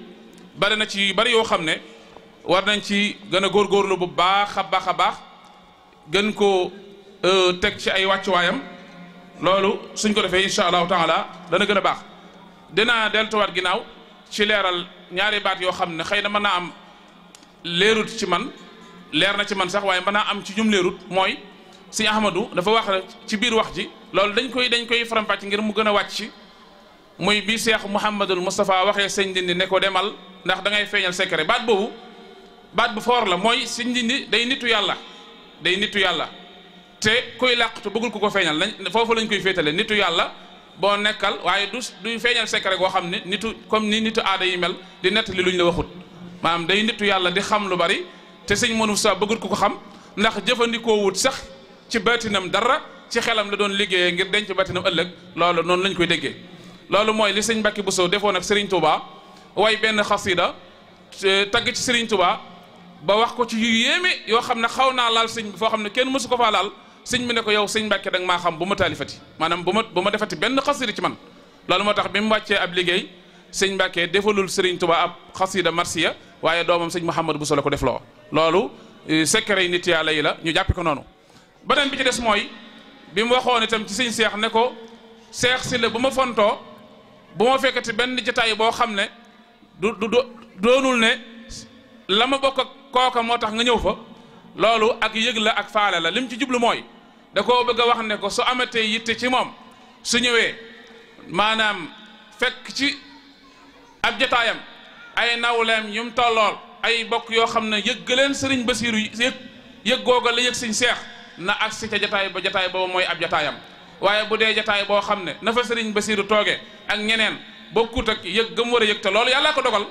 بارنا تي باري يو خامني وار نان تي غنا غور غور لو بو باخا باخا باخ غن كو ا تك تي اي واتيو وايام لول سونكو دافاي ان شاء الله تعالى دا نغنا باخ دنا دلتوات غيناو تي ليرال ñaari baat yoo xam ne xëy na mën naa am leerut ci man leer na ci man sax waaye mën naa am ci ñum leerut mooy si Ahmadou dafa wax ci biir wax ji loolu dañ koy dañ koy faram-fàcc ngir mu gën a wàcc muy bi Cheikh Mouhamadul Moustapha waxee sëñ Ndindi ne ko demal ndax da ngay feeñal secret baat boobu baat bu foor la mooy sëñ Ndindi day nitu yàlla day nitu yàlla te kuy làqtu bëggul ko ko feeñal nañ foofu lañ koy féetale nitu yàlla boo nekkal waaye du duy feeñal secret goo xam ne nitu comme ni nitu aada yi mel di nettali luñ la waxut maanaam day nittu yàlla di xam lu bari te sëñ mënu Moustapha bëggut ku ko xam ndax jëfandikoo wut sax ci baatinam dara ci xelam la doon liggéeyee ngir denc baatinam ëllëg loolu noonu lañ koy déggee loolu mooy li sëñ bu Bousso defoon ak Serigne Touba way benn xasida tagg ci Serigne Touba ba wax ko ci yu yéeme yoo xam ne xaw naa laal sëñ bi foo xam ne kenn mësu ko faa laal sëñ bi ne ko yow sëñ Mbàkke da nga maa xam bu ma taalifati maanaam bu ma bu ma defati benn xasida ci man loolu moo tax bi mu wàccee ab liggéey sëñ Mbàkke defalul sëriñ Tuba ab xasida marsiya waaye doomam sëñ Mouhamadou Bousso la ko def loo loolu euh, secret yi nit yàlla yi la ñu jàppe ko noonu beneen bi ci des mooy bi mu waxoon itam ci sëñ seex ne ko seex si la bu ma fontoo bu ma fekkati benn jataay boo xam ne du do doonul ne la ma bokka ak kooka moo tax nga ñëw fa loolu ak yëg la ak faale la lim ci jublu mooy da koo bëgg a wax ne ko su amatee yitte ci moom su ñëwee maanaam fekk ci ab jataayam ay nawleem yu mu tollool ay bokk yoo xam ne yëg leen sëriñ Basiiru yëg yëg googa la yëg sëñ seex na agsi ca jotaay ba jotaay boobu mooy ab jataayam waaye bu dee jataay boo xam ne na fa sëriñ Basiiru tooge ak ñeneen bokkut ak yëg gëm war a yëg te loolu yàlla ko dogal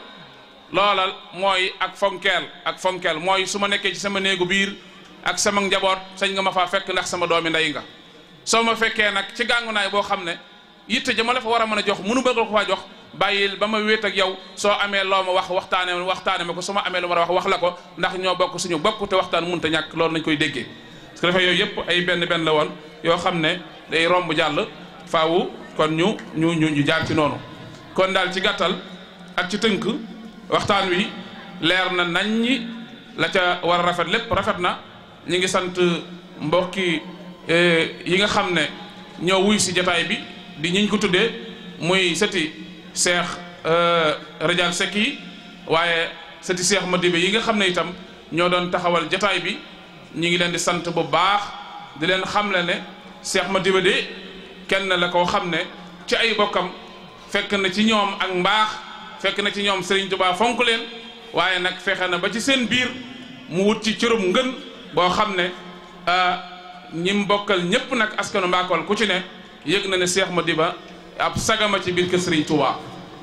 loola mooy ak fonkeel ak fonkeel mooy su ma nekkee ci sama néegu biir ak sama njaboot sañ nga ma faa fekk ndax sama doomi ndey nga soo ma fekkee nag ci gàngunaay boo xam ne yitte ja la fa war a mën a jox mënu bëgg ko faa jox bàyyil ba ma wéet ak yow soo amee loo ma wax waxtaane waxtaane ma ko su ma amee lu ma wax wax la ko ndax ñoo bokk ñu bokk te waxtaan mun a ñàkk loolu nañ koy déggee parce que dafa yooyu yëpp ay benn benn la woon yoo xam ne day romb jàll faawu kon ñu ñu ñu ñu jaar ci noonu daal ci gàttal ci tënk waxtaan wi leer na nañ ñi la ca war rafet lépp rafet na ñi ngi sant mbokki e, yi nga xam ne ñoo wuy si jataay bi di ñiñ ko tuddee muy sëti seex Radial Seck yi waaye sëti seex Madiba yi nga xam ne itam ñoo doon taxawal jataay bi ñi ngi leen di sant bu baax di leen xamle ne seex Madiba de kenn la koo xam ne ci ay bokkam fekk na ci ñoom ak mbaax fekk na ci ñoom Serigne Touba fonk leen waaye nag fexe na ba ci seen biir mu wut ci cërum ngën boo xam ne ñi mu bokkal ñëpp nag askanu Mbakol ku ci ne yëg na ne Cheikh Madiba ab sagama ci biir kër Serigne Touba.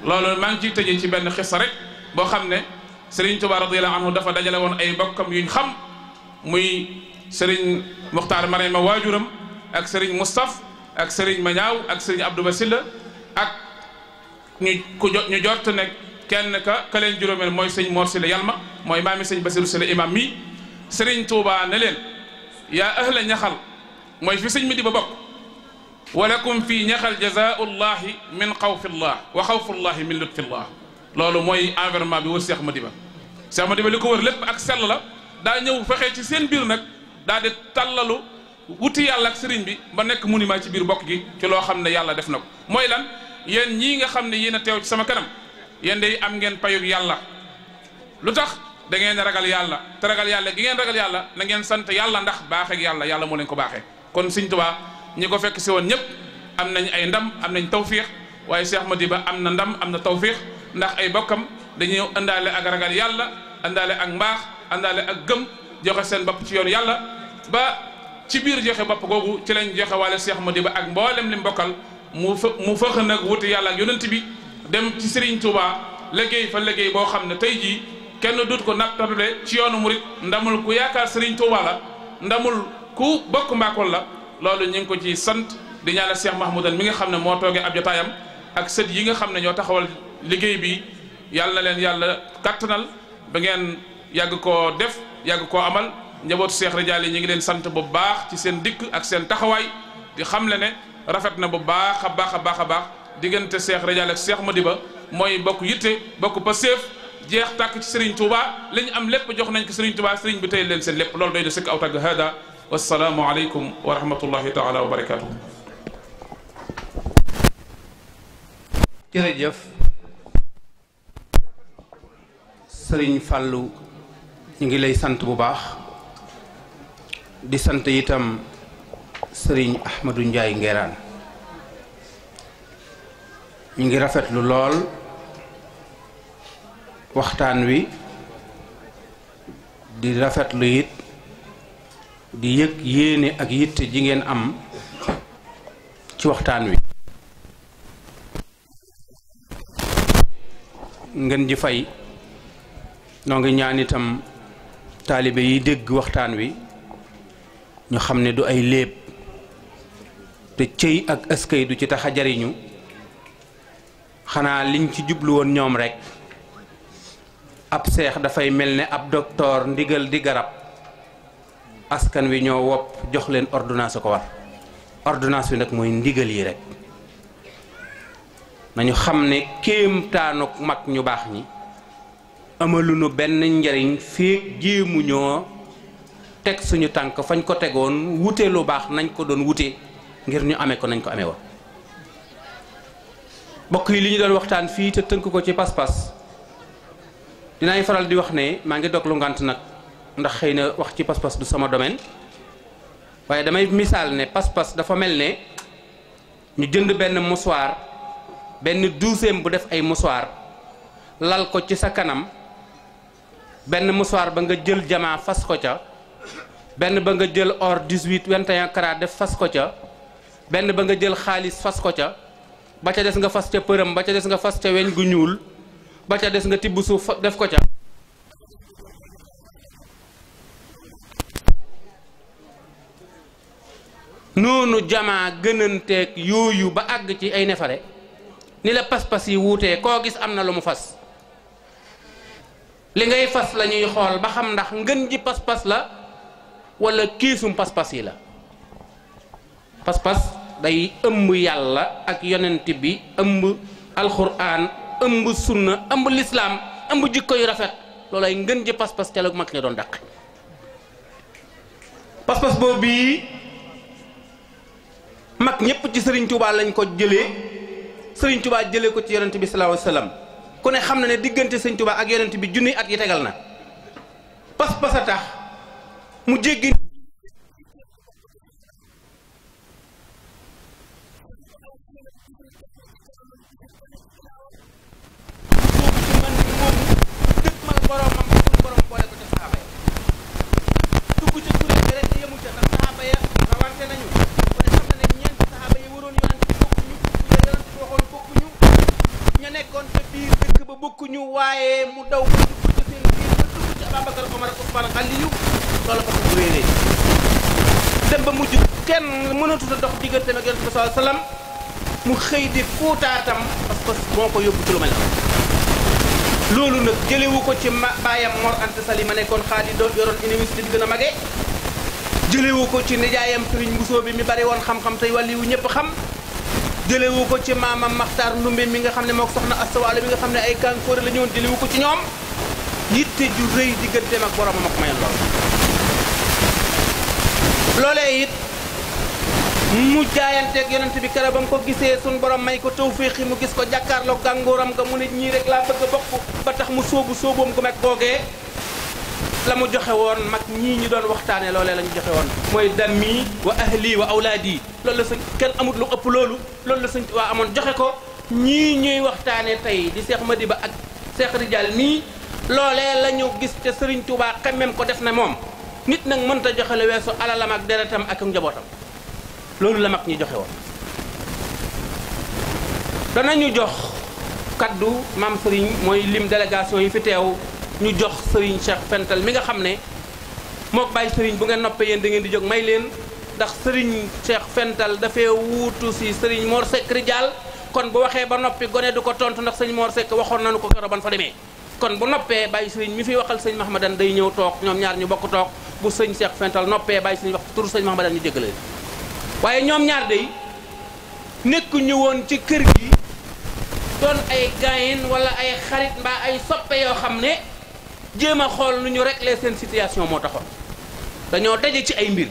loolu maa ngi ciy tëjee ci benn xisa rek boo xam ne Serigne Touba radiyallahu anhu dafa dajale woon ay bokkam yuñ xam muy Serigne Muxtaar Marema waajuram ak Serigne Moustapha ak Serigne Mañaaw ak Serigne Abdou Basila ak. ñu ku jot ñu jort ne kenn ka ka leen juróomeel mooy sëñ Mor Sile Yalma mooy maami sëñ Basiru Sile imam mii sëriñ Touba ne leen yaa ahla ñaxal mooy fi sëñ mi di ba bokk walakum fii ñaxal jazaau llahi min xawfi llah wa xawfu llahi min lutfi llah loolu mooy environnement bi wër Cheikh Madiba Cheikh Madiba li ko wër lépp ak sell la daa ñëw fexe ci seen biir nag daa di tàllalu wuti yàlla ak sëriñ bi ba nekk monument ci biir bokk gi ci loo xam ne yàlla def na ko mooy lan Yen ñi nga xamne ne yéen a ci sama kanam yen day am ngeen payuk yalla lutax da ngeen ragal yalla te ragal yalla gi ngeen ragal yalla na ngeen sante yalla ndax ak yalla yalla mo leen ko baxé kon seigne touba ñi ko fekk ci won ñep am nañ ay ndam am nañ tawfiq waye Cheikh Madiba am na ndam am na tawfiq ndax ay bokkam dañuy andale ak ragal yalla andale ak mbax andale ak gem joxe sen bop ci yoon yalla ba ci bir joxe bop googu ci lañ joxe wala Cheikh Madiba ak mboolem lim bokal mu fa mu fëx nag wuti yàlla ak yonent bi dem ci Serigne Touba léggéey fa liggéey boo xam ne tey jii kenn dut ko nattable ci yoonu murit ndamul ku yaakaar Serigne Touba la ndamul ku bokk Mbakol la loolu ñu ngi ko ci sant di ñaanal Cheikh Mahmoudan mi nga xam ne moo toogee ab jotaayam ak sët yi nga xam ne ñoo taxawal liggéey bi yàlla na leen yàlla kattanal ba ngeen yàgg ko def yàgg koo amal njabootu Cheikh Ridial yi ñu ngi leen sant bu baax ci seen dikk ak seen taxawaay di xam le ne rafet na bu baax a baax a baax a baax diggante seex Rijaal ak seex Madiba mooy bokk yitte bokk ba séef jeex tàkk ci Serigne Touba li ñu am lépp jox nañ ko Serigne Touba Serigne bi tey leen seen lépp loolu doy na sëkk aw hada wasalaamu aleykum wa rahmatullahi taala wa barakaatu. jërëjëf Serigne Fallou ñu ngi lay sant bu baax di sant itam. sëriñ Ahmadou njaay Nguérane ñu ngi rafetlu lool waxtaan wi di rafetlu it di yëg yéene ak yitte ji ngeen am ci waxtaan wi ngeen ji fay noo ngi ñaan itam taalibe yi dégg waxtaan wi ñu xam ne du ay léeb te cëy ak askay du ci tax a jariñu xanaa liñ ci jublu woon ñoom rekk ab seex dafay mel ni ab docteur ndigal di garab askan wi ñoo wopp jox leen ordonnance ko war ordonnance bi nag mooy ndigal yi rek nañu xam ni ne kéemtaanuk mag ñu baax ñi amaluñu benn njariñ féeg jéemu ñoo teg suñu tànk fañ ko tegoon wute lu baax nañ ko doon wute ngir ñu amé ko nañ ko amé wa bokk yi li ñu doon waxtaan fi te teunk ko ci pass pas dinaay faral di wax ne ma ngi dok lu ngant nak ndax xeyna wax ci pass pass du sama domaine waye damay misal ne pass pass dafa mel ñu jënd benn mouchoir 12e bu def ay mouchoir lal ko ci sa kanam ben mouchoir ba nga jël jama fas ko ca ben ba nga jël or 18 21 carat def fas ko ca benn ba nga jël xaalis fas ko ca ba ca des nga fas ca përëm ba ca des nga fas ca weñ gu ñuul ba ca des nga tibb suuf def ko ca noonu jamaa gënanteeg yooyu ba àgg ci ay nefare ni la pas-pas yi wuutee koo gis am na lu mu fas li ngay fas lañuy xool ba xam ndax ngën ji pas-pas la walla kiisum pas-pas yi la pas-pas day ëmb yàlla ak yonent bi ëmb alxuraan ëmb sunna ëmb lislaam ëmb jikko yu rafet loolay ngën ji pas-pas ca la mag ña doon dàq pas-pas boobu bii mag ñépp ci Sëriñ Tuubaa lañ ko jëlee Sëriñ Tuubaa jëlee ko ci yonent bi sallallahu alayhi wasallam ku ne xam na ne diggante Sëriñ Tuubaa ak yonent bi junni at yi tegal na pas-pas a tax mu jéggi ba bokkuñu waaye mu daw ba dugg ci ci Ababacar Omar ak Ousmane Aliou ko ko réeree dem ba mujj kenn mënatut dox diggante ak yonente bi sallam mu xëy di fuutaatam parce que moo ko ci lu mel loolu nag jëlewu ko ci mor ante ko ci nijaayam bi mi bari woon xam-xam tey xam jëlewu ko ci maamam Maxtaar Ndumbe mi nga xam ne mook soxna astawaalo bi nga xam ne ay kànkóore la ñëwoon jëlewu ko ci ñoom yitte ju rëy digganteem ak boromam ak may lool loolee it mu jaayanteeg yonent bi kara ba mu ko gisee suñ borom may ko tawféexi mu gis ko jàkkaarloo gàngooram nga mu ne ñii rek laa bëgg a bokk ba tax mu sóobu sóoboom gu meg googee la mu joxe woon mag ñii ñu doon waxtaane loolee la ñu joxe woon mooy dammi wa ahli wa awlaadi loolu la sëñ kenn amut lu ëpp loolu loolu la sëñ waa amoon joxe ko ñii ñuy waxtaane tey di Seex Madiba ak Seex Rijaal nii loolee la ñu gis te Sëriñ Tuubaa xemmem ko def na moom nit nag mënta joxe lu weesu alalam ak deretam ak njabootam loolu la mag ñi joxe woon danañu jox kaddu maam Sëriñ mooy lim délégation yi fi teew ñu jox Serigne Cheikh Fental mi nga xam ne mook bàyyi Serigne bu ngeen noppee yéen da ngeen di jóg may leen ndax Serigne seex Fental dafee wuutu si sëriñ Mor Seck Rijaal kon bu waxee ba noppi gone du ko tontu ndax sëñ Mor sekk waxoon nañu ko keroog ban fa demee. kon bu noppee bàyyi Serigne mi fiy waxal sëñ Mahamadan day ñëw toog ñoom ñaar ñu bokk toog bu sëñ seex Fental noppee bàyyi Serigne wax turu sëñ Mahamadan ñu jéggaleen waaye ñoom ñaar day nekk ñu woon ci kër gi doon ay ay xarit yoo xam ne. jéem a xool nu ñu régler seen situation moo taxoon dañoo daje ci ay mbir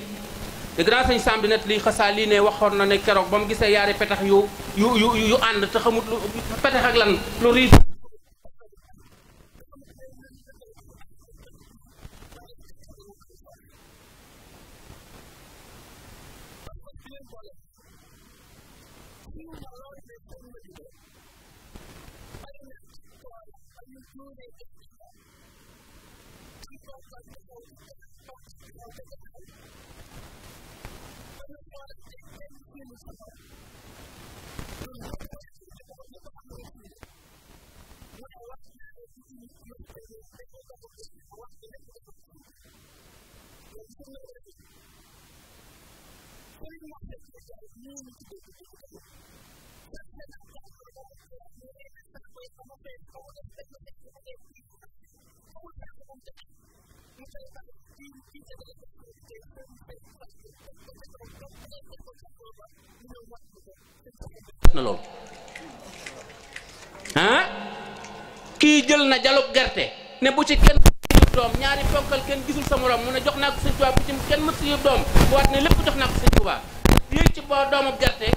le grand sëñ Samb di xasaa lii ne waxoon na ne keroog ba mu gisee yaari petax yu yu yu yu ànd te xamut lu petax ak lan lu riis Thank you. na loolu kii jël na jalub gerte ne bu ci kenn doom ñaari ponkal kenn gisul sa morom mu ne jox naa ko sëñ Tuubaa bu ci kenn mës yu doom bu waat ne lépp jox naa ko sëñ Tuubaa yéeg ci boo doomub gerte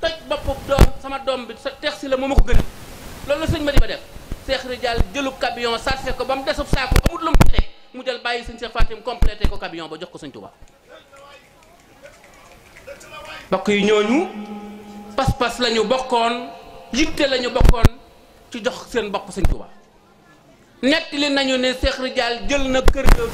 toj boppub doom sama doom bi sa teex si la moo ma ko gën a loolu la sëñ Madi ba def Seex Rijaal jëlub camion sarse ko ba mu desub saako amut lu mu mu jël bàyyi sëñ Seex Fatim complété ko camion ba jox ko sëñ Tuubaa mbokk yi ñooñu pas-pas la ñu bokkoon yitte lañu ñu bokkoon ci jox seen bopp sëñ Tuubaa nettali nañu ne seex Ridial jël na kër ga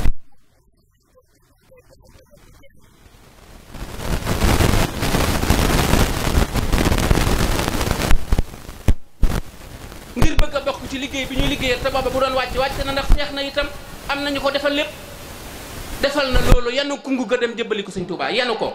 ngir bëgg a bokk ci liggéey bi ñu liggéey te booba bu doon wàcc wàcc na ndax seex na itam am nañu ko defal lépp defal na loolu yanu kungu ga dem jébbali ko sëñ Tuubaa yanu ko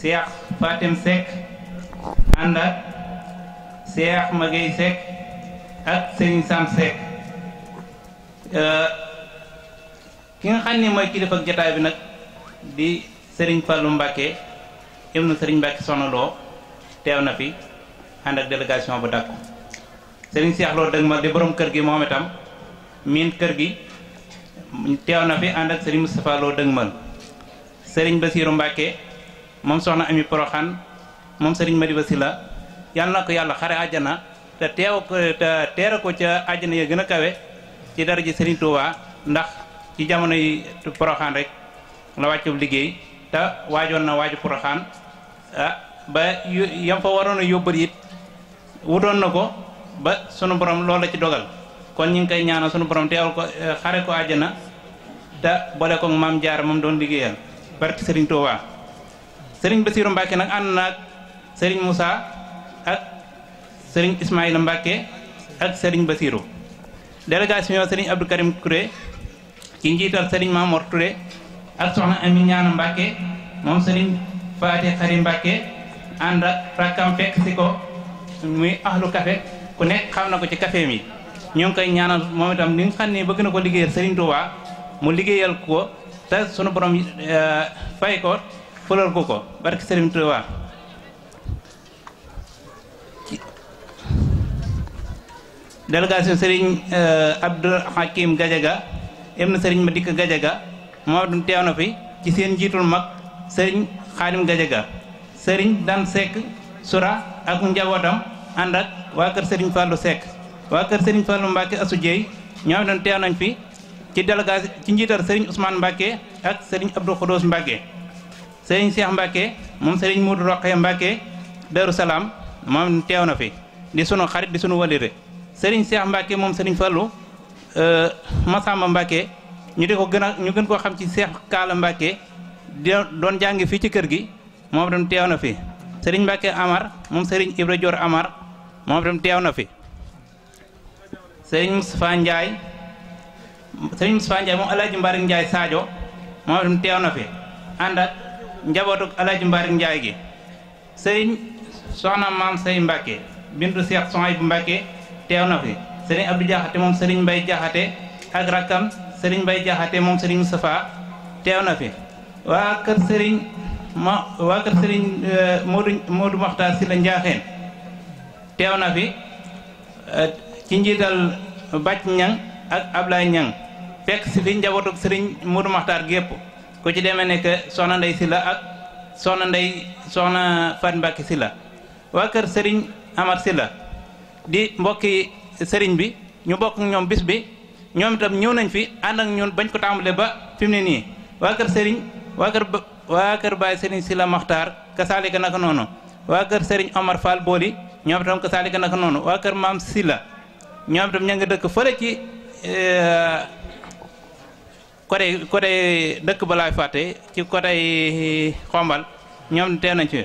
Cheikh Fatim Seck ànd ak Cheikh Magay Seck ak Serigne Sam Seck euh, ki nga xam ni mooy kilifa ak jataay bi nag di Serigne Fallou Mbacké ibnu Serigne Mbacké Soxna Lo teew na fi ànd ak délégation bu dàkku Serigne Cheikh Lo di borom kër gi moom itam miin kër gi teew na fi ànd ak Serigne Moustapha Lo dëgg ma Serigne Bassirou mom soxna ami poroxaan mom serigne mari wasila yalla na ko yàlla xare aljana te teew ko te tere ko ci aljana ye ya gëna kawé kawe ci dara ji serigne Touba ndax ci jamono yi poroxaan rek la waccu liggey ta waajoon na waju poroxaan ah, ba yam fa waroon a yit wudon nako ba sunu borom loolu la ci dogal kon ñing kay ñaanal sunu borom teewal ko eh, xare ko aljana da bolé ko maam jaar mam doon liggéeyal barki serigne Touba sëriñ Basiiru Mbàkke nag ànd naag sëriñ Moussa ak sëriñ Ismaïla Mbàkke ak sëriñ Basiiru délégation sëriñ Abdou Karim Touré ci njiital sëriñ Mamour Touré ak soxna Ami Ñaana Mbàkke moom sëriñ Faati Xari Mbàkke ànd ak rakkam fekk si ko muy ahlu kafe ku nekk xam na ko ci kafe mi ñoo ngi koy ñaanal moom itam li nga xam ne bëgg na ko liggéeyal sëriñ Touba mu liggéeyal ko te sunu borom eh, fay ko fulal koko barke Serigne Touba delegation Serigne euh, Abdou Hakim Gadiaga ibn Serigne Madika Gadiaga mamadou tewna fi ci sen jitul mak Serigne Khadim Gadiaga Serigne Dan Sek Sura ak njabootam andak wa keur Serigne Fallou Sek, wa keur Serigne Fallou mbake Assou djey ñoom itam teew nañ fi ci delegation ci njiital Serigne Ousmane mbake ak Serigne Abdou khodous mbake serigne cheikh mbake mom serigne modou rokhaya mbacke daru salam mom tewna fi di sunu xarit di sunu walire serigne cheikh mbake mom serigne fallu euh massamba mbake ñu diko gëna ñu gën ko xam ci cheikh kala mbacke doon jangi fi ci kër gi mom tewna fi serigne amar mom serigne ibra dior amar mom tam tewna fi serigne mustafa ndjay serigne mustafa ndjay mom aladji mbarik ndjay sadio mom tewna fi njabootuk alaaji Mbaarik Njaay gi sëriñ soxna maam say Mbàkke bintu Seex Soxay bu Mbàkke teew na fi sëriñ Abdou Jaxate moom sëriñ Mbay Jaxate ak rakkam sëriñ Mbay Jaxate moom sëriñ Mustafa teew na fi waa kër sëriñ ma waa kër sëriñ eh, Moodu Moodu Maxtaar si la Njaaxeen teew na fi eh, ci njiital Bàcc ñaŋ ak Ablaay Ñang fekk si fi njabootuk sëriñ Moodu Maxtaar gépp ku ci demé nek soxna ndey sila ak soxna ndey soxna Fat Mbàkke sila wa kër serigne Amar sila. di mbokki serigne bi ñu bok ñom bis bi ñom tam ñew nañ fi and ak ñun bañ ko tambalé ba fimné ni wa nii waa kër sëriñ wa kër waa kër Baay sëriñ Silla Maxtaar kasaalika naka noonu waa kër sëriñ Omar Fall Booli ka naka kër dëkk ci eh, côté côté dëkk balaay fàtte ci côté xombal ñoom tee nañ ci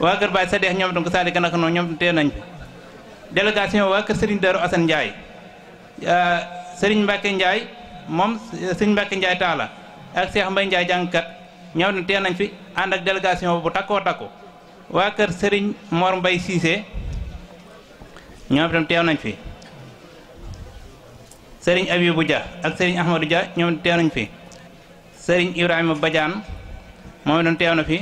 waa kër Baye Sadex ñoom tam ko saali gën a noonu ñoom tee nañ fi délégation waa kër Serigne Darou Assane Ndiaye euh, Serigne Mbacke Ndiaye moom Serigne Mbacke Ndiaye taala ak Cheikh Mbaye Ndiaye jàngkat ñoom tam tee nañ fi ànd ak délégation bu takkoo takko waa kër Serigne Mor Mbaye Cissé ñoom tam teew nañ fi sëriñ Abibou Dia ak sëriñ Ahmadou Dia ñoom teew nañ fi sëriñ Ibrahima Badiane moom itam teew na fi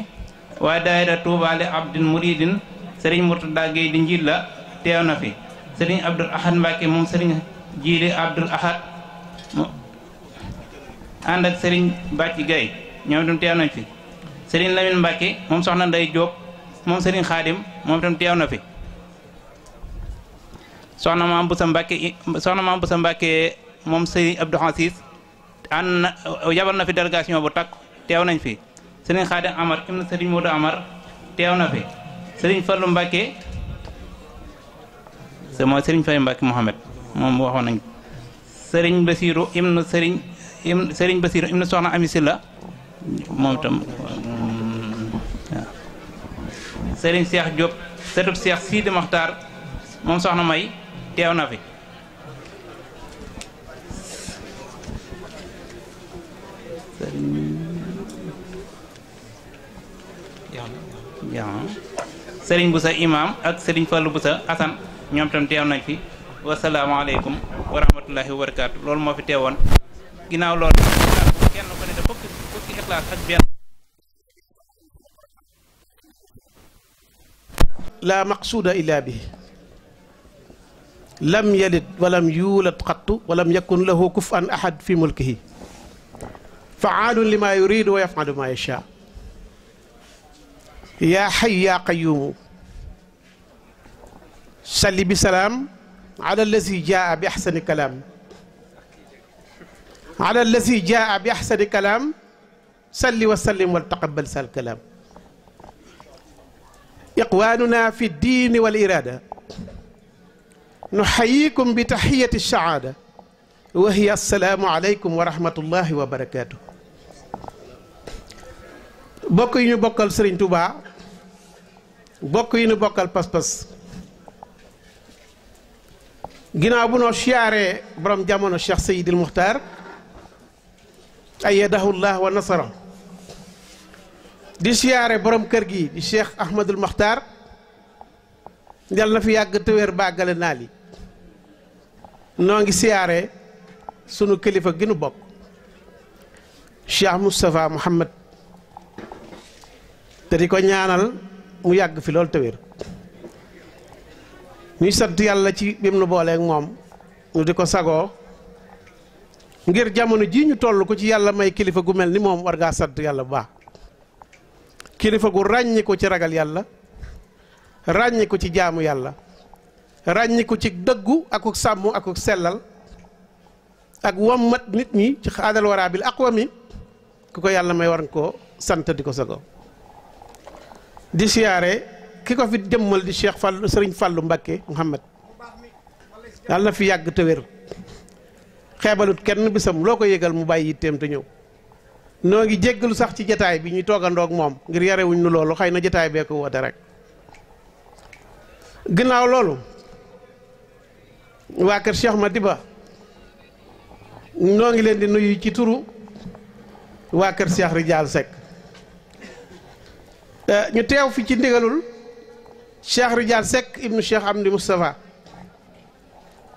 waa daayira Touba li Abdin Mouridine sëriñ Mourtada Gueye di njiit la teew na fi sëriñ Abdoul Ahad Mbacke moom sëriñ Jiili Abdoul Ahad ànd ak sëriñ Bàcci Gueye ñoom itam teew nañ fi sëriñ Lamine Mbacke moom soxna Ndeye Diop moom sëriñ Xaadim moom itam teew na fi. soxna maam bu sa Mbàkke soxna maam bu sa Mbàkke moom sëriñ Abdou Xasis ànd na yabal na fi délégation bu takk teew nañ fi sëriñ Xaadim Amar ibnu na fi sëriñ Fallu Mbàkke mooy sëriñ Fay Mbàkke Mohamed moom waxoon nañ sëriñ Basiru ibnu sëriñ soxna Ami Silla moom tam sëriñ Seex Jóob sëtub Seex Siidi Maxtaar moom soxna May teew na fi sëriñ bu sa imaam ak sëriñ Fallu bu sa asan ñoom tam teew nañ fi wasalaamaaleykum wa rahmatullahi wa barakaatu loolu moo fi teewoon ginnaaw loolu kenn ko ne bi لم يلد ولم يولد قط ولم يكن له كفءا أحد في ملكه فعال لما يريد ويفعل ما يشاء يا حي يا قيوم صل بسلام على الذي جاء بأحسن كلام على الذي جاء بأحسن كلام صل وسلم وتقبل سال كلام إقواننا في الدين والإرادة نحييكم بتحية الشعادة وهي السلام عليكم ورحمة الله وبركاته بقي نبقل سرين توبا بقي نبقل بس بس جنا أبونا الشعر برم جامونا الشيخ سيد المختار أيده الله ونصره دي شعر برم كرغي دي شيخ أحمد المختار يالنا في أغتوير باقل نالي noo ngi siyaare sunu kilifa gi nu bokk Cheikh Moustapha Mouhamad te di ko ñaanal mu yàgg fi loolu tawér ñuy sant yàlla ci bim nu moom ñu di ko sagoo ngir jamono jii ñu toll ko ci yàlla may kilifa gu mel ni moom war ngaa sant yàlla bu baax kilifa gu ràññi ko ci ragal yàlla ràññi ko ci jaamu yàlla ràññiku ci dëggu akuk sàmm akuk sellal ak mat nit ñi ci xaadal waraabil aqwami ku ko yàlla may war koo sant di ko sago di siyaare ki ko fi jëmmal di Cheikh Fall Serigne fallu mbakke Mouhamed yàlla na fi yàgg te wér xeebalut kenn bisam loo ko yëgal mu bàyyi yitteem te ñëw noo ngi jéggalu sax ci jataay bi ñuy toogandoog moom ngir yarewuñ nu loolu xay na jataay bee ko woote rek ginnaaw loolu wa kër Cheikh Madiba noo ngi len di nuyu ci turu wa kër Cheikh sek euh ñu tew fi ci ndigalul Cheikh Ridial sek ibnu Cheikh Amdi mustafa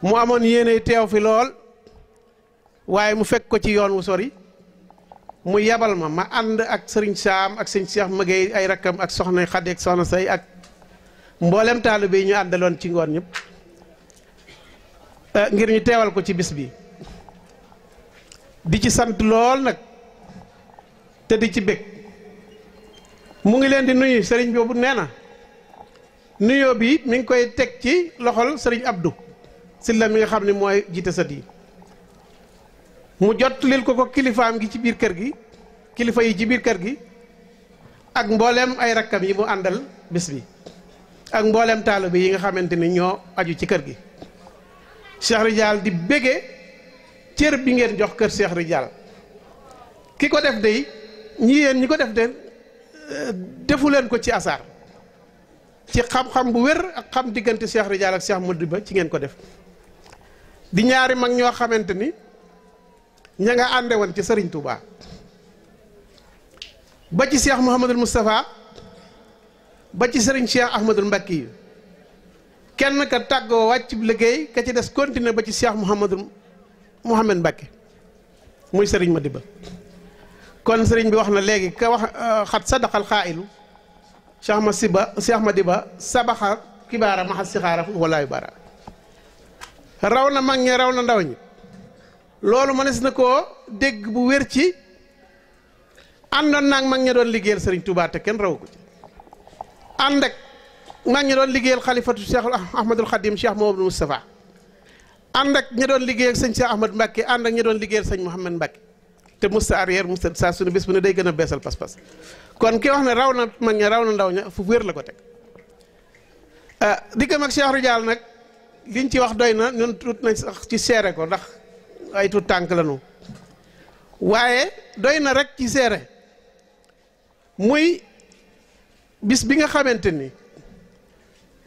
mu amone yene tew fi lol waye mu fek ko ci yoon wu sori mu yabal ma ma and ak serigne sam ak serigne Cheikh magay ay rakam ak soxna Xadi ak soxna Say ak mbollem talibey ñu andalon ci ngor ñep Eh, ngir ñu teewal ko ci bis bi di ci sant lool nag te di ci bég mu ngi leen di nuyu sëriñ boobu nee na nuyoo bi mi ngi koy teg ci loxol sëriñ ab du Sylla mi nga xam ni mooy jiite sët yi mu jot lil ko ko kilifaam gi ci biir kër gi kilifa yi ci biir kër gi ak mbooleem ay rakkam yi mu àndal bis bi ak mbooleem bi yi nga xamante ni ñoo aju ci kër gi Cheikh rijal di bege cër bi ngeen jox kër Cheikh rijal kiko def de ñi yeen ñiko def de euh, defu len ko ci asar ci xam-xam bu wër ak xam digënté Cheikh rijal ak Cheikh Ba ci ngeen ko def di ñaari mag ño xamanteni ni ña nga andé won ci Serigne Touba ba ci Cheikh Mouhamadul Mustafa, ba ci Serigne Cheikh ahmadou mbakki kenn ka tàggoo wàcc liggéey ka ci des continuer ba ci Cheikh Mouhamadou Mouhamed Mbacke muy sëriñ Madiba kon sëriñ bi wax na léegi ka wax euh, xat sadaqal xaa'ilu Cheikh Masiba Cheikh Madiba sabaxa kibaara maxa sixaara walaayu bara raw na mag ñi raw na ndaw ñi loolu mënees na koo dégg bu wér ci àndoon naag mag ña doon liggéeyal sëriñ Touba te kenn raw ko ci ànd ak mag ñi doon liggéeyal xalifatu Cheikh Ahmadul Khadim Cheikh Mouhamadou Moustapha ànd ak ñi doon liggéey sañ sëñ Cheikh Ahmad Mbacke ànd ak ñi doon liggéeyal sëñ Mouhamad Mbacke te musta arrière musta saa su ne bés bu ne day gën a beesal pas-pas kon ki wax ne raw na mag ña raw na ndaw ña fu wér la ko teg euh, diggam ak Cheikh Ridial nag liñ ci wax doy na ñun tuut nañ sax ci seere ko ndax ay tuut tànk lañu waaye doy na rek ci seere muy bis bi nga xamante ni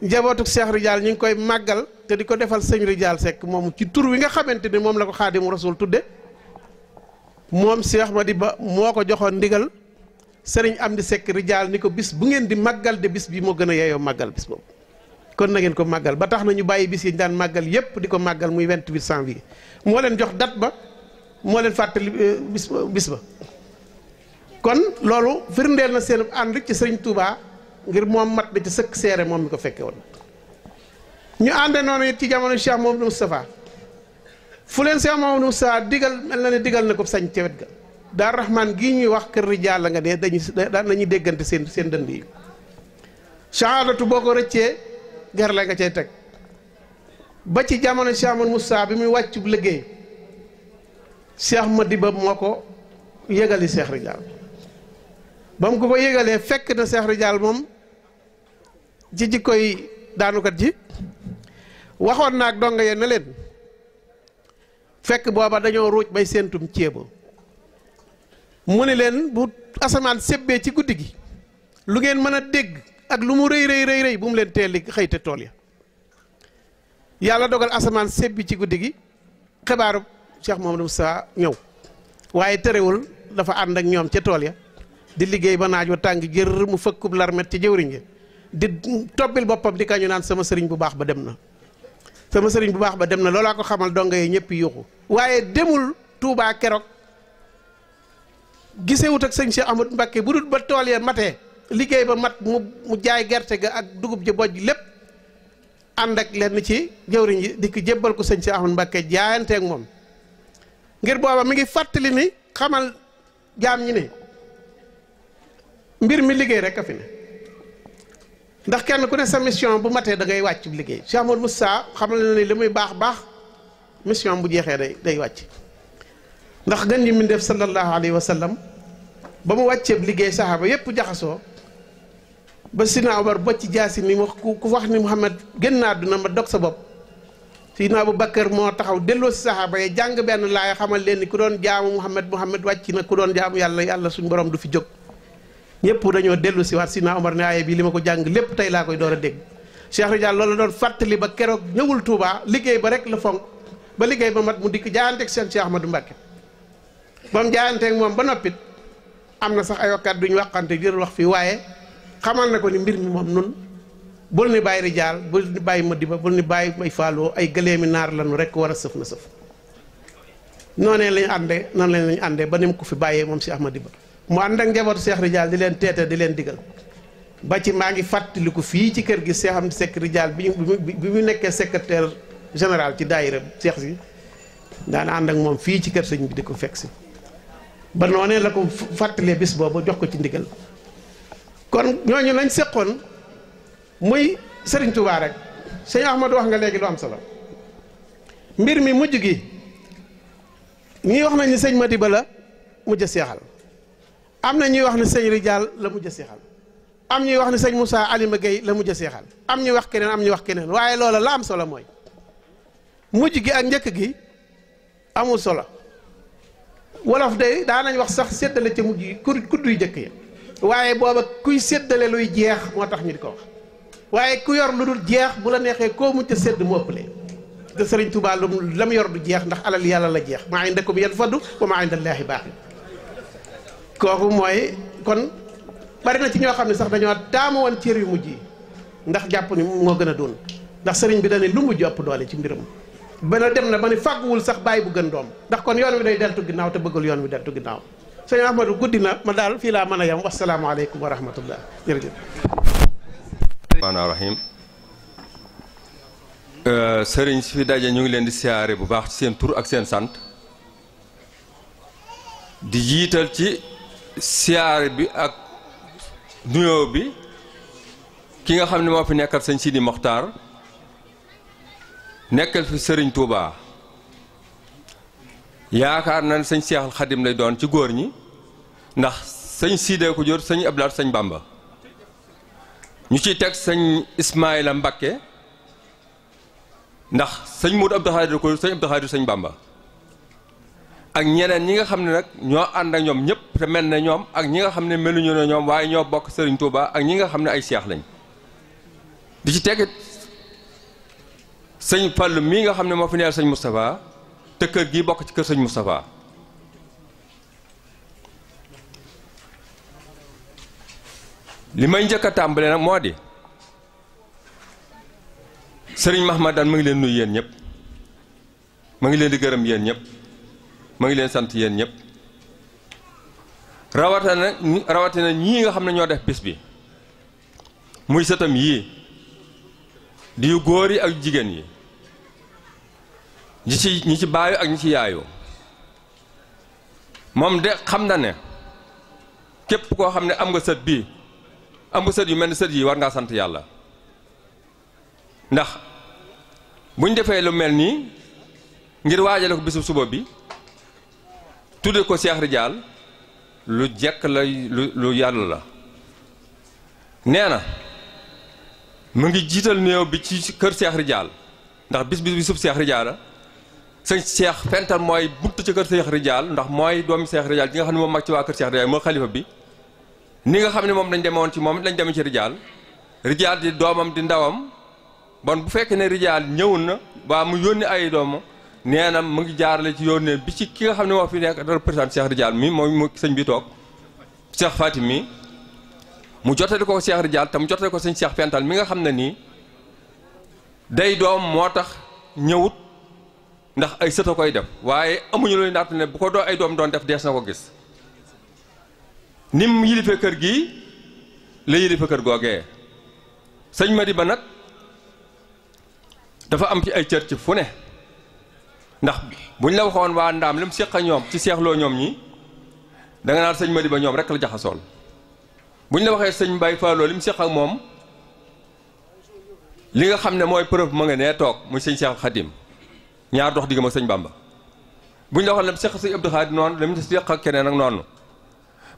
njabootuk Cheikh Ridial ñu ngi koy màggal te di ko defal sëñ Ridial Seck moom ci tur wi nga xamante ni moom la ko xaadimu rasul tudde moom Cheikh ba moo ko joxoon ndigal sëriñ Amdi Seck Ridial ni ko bis bu ngeen di màggal de bis bi moo gën a yeyoo màggal bis boobu kon na màggal ba tax na ñu bàyyi bis yi daan màggal yépp di ko màggal muy 28 janvier moo leen jox date ba moo leen fàttali euh, bis bis ba kon loolu firndeel na seen ànd ci sëriñ Touba. ngir moom mat be ci seuk séré mom mi ko fekke won ñu ànde noonu ci jamono Cheikh Mamadou mustafa fu leen Cheikh Mamadou Moustapha digal mel na digal na ko sañ ci wet ga da rahman gi ñuy wax keur rijaal nga ne dañu da nañu déggante seen seen dënd yi shahadatu boko reccé gar la nga cey tek ba ci jamono Cheikh Mamadou Moustapha bi muy waccu liggé Cheikh Madiba moko yegali Cheikh rijal ba ko ko yegale fekk na Cheikh rijal mom ji jikkoy daanukat ji waxoon na ak donga yeen leen fekk booba dañoo ruuj bay séentum ceebo mu ne leen bu asamaan sébbee ci guddi gi lu ngeen mën a dégg ak lu mu rëy rëy rëy rëy bu mu leen teeli xëyte tool ya yàlla dogal asamaan sébbi ci guddi gi xibaaru Cheikh Mouhamadou Moussa ñëw waaye terewul dafa ànd ak ñoom ca tool ya di liggéey ba naaj wa tàng jër mu fëkkub larmet ci jëwriñ di tobbil boppam di kañu naan sama sëriñ bu baax ba dem na sama sëriñ bu baax ba dem na loolaa ko xamal donga yi ñëpp yuuxu waaye demul Touba keroog gisewut ak sëñ si Ahmadou Mbacké bu dul ba tool ya matee liggéey ba mat mu mu jaay gerte ga ak dugub ji bojj lépp ànd ak lenn ci jëwriñ ji di ko jébbal ko sëñ Cheikh Ahmadou Mbacké jaayante ak moom ngir booba mi ngi fàttali ni xamal jaam ñi ne mbir mi liggéey rek a fi ne ndax kenn ku ne sa mission bu matee da ngay wàcc liggéey Cheikh Amadou Moussa xamal na ne li muy baax baax mission bu jeexee day day wàcc ndax gën ñi min def sallallahu alayhi wa sallam ba mu wàcceeb liggéey saxaaba yépp jaxasoo ba Sina Omar bocc jaasi ni wax ku wax ni Muhammad gën naa duna ma dog sa bopp Sina Abu Bakar moo taxaw delloo si saxaaba ya jàng benn laaya xamal leen ni ku doon jaamu Muhammad Muhammad wàcc na ku doon jaamu yàlla yàlla suñu borom du fi jóg ñépp dañoo dellu si waat Sidna Omar ne aaye bi li ma ko jàng lépp tey laa koy door a dégg Cheikh Ridial loolu la doon fàttali ba keroog ñëwul Touba liggéey ba rek la fonk ba liggéey ba mat mu dikk jaayanteeg seen Cheikh Ahmadou Mbacke ba mu jaayanteeg moom ba noppit am na sax ay wakkat duñ waxante jërul wax fii waaye xamal na ko ni mbir mi moom nun bul ni bàyyi Ridial bul ni bàyyi Madiba bul ni bàyyi may faaloo ay gëleemi naar lañu rek war a sëf na sëf noonee lañ àndee noonu lañ àndee ba ni mu fi bàyyee moom si Ahmadiba mu ànd ak njabootu Cheikh Ridial di leen teete di leen digal ba ci maa ngi fàttaliku fii ci kër gi Cheikh Ahmed Seck Ridial bi bi mu nekkee secrétaire général ci daayira seex si daan ànd ak moom fii ci kër sëñ bi di ko fekk si ba noonee la ko fàttalee bis boobu jox ko ci ndigal kon ñooñu lañ seqoon muy sëriñ Touba rek sëñ Ahmadu wax nga léegi lu am solo mbir mi mujj gi ñii wax nañ ni sëñ Madiba la mujj seexal amna ñuy wax ne seigne Rijaal la mujj a am ñuy wax ne seigne Moussa ali magay la mujj a am ñuy wax keneen am ñuy wax keneen waye loolu la am solo moy mujj gi ak njëkk gi amu solo wolof day da nañ wax sax séddale ci mujj gi ku kudduy jëkk ya waye booba kuy séddale luy jeex moo tax ñu di ko wax waye ku yor lu dul jeex bu la neexee koo mujj a sédd mu ëppalee de serigne touba lu la yor du jeex ndax alal yàlla la jeex ma indakum yanfadu wa ma indallahi baaqi koku moy kon bari na ci ñoo xamni sax dañoo daamu won cër yu mujjii ndax japp ni mo gëna doon ndax sëriñ bi dañ lu mu jàpp doole ci mbiram ba na dem na ba ni fàgguwul sax bay bu gën doom ndax kon yoon wi day deltu ginnaaw te bëggul yoon wi deltu ginnaaw sëñ ahmadu guddina na ma daal fii laa mën alaykum wa rahmatullah jërëjëf rahim euh, sëriñ si fi daje ñu ngi leen di siaré bu baax ci seen tour ak seen sante di jital ci siyaar bi ak nuyoo bi ki nga xam ne moo fi nekkal sañ Sidi Mokhtar nekkal fi sëriñ tuubaa yaakaar na ne sëñ Seexal Xadim lay doon ci góor ñi ndax sëñ Sidee ko jur sëñ Abdoulaye sëñ Bamba ñu ci teg sëñ Ismaïla Mbakke ndax sëñ Moudou Abdou Khadir ko jur sëñ Abdou Khadir sëñ Bamba ak ñeneen ñi nga xam ne nag ñoo ànd ak ñoom ñëpp te mel ne ñoom ak ñi nga xam ne meluñu ne ñoom waaye ñoo bokk Serigne Touba ak ñi nga xam ne ay seex lañ di ci tegit sëñ Fallou mii nga xam ne moo fi neel sëñ Moustapha te kër gi bokk ci kër sëñ Moustapha li may njëkk a tàmbalee nag moo di sëriñ Mahmadan mu ngi leen nuyu yéen ñëpp mu ngi leen di gërëm yéen ñëpp. ma ngi leen sant yéen ñëpp rawatina rawatina ñii nga xam ne ñoo def bis bi muy sëtam yii di yu góor yi ak jigéen yi ñi ci ñi ci baayu ak ñi ci yaayu moom de xam na ne képp koo xam ne am nga sët bii am nga sët yu mel ni sët yi war ngaa sant yàlla ndax buñ defee lu mel nii ngir waajale ko bisu suba bi tudde ko Cheikh Ridial lu jekk la lu lu yàlla la nee na mu ngi jiital néew bi ci kër Cheikh Ridial ndax bis bis bi sub Cheikh Ridial la sëñ Cheikh fental mooy buntu ci kër Cheikh Ridial ndax mooy doomi Cheikh Ridial gi nga xam ne moom mag ci waa kër Cheikh Ridial mooy xalifa bi ni nga xam ne moom dañ demoon ci moom lañ demee ci Ridial Ridial di doomam di ndawam bon bu fekkee ne rijaal ñëw na waa mu yónni ay doomam nee na mu ngi jaarale ci yoon ne bi ci ki nga xam ne moo fi nekk représenté Cheikh Ridial mi mooy mu sëñ bi toog Cheikh Fatim mi mu jotale ko Cheikh Ridial te ko sëñ Cheikh Pental mi nga xam ne nii day doom moo tax ñëwut ndax ay sët koy def waaye amuñu luy naatu ne bu ko doo ay doom doon def dees ko gis nim kër gii la yilife kër googee sëñ Madiba nag dafa am ci ay cër ci fu ne ndax buñ la waxon wa ndam lim sekk ñom ci ci lo ñom ñi da nga naan sëñ Madi ba ñoom rek la jaxasool buñ la waxee sëñ Mbaye Fallou lim sekk ak mom li nga xamne moy preuve ma nga ne tok mu sëñ Cheikh Khadim ñaar dox digg ma sëñ Bamba buñ la waxoon lim sekk sëñ Abdou Khadim non lim sekk ak keneen ak non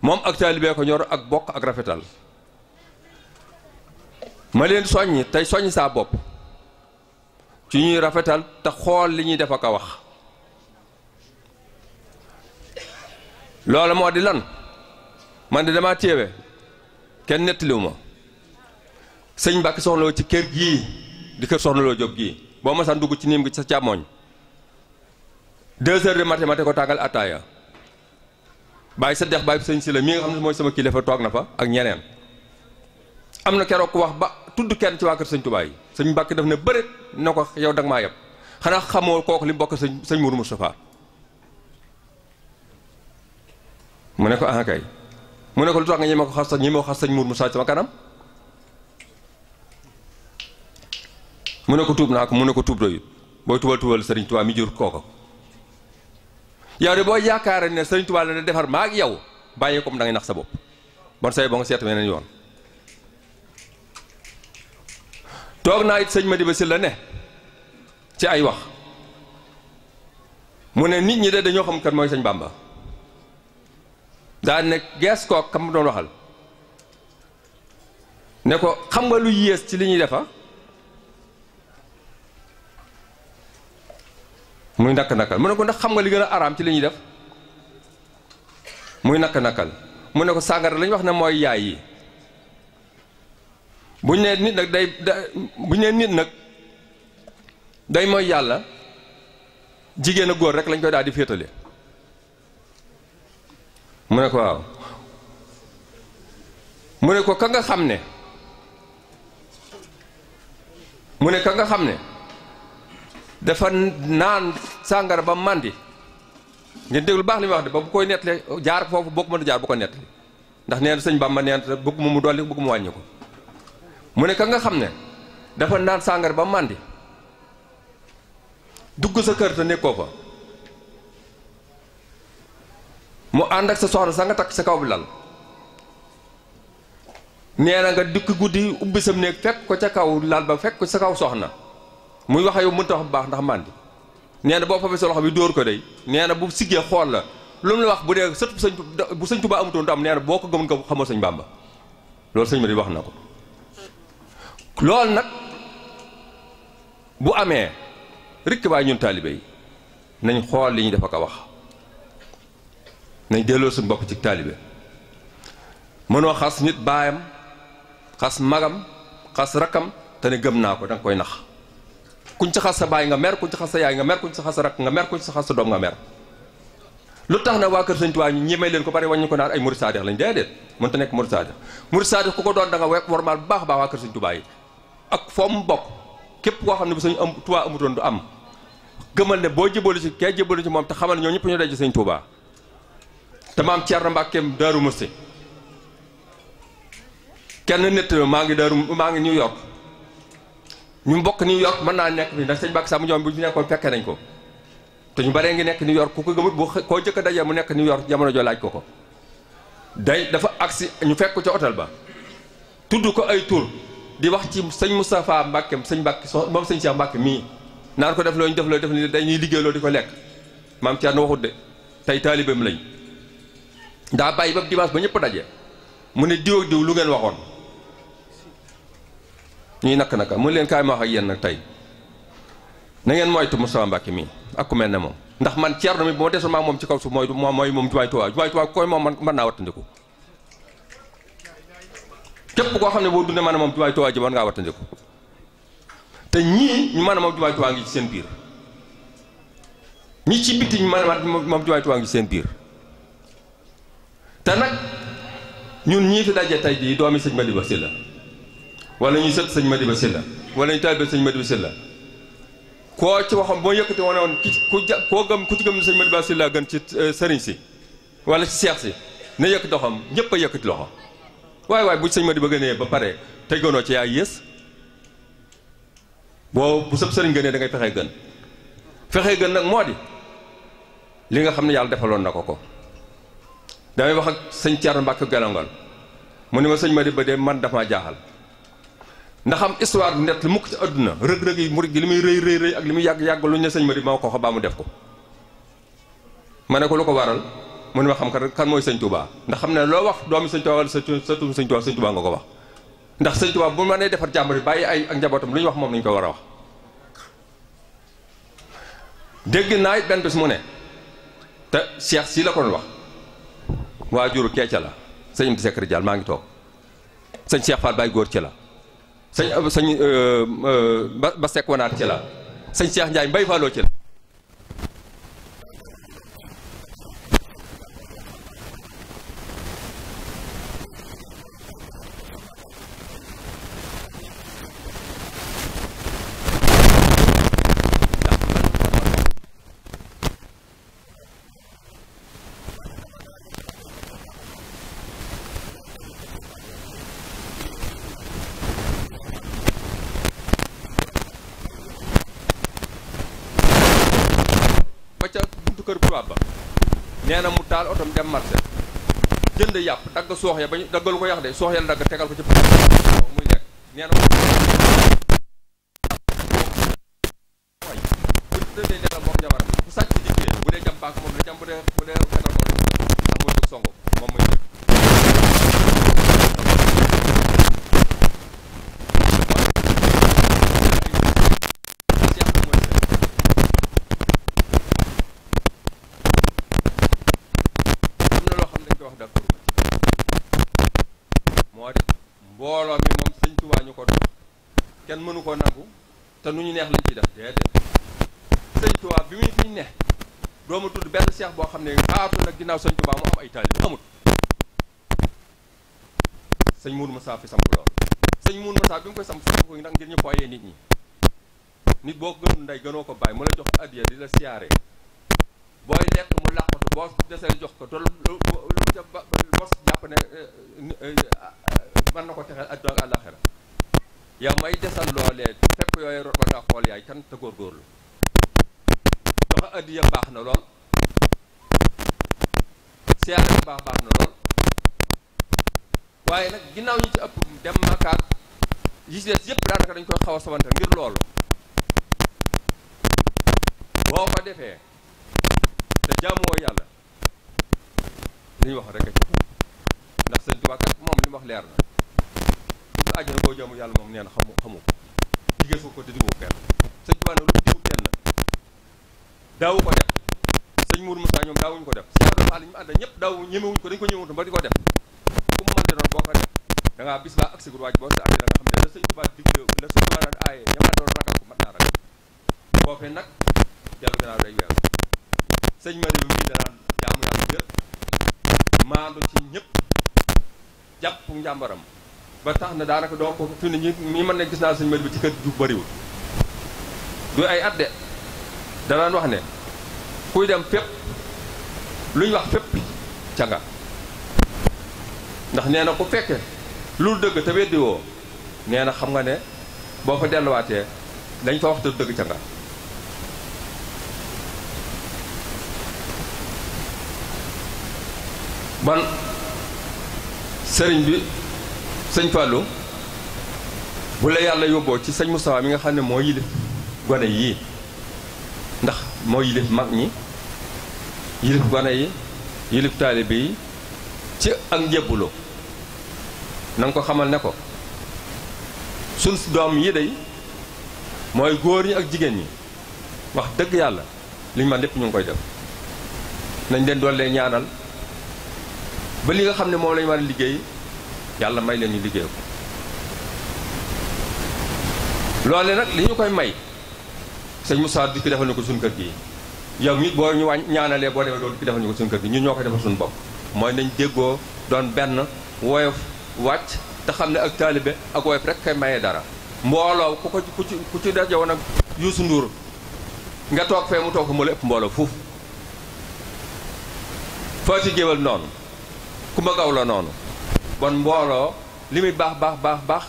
mom ak talibé ko ñor ak bok ak rafetal ma leen soñi tay soñi sa bop ci ñuy rafetal te xool li ñuy def ak a wax loolu moo di lan man de damaa teewe kenn nettaliwuma sëñ Mbàkke Soxna Lo ci kër gii di kër Soxna jóg Jóob gii boo masaan dugg ci niim gi sa càmmooñ deux heures de matin ma te ko tàngal ataaya bàyyi sa dex bàyyi sëñ si la mi nga xam ne mooy sama kilifa toog na fa ak ñeneen am na keroog ku wax ba tudd kenn ci waa kër sëñ Tuubaa yi sëñ Mbàkke daf ne bëreet na ko yow dag maa yab xanaa xamoo kooku li mu bokk sañ sëñ Mourou Moustapha mu ne ko ah kay mu ne ko lu tax nga ñeme ko xas sax ñeme ko xas sama kanam mu ne ko tuub naa ko mu ne ko tuub doyut booy tubal tubal sëriñ Tuubaa mi jur kooko yow de yaakaar yaakaare ne sëriñ Tuubaa la ne defar maa ak yow bàyyi ko mu da ngay nax sa bopp bon say boo nga seet weneen yoon toog naa it sëñ si la ne ci ay wax mu ne nit ñi de dañoo xam kan mooy sëñ Bàmba daa ne gees koo kam doon waxal ne ko xam nga lu yées ci li ñuy defa muy nakk nakal mu ne ko ndax xam nga li gën a araam ci li ñuy def muy nakk nakal mu ne ko sàngara lañ wax ne mooy yaay yi bu ñu nee nit nag day bu ñu nee nit nag day mooy yàlla jigéen a góor rek lañ koy daal di féetale mu ne ko waaw mu ne ko ka nga xam ne mu ne ka nga xam ne dafa naan sàngara ba màndi ngeen déglu baax li muy wax de ba bu koy nettali jaar foofu boo ma du jaar bu ko nettali ndax nee sañ sëñ ma nee na bëgg mu mu dolli bëgg mu wàññi ko mu ne ka nga xam ne dafa naan sàngar ba màndi dugg sa kër te nekkoo fa mu ànd ak sa soxna sa nga takk sa kaw bi lal nee na nga dikk guddi ubbi sa néeg fekk ko ca kaw lal ba fekk ko sa kaw soxna muy wax yow mënta wax bu baax ndax màndi nee na boo fabee sa loxo bi dóor ko day nee na bu siggee xool la lu mu wax bu dee sët bu sëñ bu sëñ Tuubaa amutoon du am nee na boo ko gëmoon ko xamoo sëñ Bàmba loolu sëñ bi di wax na ko loolu nag bu amee rikk baay ñun taalibe yi nañ xool li ñu def ak a wax nañ delloo suñu bokk ci taalibe mënoo xas nit baayam xas magam xas rakkam te ne gëm naa ko danga koy nax kuñ ci xas sa baay nga mer kuñ ci xas sa yaay nga mer kuñ ci xas sa rakk nga mer kuñ ci xas sa doom nga mer lu tax na waa kër Sëñ Tuubaa ñu ñemee leen ko bari waññu ko naan ay murid saadix lañ déedéet mënta nekk murid saadix murid saadix ku ko doon da nga war maal bu baax a baax waa kër ak foo mu kep képp koo xam am Tuubaa du am gëmal ne bo jibol ci ke jibol ci mom te xamal ne ñoo ñëpp ñoo daje sëñ Tuubaa te ciar mbakem daru musse kenn net ma ngi daru ma ngi New York ñu bok New York mën na nekk bi ndax bak Mbàkke Sàmb ñoom bu ñu nekkoon nañ ko te ñu bare ngi nek New York ku ko gëmut bu ko jëk a mu nek New York jamono jo laaj ko ko day dafa aksi ñu fekk ko hotel ba tuddu ko ay tur di wax ci sëñ Moustapha Mbacke sëñ Mbacke so moom sëñ Cheikh Mbacke mii naan ko def loo ñu def loo def ni dañuy liggéey loo di ko lekk maam Thierno waxut de tey taalibeem lañ daa bàyyi ba dimanche ba ñëpp daje mu ne diw ak diw lu ngeen waxoon ñuy nakk naka mu leen kaay ma wax ak yéen nag tey na ngeen moytu Moustapha Mbacke mii ak ku mel ne moom ndax man Thierno mi bu ma desoon maa moom ci kaw suuf mooy mooy moom jumaay Tuubaa jumaay Tuubaa koy moom man mën naa wattandiku képp koo xam ne boo dundee maanaam moom jumaay Tuubaa ji war ngaa wattandiku te ñii ñu maanaam moom jumaay Tuubaa ngi ci seen biir ñi ci biti ñu maanaam moom jumaay Tuubaa ngi seen biir te nag ñun ñii fi dajee tey jii doomi sëñ Madiba Sylla wala ñuy sët sëñ Madiba Sylla wala ñu taalibe sëñ Madiba la koo ci waxam boo yëkkati wane woon ki ku ja koo gëm ku ci gëm sëñ Madiba Sylla gën ci eh, sëriñ si wala ci seex si na yëkkati loxoom ñëpp a yëkkati loxo. way way bu señ ma di bëgg nee ba pare tey gënoo ci ya yes bo bu sëb señ gënee da ngay fexé gën fexé gën nak modi li nga xam yalla nako ko da damay wax ak sëñ Thierno Mbacke Gelongal mu ni ma señ ma di bëggee man dafa jaxal ndax xam histoire bu net lu mukk ci aduna reug reug yi murid gi li reey reey reey ak li yag yag lu ñu señ ma di mu def ko mané waral mu ne xam kan kan mooy sëñ Touba ndax xam ne loo wax doomi sëñ Touba wala sëtum sëñ Touba sëñ Touba nga ko wax ndax sëñ Touba bu ma nee defar jàmbur yi bàyyi ay ak njabootam lu ñu wax moom lañ ko war a wax dégg naa it benn bés mu ne te Cheikh si la ko doon wax waajuru keeca la sëñ di secrétaire Diall maa ngi toog sëñ Cheikh góor ci la sëñ sëñ euh, euh, ba ba Seck wanaat ci la sëñ Cheikh Ndiaye Mbaye Falloo ci la dagg soox ya bañ daggal ko yax de soox ya dagg tegal ko ci muy nek neena ko way bu de leena mo jabar bu sacc di ci bu de jam pak mo jam bu de bu de faatu nag ginnaaw sëñ Tuubaa mu am ay taalibe amut sëñ Mourou Moussa fi samp lool sëñ Mourou Moussa bi mu koy samp samp ko nag ngir ñu nit ñi nit boo ko gënul ndey gënoo ko bàyyi mu la jox addiya di la siyaare booy lekk mu làqatu boo desee jox ko te lu bos jàpp ne eh, eh, mën na ko texel àdduna ak àllaaxira yow may desal loolee fépp yooyu rot ba nga xool yaay kan te góorgóorlu joxe addiya baax na lool siyaare bu baax baax na lool waaye nag ginnaaw ñi ci ëpp dem makaak yi ci yëpp daanaka dañ koy xaw a sawante ngir loolu boo ko defee te jaamoo yàlla li wax rek a ci ndax sëñ Tuubaa kat moom li mu wax leer na du àjjana boo jaamu yàlla moom nee na xamu xamu diggee su ko te diggu kenn sëñ Tuubaa ne lu diggu kenn daawu ko def sëñ Mourou Moussa ñoom daawuñu ko def si Abdou Fall ñu ànd ñemewuñ ko dañ ko ñemewutoon ba di def ku mu mën di doon def da ngaa bis baa ak sigur waaj boo sa amee nga xam la sëñ Tuubaa dig la sëñ Tuubaa naan aaye ñam àndoon ragal ko mat naa ragal foofee nag dellu gannaaw day weeru sëñ ci ba tax na ko ñi ne gis ci kër ju du ay wax ne kuy dem fépp lu ñu wax fépp ca nga ndax nee na ku fekke lu dëgg te weddi nee na xam nga ne boo fa delluwaatee dañ fa wax te dëgg ca nga ban sëriñ bi sëñ Fallou bu la yàlla yóbboo ci sëñ Moustapha mi nga xam ne moo yilif gone yii ndax moo yilif mag ñi yilif gone yi yilif taalibe yi ci ak njëbbuloo na ko xamal ne ko suñ doom yi day mooy góor yi ak jigéen ñi wax dëgg yàlla liñ man lépp ñu ngi koy def nañ leen doon leen ñaanal ba li nga xam ne moom lañu war a liggéey yàlla may leen ñu liggéey ko loole nag li ñu koy may sëñ Moussa dikk defal ñu ko suñu kër gi yow nit boo ñu wàññi ñaanalee boo demee doo dikk defal ñu ko suñu kër gi ñu ñoo koy defal suñu bopp mooy nañ déggoo doon benn woyof wàcc te xam ne ak taalibe ak woyof rek mayee dara mbooloo ku ko ku ci ku ci daje woon ak Youssou nga toog fee mu toog ko mu ëpp mbooloo foofu Faati Géwél noonu ku ma gaw la noonu bon mbooloo li muy baax baax baax baax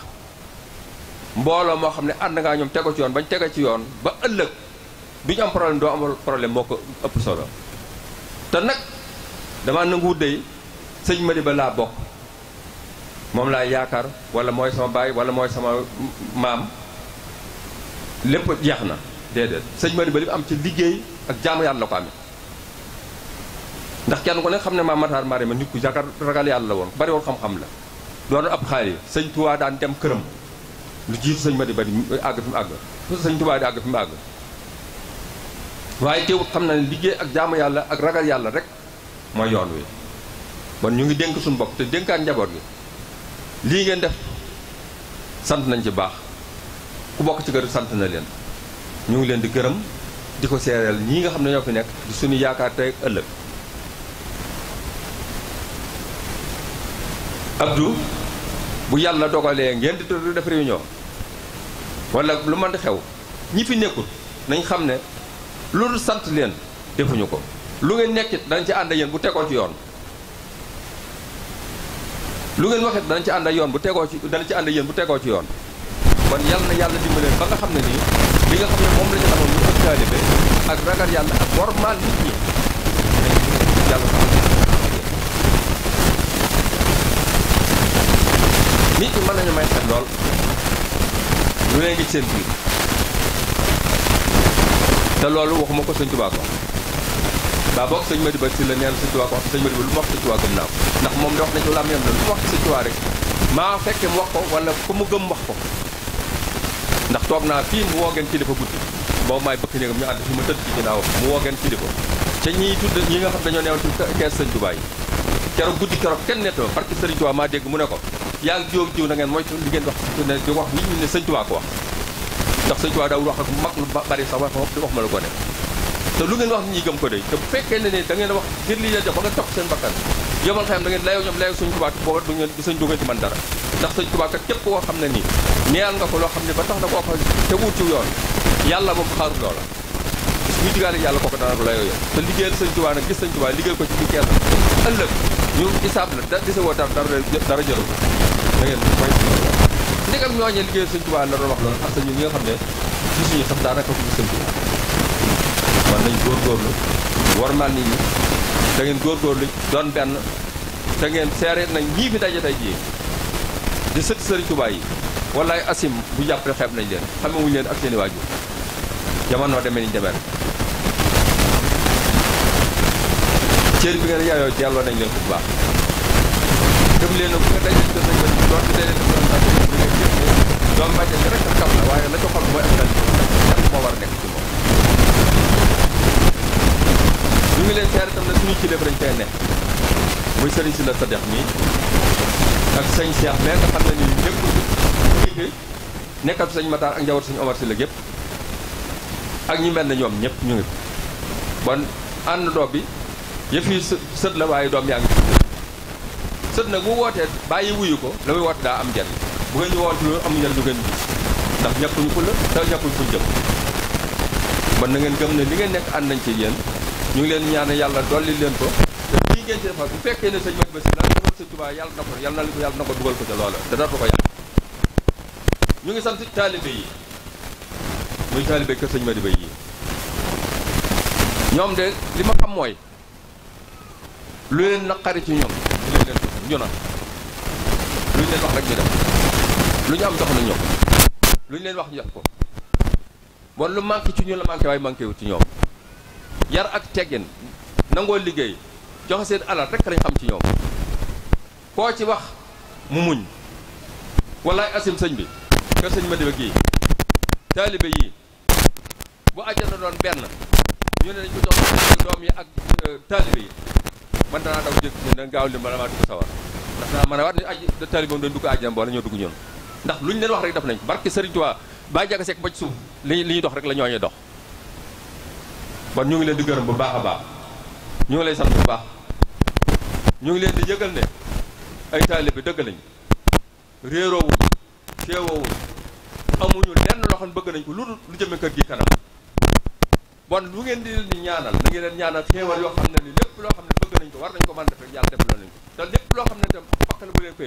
mbooloo moo xam ne ànd ngaa ñoom tego ci yoon bañ tege ci yoon ba ëllëg du ñu am problème doo am problème moo ko ëpp solo te nag dama nangu dey sëñ ba laa bokk moom laa yaakaar wala mooy sama baay wala mooy sama maam lépp jeex na déedéet sëñ ba li am ci liggéey ak jaamu yàlla ko amee ndax kenn ku ne xam ne maam Matar Mari ma nit ku jàkkaar ragal yàlla la woon bari woon xam-xam la doon ab xaalis sëñ Tuubaa daan dem këram lu jiitu sëñ Madi Bari àgg fi mu àgg sañ Tuubaa di àgg fi mu àgg waaye teewut xam na liggéey ak jaamu yàlla ak ragal yàlla rek mooy yoon wi bon ñu ngi dénk suñ bopp te dénkaat njaboot bi lii ngeen def sant nañ ci baax ku bokk ci kër sant na leen ñu ngi leen di gërëm di ko seereel ñii nga xam ne ñoo fi nekk di suñu yaakaar tey ëllëg Abdou bu yàlla dogalee ngeen di def réunion wala lu mën di xew ñi fi nekkul dañ xam ne loolu sant leen defuñu ko lu ngeen nekkit danañ ci ànd ak bu tegoo ci yoon lu ngeen waxit danañ ci ànd ak yoon bu tegoo ci danañ ci ànd yéen bu tegoo ci yoon kon yàlla na yàlla dimbaleen ba nga xam ne nii li nga xam ne moom la ñu amoon ñu ak taalibe ak ragal yàlla ak wormaal nit ñi nit ñi mën nañu may xel lool lu ne ngi seen biir te loolu waxuma ko sëñ Tuubaa ko baa boog sëñ Madiba si la neen sëñ Tuubaa ko wax sëñ Madiba lu mu wax sëñ Tuubaa gëm naa ndax moom da wax nañu lam yam na lu mu wax sëñ Tuubaa rek maa fekkee mu wax ko wala ku mu gëm wax ko ndax toog naa fii mu woo geen kilifa guddi boobu maay bëkk néegam ñu ànd fi ma tëdd ci ginnaaw mu woo geen kilifa ca ñiy tudd ñi nga xam dañoo neewoon ci kees sëñ Tuubaa yi keroog guddi keroog kenn nettoo parce que Sëriñ Tuubaa maa dégg mu ne ko yaa ngi jiw jiw na ngeen moytu li ngeen wax ne di wax nit ñi ne Sëriñ Tuubaa ko wax ndax Sëriñ Tuubaa daawul wax ak mag lu bari sax wax wax ma la ko te lu ngeen wax nit ñi gëm ko day te bu fekkee ne ne da ngeen wax ngir li leen jox ba nga topp seen bakkan yëmal xam da ngeen layoo ñoom layoo Sëriñ Tuubaa booba du ngeen du Sëriñ Tuubaa ci man dara ndax Sëriñ Tuubaa kat képp koo xam ne nii neyal nga ko loo xam ne ba tax na koo ko teguwul ci yoon yàlla moom xaaru loola bu jigaale yàlla kooku dana ko layoo yoon gis Sëriñ Tuubaa liggéey ko ci biir ëllëg ñu isaab la da dese woo tam dara dara jëloon da ngeen mooy ndegam ñoo ñee liggéey sëñ la doon wax loolu parce que ñun nga xam ne gisuñu sax daanaka ko gis sëñ Tuubaa war nañ góorgóorlu warmal nit ñi da ngeen góor góorgóorlu doon benn te ngeen seere nag ñii fi daje tey jii di sët sëriñ Tuubaa yi wallaay asim bu jàppale xeeb nañ leen xamewuñu leen ak seen i waajur jamono demee niñ demee cër bi nga yaayoo ci yàlla nañ leen ko bu baax gëm leen bu nga dajee ko doon bi dalee doon sa na waaye la ko xam mooy ak dal dal war a nekk ci moom ñu ngi leen seer itam na suñu kilif dañ fay ne muy sëriñ si la sa dex sëñ Cheikh mais nga ni lépp nekkal fi sëñ Matar ak njawat sëñ Omar si la gépp ak ñi mel ne ñoom ñëpp ñu ngi bon ànd doo bi yëf yi sët la waaye doom yaa ngi sët nag bu wootee bàyyi wuyu ko la muy woote daa am njariñ bu ngeen ñu woote loolu am njariñ du ngeen gis ndax ñàkkuñu ko la te ñàkkuñu ko jëm man na ngeen gëm ne li ngeen nekk ànd nañ ci yéen ñu ngi leen ñaan yàlla dolli leen ko te lii ngeen ci defal bu fekkee ne sëñ Mat Basiir la defal sëñ Tuubaa yàlla na ko yàlla na ko yàlla na ko dugal ko ca loola te dara ko yàq ñu ngi sant taalibe yi muy taalibe kër sëñ Madiba yi ñoom de li ma xam mooy lu leen naqari ci ñoom ñu ñu lu ñu leen wax rek ñu def lu ñu am dox na ñoom lu ñu leen wax ñu jox ko bon lu manqué ci ñu la manqué waaye manqué wu ci ñoom yar ak teggin nangoo liggéey jox seen alal rek lañ xam ci ñoom koo ci wax mu muñ wallaay asim sëñ bi kër sëñ ma déwe gii taalibe yii bu ajjana doon benn ñu ne dañ jox doom yi ak euh, taalibe yi man danaa daw jëkk ñun da gaaw lim bala maa dugg sawar ndax danaa mën a waat ñu talibum do taalibam aji am bo la ñoo dug ñoon ndax luñu leen wax rek def nañ barke Serigne Touba ba jaga sek ba ci suuf li li dox rek la ñu dox ba ñu ngi leen di gërëm bu baaxa baax ñu lay sant bu baax ñu ngi leen di yëgal ne ay taalibe dëgg lañ réeroowul wu amuñu lenn loxon bëgg nañ ko lu lu jëmee kër gi kanam bon lu ngeen di di ñaanal na ngeen leen ñaanal xéewal yoo xam ne ni lépp loo xam ne bëgg nañ ko war nañ ko mën def rek yàlla def nañ loo xam ne tam fakk la bu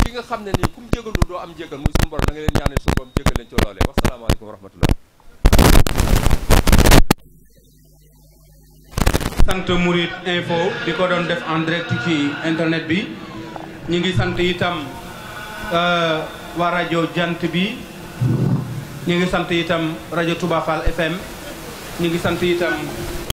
ki nga xam ne nii ku mu jégalu doo am jégal muy suñu borom na nga leen ñaanal suñu borom jégal leen ci loolee wasalaamaaleykum wa rahmatullah sant Mouride Info di ko doon def en direct ci internet bi ñu ngi sant itam euh, rajo jant bi ñu ngi sant itam rajo Touba Fall FM ñu ngi sant itam